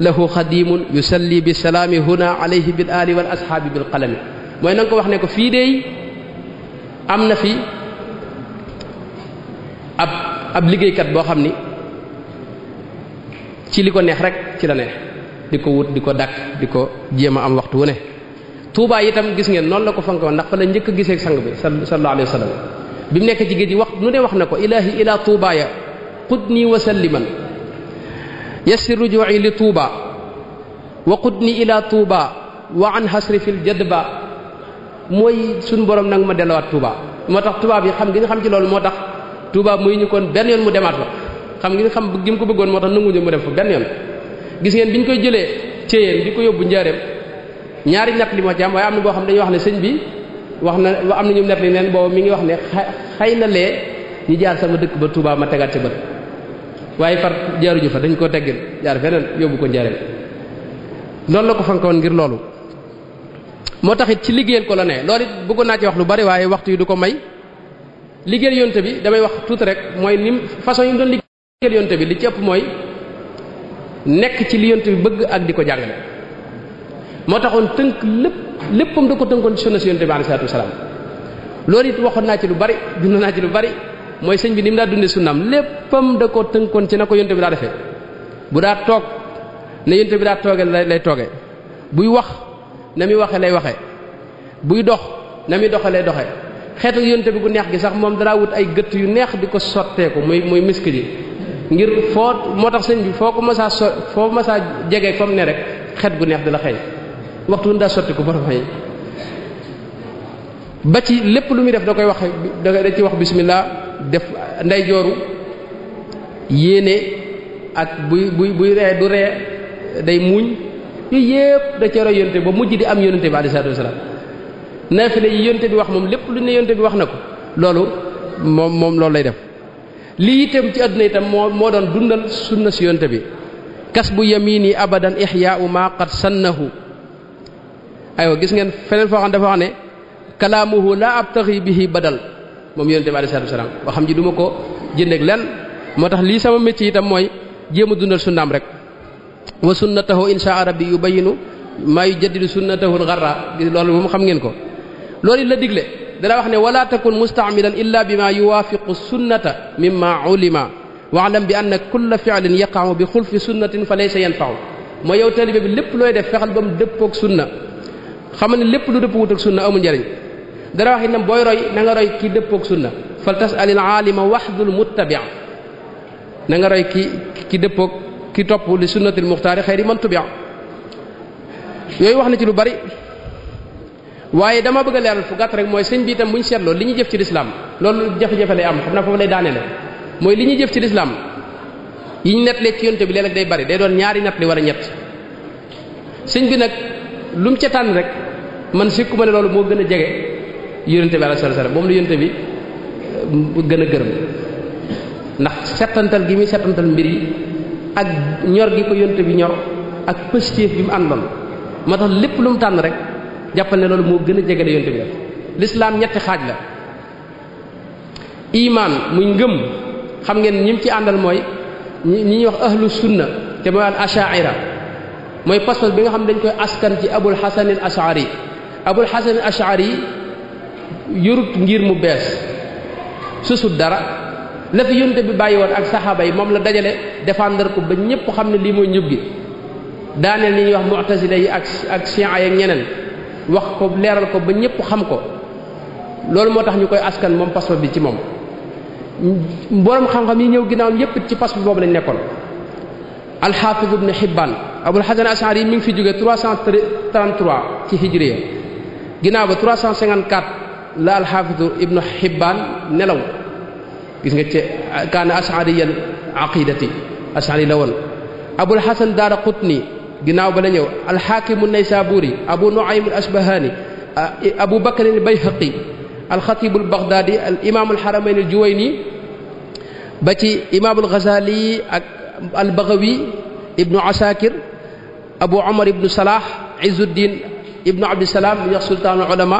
lahu xadimun yusalli bi salaami huna alayhi bil ali wal ashaabi bil qalami mooy nanga ko wax ne ko fii déy am na fi ab ab liggéeykat boo xam ni ci li ko neex rek ci la ne di ko wut di ko dàkk di ko jéem a am waxtu wu ne Tuubaa itam gis ngeen noonu la ko fonk woon ndax fa la njëkk a gisee sang bi sallallahu alayhi wa sallam bi mu nekk ci géej gi wax nu ne wax na ko ilahi ila Tuubaa ya qudni wa salliman yassir ruju'i li Tuubaa wa qudni ila Tuubaa wa an hasri fil jadba mooy suñ borom nag ma delluwaat Tuubaa moo tax Tuubaa bi xam gi nga xam ci loolu moo tax Tuubaa muy ñu kon benn yoon mu demaat fa xam ngi xam gi mu ko bëggoon moo tax nanguñu mu dem fa benn yoon gis ngeen bi ñu koy jëlee Ceyeen di ko yóbbu Njaareem ñaari nett li moo ci am waaye am na boo xam dañuy wax ne sëñ bi wax na am na ñu nett li neen boobu mi ngi wax ne xay na lee ñu jaar sama dëkk ba Touba ma tegaat ci bët waaye far jaaruñu fa dañ koo teggil jaar feneen yóbbu ko Njaareem loolu la ko fankoon ngir loolu moo tax it ci liggéeyal ko la ne loolu it bëggoon naa ci wax lu bari waaye waxtu yi du ko may liggéeyal yonte jàngal bi li ci ëpp mooy nekk ci li yonte bi bëgg ak di ko jàngale moo taxoon tënk lépp léppam da ko tënkoon ci sunna si yonte bi alayhi salaatu wasalaam loolu it waxoon naa ci lu bari dund naa ci lu bari mooy sëñ bi ni mu daa dundee sunnaam léppam da ko tënkoon ci na ko yonte bi daa defee bu daa toog ne yonte bi daa toogee lay tooge buy wax na muy waxee lay waxe buy dox na muy doxee lay doxee xeetu yonte bi gu neex gi sax moom danaa wut ay gëtt yu neex di ko sotteeku muy muy misk ngir foo moo tax sëñ bi foo ko masaa so foo masaa jege comme ne rek xet gu neex di la xëy waxtu wu daa sotti ko borom xëy ba ci lépp lu muy def da koy wax da da ci wax bismillah def nday jooru yéene ak buy buy buy ree du ree day muuñ yooyu yëpp da cee roy yonte ba mujj di am yonte bi alayhi salaatu wasalaam naafile yi yonte bi wax moom lépp lu ne yonte bi wax na ko loolu moom moom loolu lay def lii itam ci àdduna itam moo moo doon dundal sunna si yonte bi kas bu yamini abadan ixyaau maa qad sannahu aywa gis ngeen feneen foo xam dafa wax ne kalaamuhu laa abtaxi bihi badal moom yonte bi alayhi salaatu wasalaam wax xam ji du ma ko jëndeeg lenn moo tax lii sama métier itam mooy jéem a dundal sunnaam rek wa sunnatahu insha rabbi yubayinu maa yujaddidu sunnatahu lgarra loolu moom xam ngeen ko loolu la digle dana wax ne wala takun mustaamilan illa bi maa yuwaafiqu sunnata mimma ulima waalam bi anna kulla fi'lin yaqamu bi xulfi sunnatin fa laysa yanfau mooy yow taalibe bi lépp looy de fexal ba mu dëppoog sunna xam ne lépp lu dëppwut ak sunna amul njëriñ dana wax itam booy roy na nga roy kii dëppoog sunna fal tasalil aalima waxdul muttabia na nga roy ki ki dëppoog ki topp li sunnatil muxtaari xëy ri man tubia yooyu wax na ci lu bari waaye dama bëgg a leeral fu gàtt rek mooy sëñ bi itam bu ñu seetloo li ñu jëf ci lislaam loolu jafe-jafe lay am xam naa foofu lay daanele mooy li ñu jëf ci lislaam yi ñu nettalee ci yonte bi léeg-léeg day bari day doon ñaari nettali wala ñett sëñ bi nag lu mu tànn rek man sikku ne loolu moo gën a jege yonente bi alayhi salaam moom la yonente bi euh, gën a gërëm ndax setantal gi muy setantal mbir yi ak ñor gi ko yonte bi ñor ak pëstéef bi mu àndoon moo tax lépp lu mu tànn rek jàppal ne loolu moo gën a jegale yonte bi nag lislaam ñetti xaaj la iman muy ngëm xam ngeen ñim ci àndal mooy ñi ñuy wax ahlu sunna te mooy al ashaira mooy pas-pas bi nga xam ne dañ koy askan ci abul hasan al abul hasan al ashari yorut ngir mu bees susut dara la fi yonte bi bàyyi woon ak saxaaba yi moom la dajale défendre ko ba ñëpp xam ne lii mooy njub gi daaneel li ñuy wax mu'tazila yi ak ak shi'a ak ñeneen wax ko leeral ko ba ñëpp xam ko loolu moo tax ñu koy askan moom pas-pas bi ci moom boroom xam-xam yi ñëw ginnaawam yépp ci pas-pas boobu lañ nekkoon alxaafiz ibn Hibbaan abul xasan ashari yi mi ngi fi jógee 333 ci hijriya ginnaaw ba 354 la alxaafiz ibn Hibbaan nelaw gis nga ci kaana ashariyan aqidati ashari la woon abul xasan daara qutni ginnaaw ba la ñëw alxaakimu naysaburi abu nuaym al asbahani abu bakar al bayhaqi alxatibu al baghdadi al imaamu al xaramayn al juwayni ba ci imaamu al ghazali ak al baghawi ibnu asakir abu omar ibnu salah izuddin ibnu abdisalaam ñu wax sultaanul ulama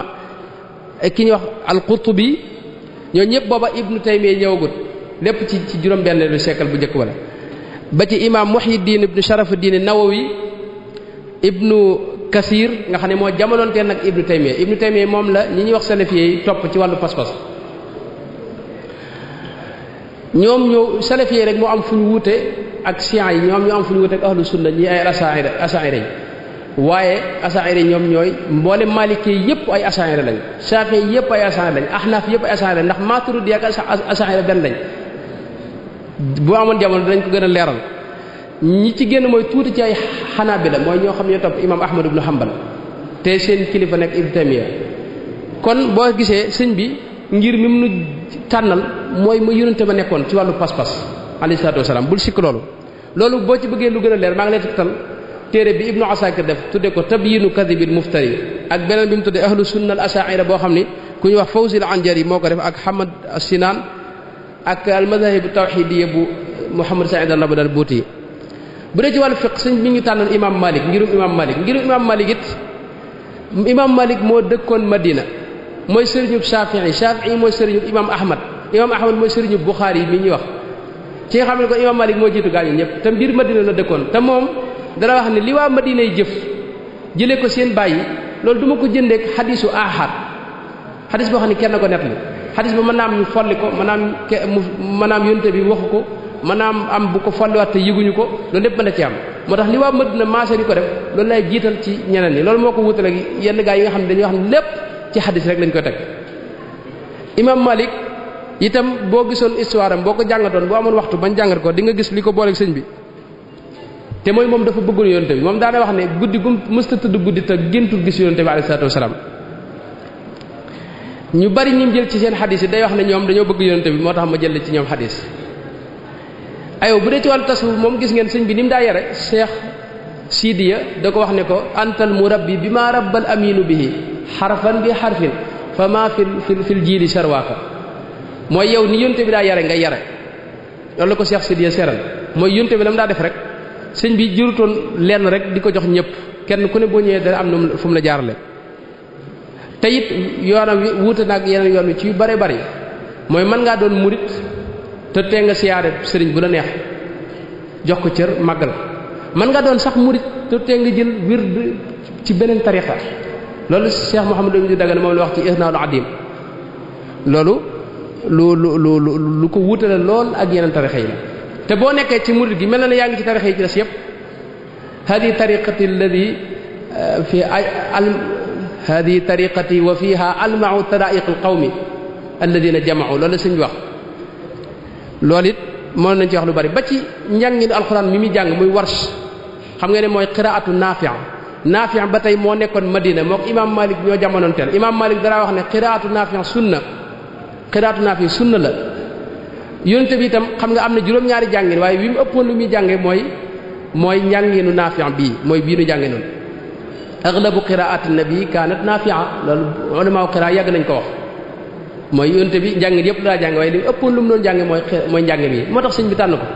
ki ñuy wax alqurtubi ñoo ñëpp booba ibnu taymiya ñëwagut lépp ci ci juróom-benneelu siècle bu njëkk wala ba ibnu kasir nga xam ne moo jamonoonteel nag ibnu taymiya ibnu taymiya moom la ñi ñuy wax salafiyé yi topp ci wàllu pas-pas ñoom ñoo salafiyé rek mu am fu ñu wuute ak siyan yi ñoom ñoo am fu ñu wuute ak ahlu sunna ñi ay asaira yi waaye asaira yi ñoom ñooy mboole maliki yépp ay asaira lañ safi yépp ay asaira lañ ahnaf yépp ay asaira lañ ndax maturidi ak asaira benn lañ bu amoon jamono dañ ko gën a leeral ñi ci génn mooy tuuti ci ay la mooy ñoo xam ne topp imaam ahmad ibnu hambal te seen kilifa nekk ibnu kon boo gisee sëñ bi ngir mi mu nu tànnal mooy mu yonente ma nekkoon ci wàllu pas-pas alayhi salaatu wasalaam bul sikk loolu loolu boo ci bëggee lu gën a leer maa ngi lay tegtal téere bi ibnu asakir def tudde ko tabyinu kadibil muftari ak beneen bi mu tudde ahlu sunna al asaira boo xam ni ku ñu wax fawzil anjari moo ko def ak hamad sinan ak al madahibu tawxidiya bu muhammad said al abdal buuti bu dee ci wàllu fiq sëñ bi ñu tànnoon imam malik ngirum imam malik ngirum imam malik it imam malik moo dëkkoon madina mooy sëriñub shafii shafii mooy sëriñub imam ahmad imam ahmad mooy sëriñub buxaari yi mi ñuy wax ci nga xam ne ko imam malik moo jiitu gaañu ñëpp te mbir madina la dëkkoon te moom dana wax ne li waa madina yi jëf jëlee ko seen bàyyi loolu duma ma ko jëndeek xadisu ahad xadis boo xam ne kenn ko nett li xadis ba mën naa folli ko mën naa am mën bi waxu ko mën naa am bu ko folliwaat te yëguñu ko loolu lépp mën na ci am moo tax li waa Madina maasé di ko def loolu lay jiital ci ñeneen yi loolu moo ko wutale yenn gaa yi nga xam ne dañoo wax ne lépp ci xadis rek lañ koy teg imam Malik itam boo gisoon histoire am boo ko jàngatoon boo amoon waxtu bañ jàngat ko di gis li ko booleeg sëñ bi te mooy moom dafa bëggoon yonente bi moom daana wax ne guddi gum mësta tëdd guddi te géntul gis yonente bi alayhi salaatu wasalaam ñu bari ñim jël ci seen xadis yi wax ne ñoom dañoo bëgg yonente bi moo tax ma jël ci ñoom xadis aywa bu dee ci wàllu tasawuf moom gis ngeen sëñ bi ni mu daa yare cheikh sidiya da ko wax ne ko antal murabbi bi maa rabbal aminu bihi xarfan bi xarfin fa maa fil fil fil jiili sarwaaka mooy yow ni yonte bi daa yare nga yare loolu ko cheikh sidiya seeral mooy yonte la mu daa def rek sëñ bi jurutoon lenn rek di ko jox ñëpp kenn ku ne boo ñëwee dana am na fu mu la jaarale te it yoonam wuute na ak yeneen yoon wi ci yu bare bari mooy mën ngaa doon murit te tee nga siyaare sëriñ bu la neex jox ko cër màggal mën nga doon sax murit te tee nga jël wird ci beneen tarixa loolu Cheikh Mouhamadou Ibn Dagana moom la wax ci Irnaul Adim loolu lu lu lu ko wutale lool ak yeneen tarixa yi la te boo nekkee ci murit gi mel na ne yaa ngi ci tarixa yi ci des yëpp hadi tariqati alladi uh, fi al hadi tariqati wa fiha almau taraiq alqawmi alladina jamaau loolu la wax loolu it mën nañ ci wax lu bari ba ci njàngin alxuraan mi muy jàng muy warsh xam nga ne mooy qiraatu naafi'a naafi'a ba tey moo nekkoon Madina moo imaam Malik ñoo jamonoon teel imaam Malik dara wax ne qiraatu naafi'a sunna qiraatu naafi'a sunna la yonente bi itam xam nga am na juróom-ñaari jàngin waaye wi mu ëppoon lu muy jànge mooy mooy njànginu naafi'a bii mooy bii nu jànge noonu aglabu qiraati nabi kaanat naafi'a loolu ulama qiraat yàgg nañ ko wax mooy yonte bi njàngin yëpp daa jàng waaye li ëppoon lu mu doon jàng mooy mooy njàng bi moo tax sëñ bi tànn ko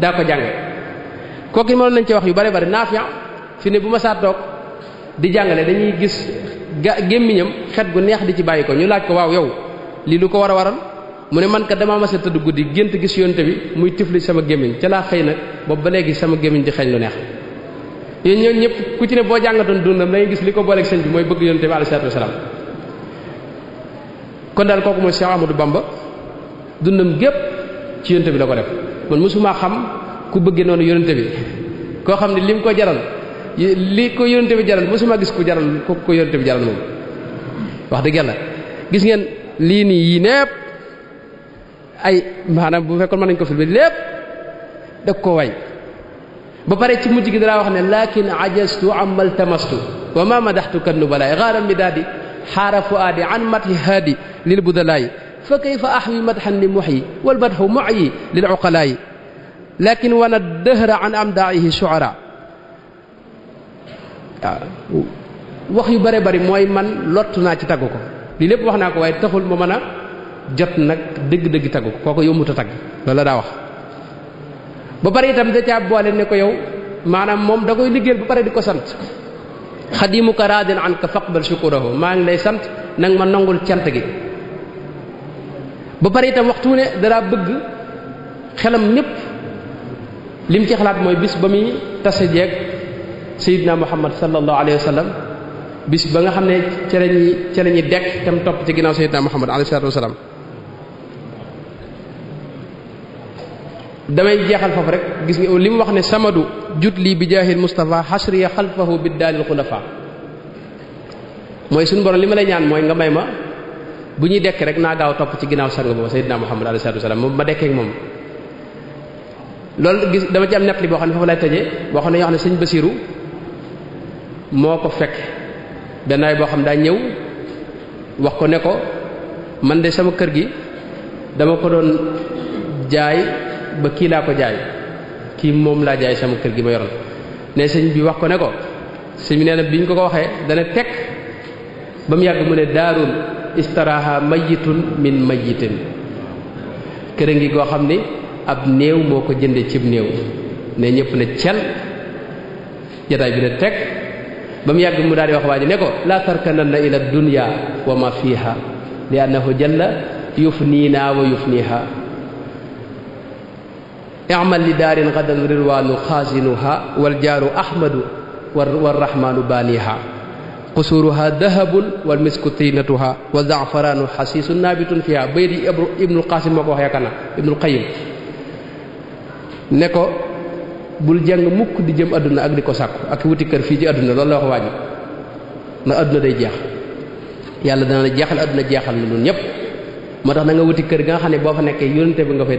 daa ko jàng kooku moom lañ ci wax yu bare bare naafia fi ne bu ma saa toog di jàngale dañuy gis ga gémmiñam xet gu neex di ci bàyyi ko ñu laaj ko waaw yow lii lu ko war a waral mu ne man ka dama mas a tëdd guddi gént gis yonte bi muy tifli sama gémmiñ ca laa xëy nag boobu ba léegi sama gémmiñ di xeeñ lu neex yéen ñooñu ñëpp ku ci ne boo jàngatoon dundam da ngay bëgg yonte bi alayhi salaatu wasalaam kon daal kooku mooy Cheikh Amadou Bamba dundam gépp ci yonent bi la ko def man mosuma xam ku bëgge noonu yonent bi koo xam ne lim ko jaral li ko yonent bi jaral gis ku jaral ku ko yonent bi jaral moom wax dëgg yàlla gis ngeen lii nii yii népp ay maanaam bu fekkoon ma nañ ko filmé lépp da ko way ba pare ci mujj gi danaa wax ne lakin ajastu amal tamastu wa ma madaxtu kan nu balaay xaaram mi daal di xaara fuaadi an mathi haadi lil budalaayi fa kayfa ahwi madhan li muhyi wal madhu muhyi lil uqalaayi lakin wana dëhra an amdaayihi shuara wax yu bare bari mooy man lott naa ci tagg ko lii lépp wax naa ko waaye taxul ma mën a jot nag dëgg-dëgg tagg ko kooko yombut a tagg loolu la daa wax ba pare itam da caa boole ne ko yow maanaam moom da koy liggéeyal ba pare di ko sant xadimuka raadin an ka faqbal shukurahu maa ngi lay sant nang ma nangul cant gi ba pare tam waxtu ne danaa bëgg xelam ñépp lim ci xalaat mooy bis ba muy tase jeeg sayidna muhammad sallallahu alayhi wa sallam bis ba nga xam ne ca lañuy ca lañuy dekk tam topp ci ginnaaw sayidna muhammad alayhi salaatu wa salaam damay jeexal foofu rek gis nga li mu wax ne samadu jut lii bi jaahil Moustapha xasriya xalfahu bi daalil xulafa mooy suñu borom li ma lay ñaan mooy nga may ma bu ñuy dekkee rek naa gaaw topp ci ginnaaw sang boobu Seydina Muhammad alayhi salaatu wasalaam moom ma dekkee ak moom. loolu gis dama ci am boo xam ne foofu lay tëjee boo xam ne yoo xam ko fekk benn boo xam daa ñëw wax ne ko man de sama kër gi dama ko doon jaay. ba kii laa ko jaay kii moom laa jaay sama kër gi ma yoroon ne sëñ bi wax ko ne ko sëñ bi nee na biñ ko ko waxee dana teg ba mu yàgg mu ne daarun istaraha mayitun min mayitin kër ngi goo xam ni ab néew moo ko jënde cib néew ne ñëpp na cel jataay bi na teg ba mu yàgg mu daal di wax waa ji ne ko laa tarkananna ila dunya wa ma fiha li annahu jalla yufniina wa yufniha imal li daarin gadan rirwaanu xaasinuha waljaaru ahmadu warrahmaanu baaniha qusuuruha dahabun wal misku tinatuha wa zaafaraanu xasiisu naabitun fiha bayit yi ibnul qaasim moo ko wax yaakaar naa ibnul ne ko bul jàng mukk di jëm àdduna ak di ko sàkku ak wuti kër fii ci àdduna lool la wax waaj ndax àdduna day jeex yàlla dana la jeexal àdduna jeexal na ñun ñëpp moo tax na nga wuti kër ga nga xam ne boo fa nekkee yónnente bi nga fay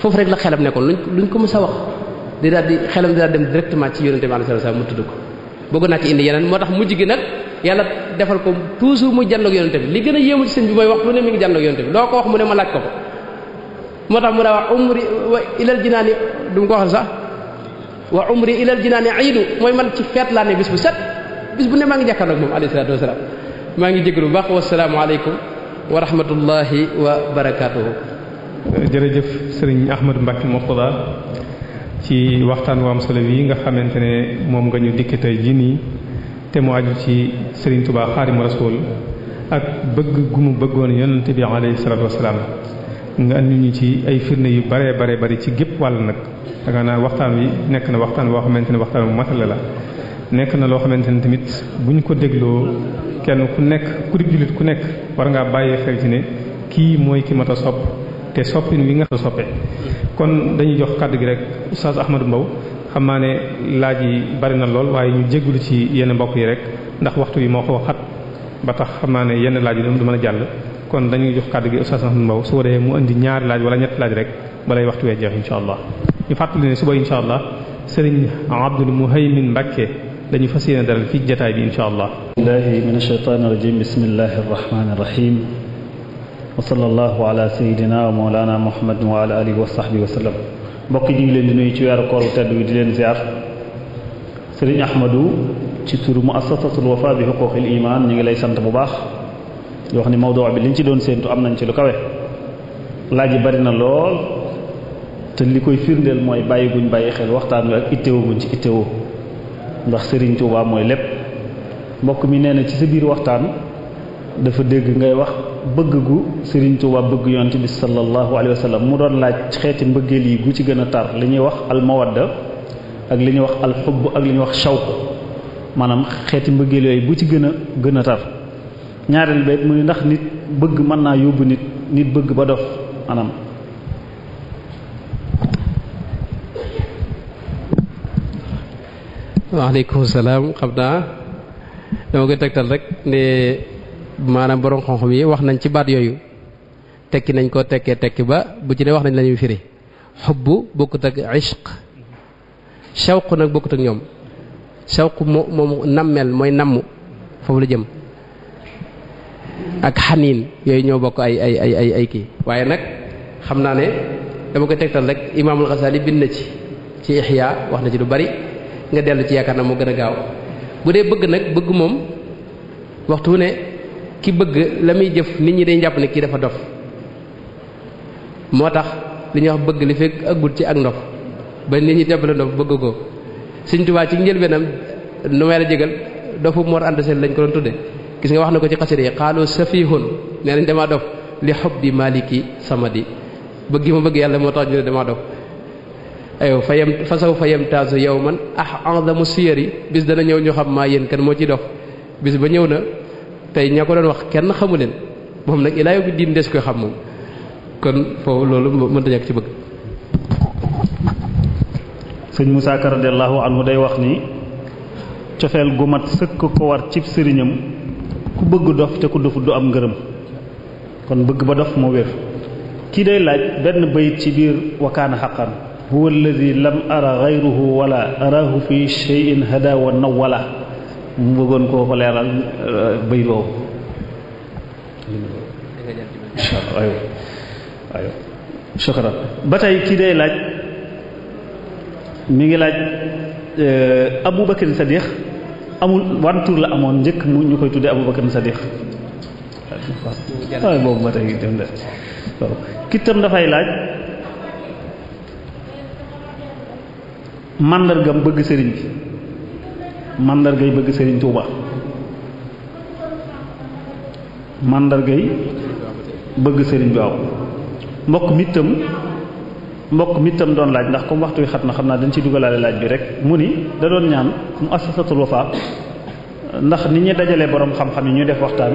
foofu rek la xelam nekkoon luñ luñ ko mës a wax di daal di xelam di daal dem directement ci yonente bi alayhi salaam mu tudd ko bëgg naa ci indi yeneen moo tax mu gi nag yàlla defal ko toujours mu jànn ak yonente bi li gën a yéemu ci sëñ bi mooy wax lu ne mi ngi jànn ak yonente bi loo ko wax mu ne ma laaj ko ko moo tax mu daa wax umri wax ilal jinaani du ko waxal sax wa umri ilal jinaani iidu mooy man ci feet laa ne bis bu set bis bu ne maa ngi moom alayhi salaatu maa ngi jégalu bu baax wasalaamu aleykum wa rahmatullahi wa barakaatuhu jërëjëf sëriñ Ahmadou Mbacke Mourtada ci waxtaan wu am solo wi nga xamante ne moom nga ñu dikk tey jii nii te mu aju ci sëriñ Touba Xaadimu Rasuul ak bëgg gu mu bëggoon yonent bi alayhi salaatu wasalaam nga andi ñu ci ay firnde yu bare bare bari ci gépp wàll nag danga naa waxtaan wi nekk na waxtaan woo xamante ne waxtaan wu matale la nekk na loo xamante ne tamit bu ñu ko dégloo kenn ku nekk ku di jullit ku nekk war ngaa bàyyi xel ci ne kii mooy ki mat a sopp te soppin wi nga xam soppe kon dañuy jox kàddu gi rek Oustaz Ahmadou Mbow xam naa ne laaj yi bari na lool waaye ñu jéggulu ci yenn mbokk yi rek ndax waxtu yi moo ko xat ba tax xam naa ne yenn laaj yi du mën a jàll kon dañu jox kàddu gi Oustaz Ahmadou Mbow su ko mu indi ñaari laaj wala ñetti laaj rek balay waxtu wee jeex incha allah ñu fàttali ne suba incha allah sëriñ Abdul Muhaymin Mbacké dañu fas yéene daral fii jataay bi incha allah. billahi min ashaytaani rajim bismillahi rahmaani wa sallallahu ala sayidina wa mawlana muhammad wa ala alihi wa sahbihi wa sallam mbokk ñu ngi leen di nuyu ci weeru koor tedd bi di leen ziar sëriñ ahmadou ci turu muassasatul wafa bi xuquqil iman ñu ngi lay sant bu baax di wax ni mawduu bi ci doon séentu am nañ ci lu kawe laaj yi bari na lool te li koy firndeel mooy bàyyi guñ bàyyi xel waxtaan wi ak itteewu guñ ci itteewu ndax sëriñ Tuubaa mooy lépp mbokk mi nee na ci sa biir waxtaan dafa dégg ngay wax bëgg gu Sëriñ Tuubaa bëgg yonent bi sallallahu alayhi wa mu doon laaj xeeti mbëggeel yi gu ci gën a tar li ñuy wax almawadda ak li ñuy wax alxubb ak li ñuy wax shawq maanaam xeeti mbëggeel yooyu bu ci gën a gën a tar ñaareel ba mu ne ndax nit bëgg mën naa yóbbu nit nit bëgg ba dof maanaam waaleykum salaam xam naa dama koy tegtal rek maa maanaam borom xam-xam yi wax nañ ci baat yooyu tekki nañ koo tekkee tekki ba bu ci ne wax nañ la ñuy firi xubbu bokkut ak ishq shawq nag bokkut ak ñoom shawq moo moom nammeel mooy namm foofu la jëm ak xaniin yooyu ñoo bokk ay ay ay ay ay kii waaye nag xam naa ne dama koy tegtal rek imaamul Xasaali bind na ci ci Ihya wax na ci lu bari nga dellu ci yaakaar naa moo gën a gaaw bu dee bëgg nag bëgg moom waxtu ne ki bëgg la muy jëf nit ñi day jàpp ne kii dafa dof moo tax li ñu wax bëgg li fekk ëggul ci ak ndof ba nit ñi jàppale ndof bëgg ko Sëñ Tuubaa ci njëlbeenam nu may la jégal dofu Mor Anta Sali lañ ko doon tudde gis nga wax na ko ci xasida yi xaaloo safihun nee nañ damaa dof li xob di maliki samadi bëggi ma bëgg yàlla moo tax ñu ne damaa dof aywa fa yem fa saw fa yem taasu yow man ah endamu siyar yi bis dana ñëw ñu xam maa yéen kan moo ci dof tey ña ko doon wax kenn xamu leen moom nag ilaa yóbbu diin des koy xam moom kon foofu loolu mënta ñàkk ci bëgg sëñ Moussa Ka day wax ni cofeel gu mat sëkk ko war cib sëriñam ku bëgg dof te ku dofut du am ngërëm kon bëgg ba dof moo wér kii day laaj benn bayit ci biir wakaana xaqan huwa alladi lam ara gayruhu wala arahu fi cheyin hada wa nawala mu bëggoon koo ko leeral euh, bëy boobu waaye ba tey kii day laaj mi ngi laaj euh, Abu sa Sadiq amul wan la amoon njëkk mu ñu koy tuddee Abu sa Sadiq waaye boobu ba tey dem dafay laaj màndargam bëgg sëriñ bi màndargay bëgg Serigne Touba màndargay bëgg sëriñ bi aw mbokk mi itam mbokk mi doon laaj ndax comme waxtu wi xat na xam naa dañ ci dugalaale laaj bi rek mu ni da doon ñaan mu asasatul Wafa ndax nit ñi dajalee boroom xam-xam yi ñuy def waxtaan.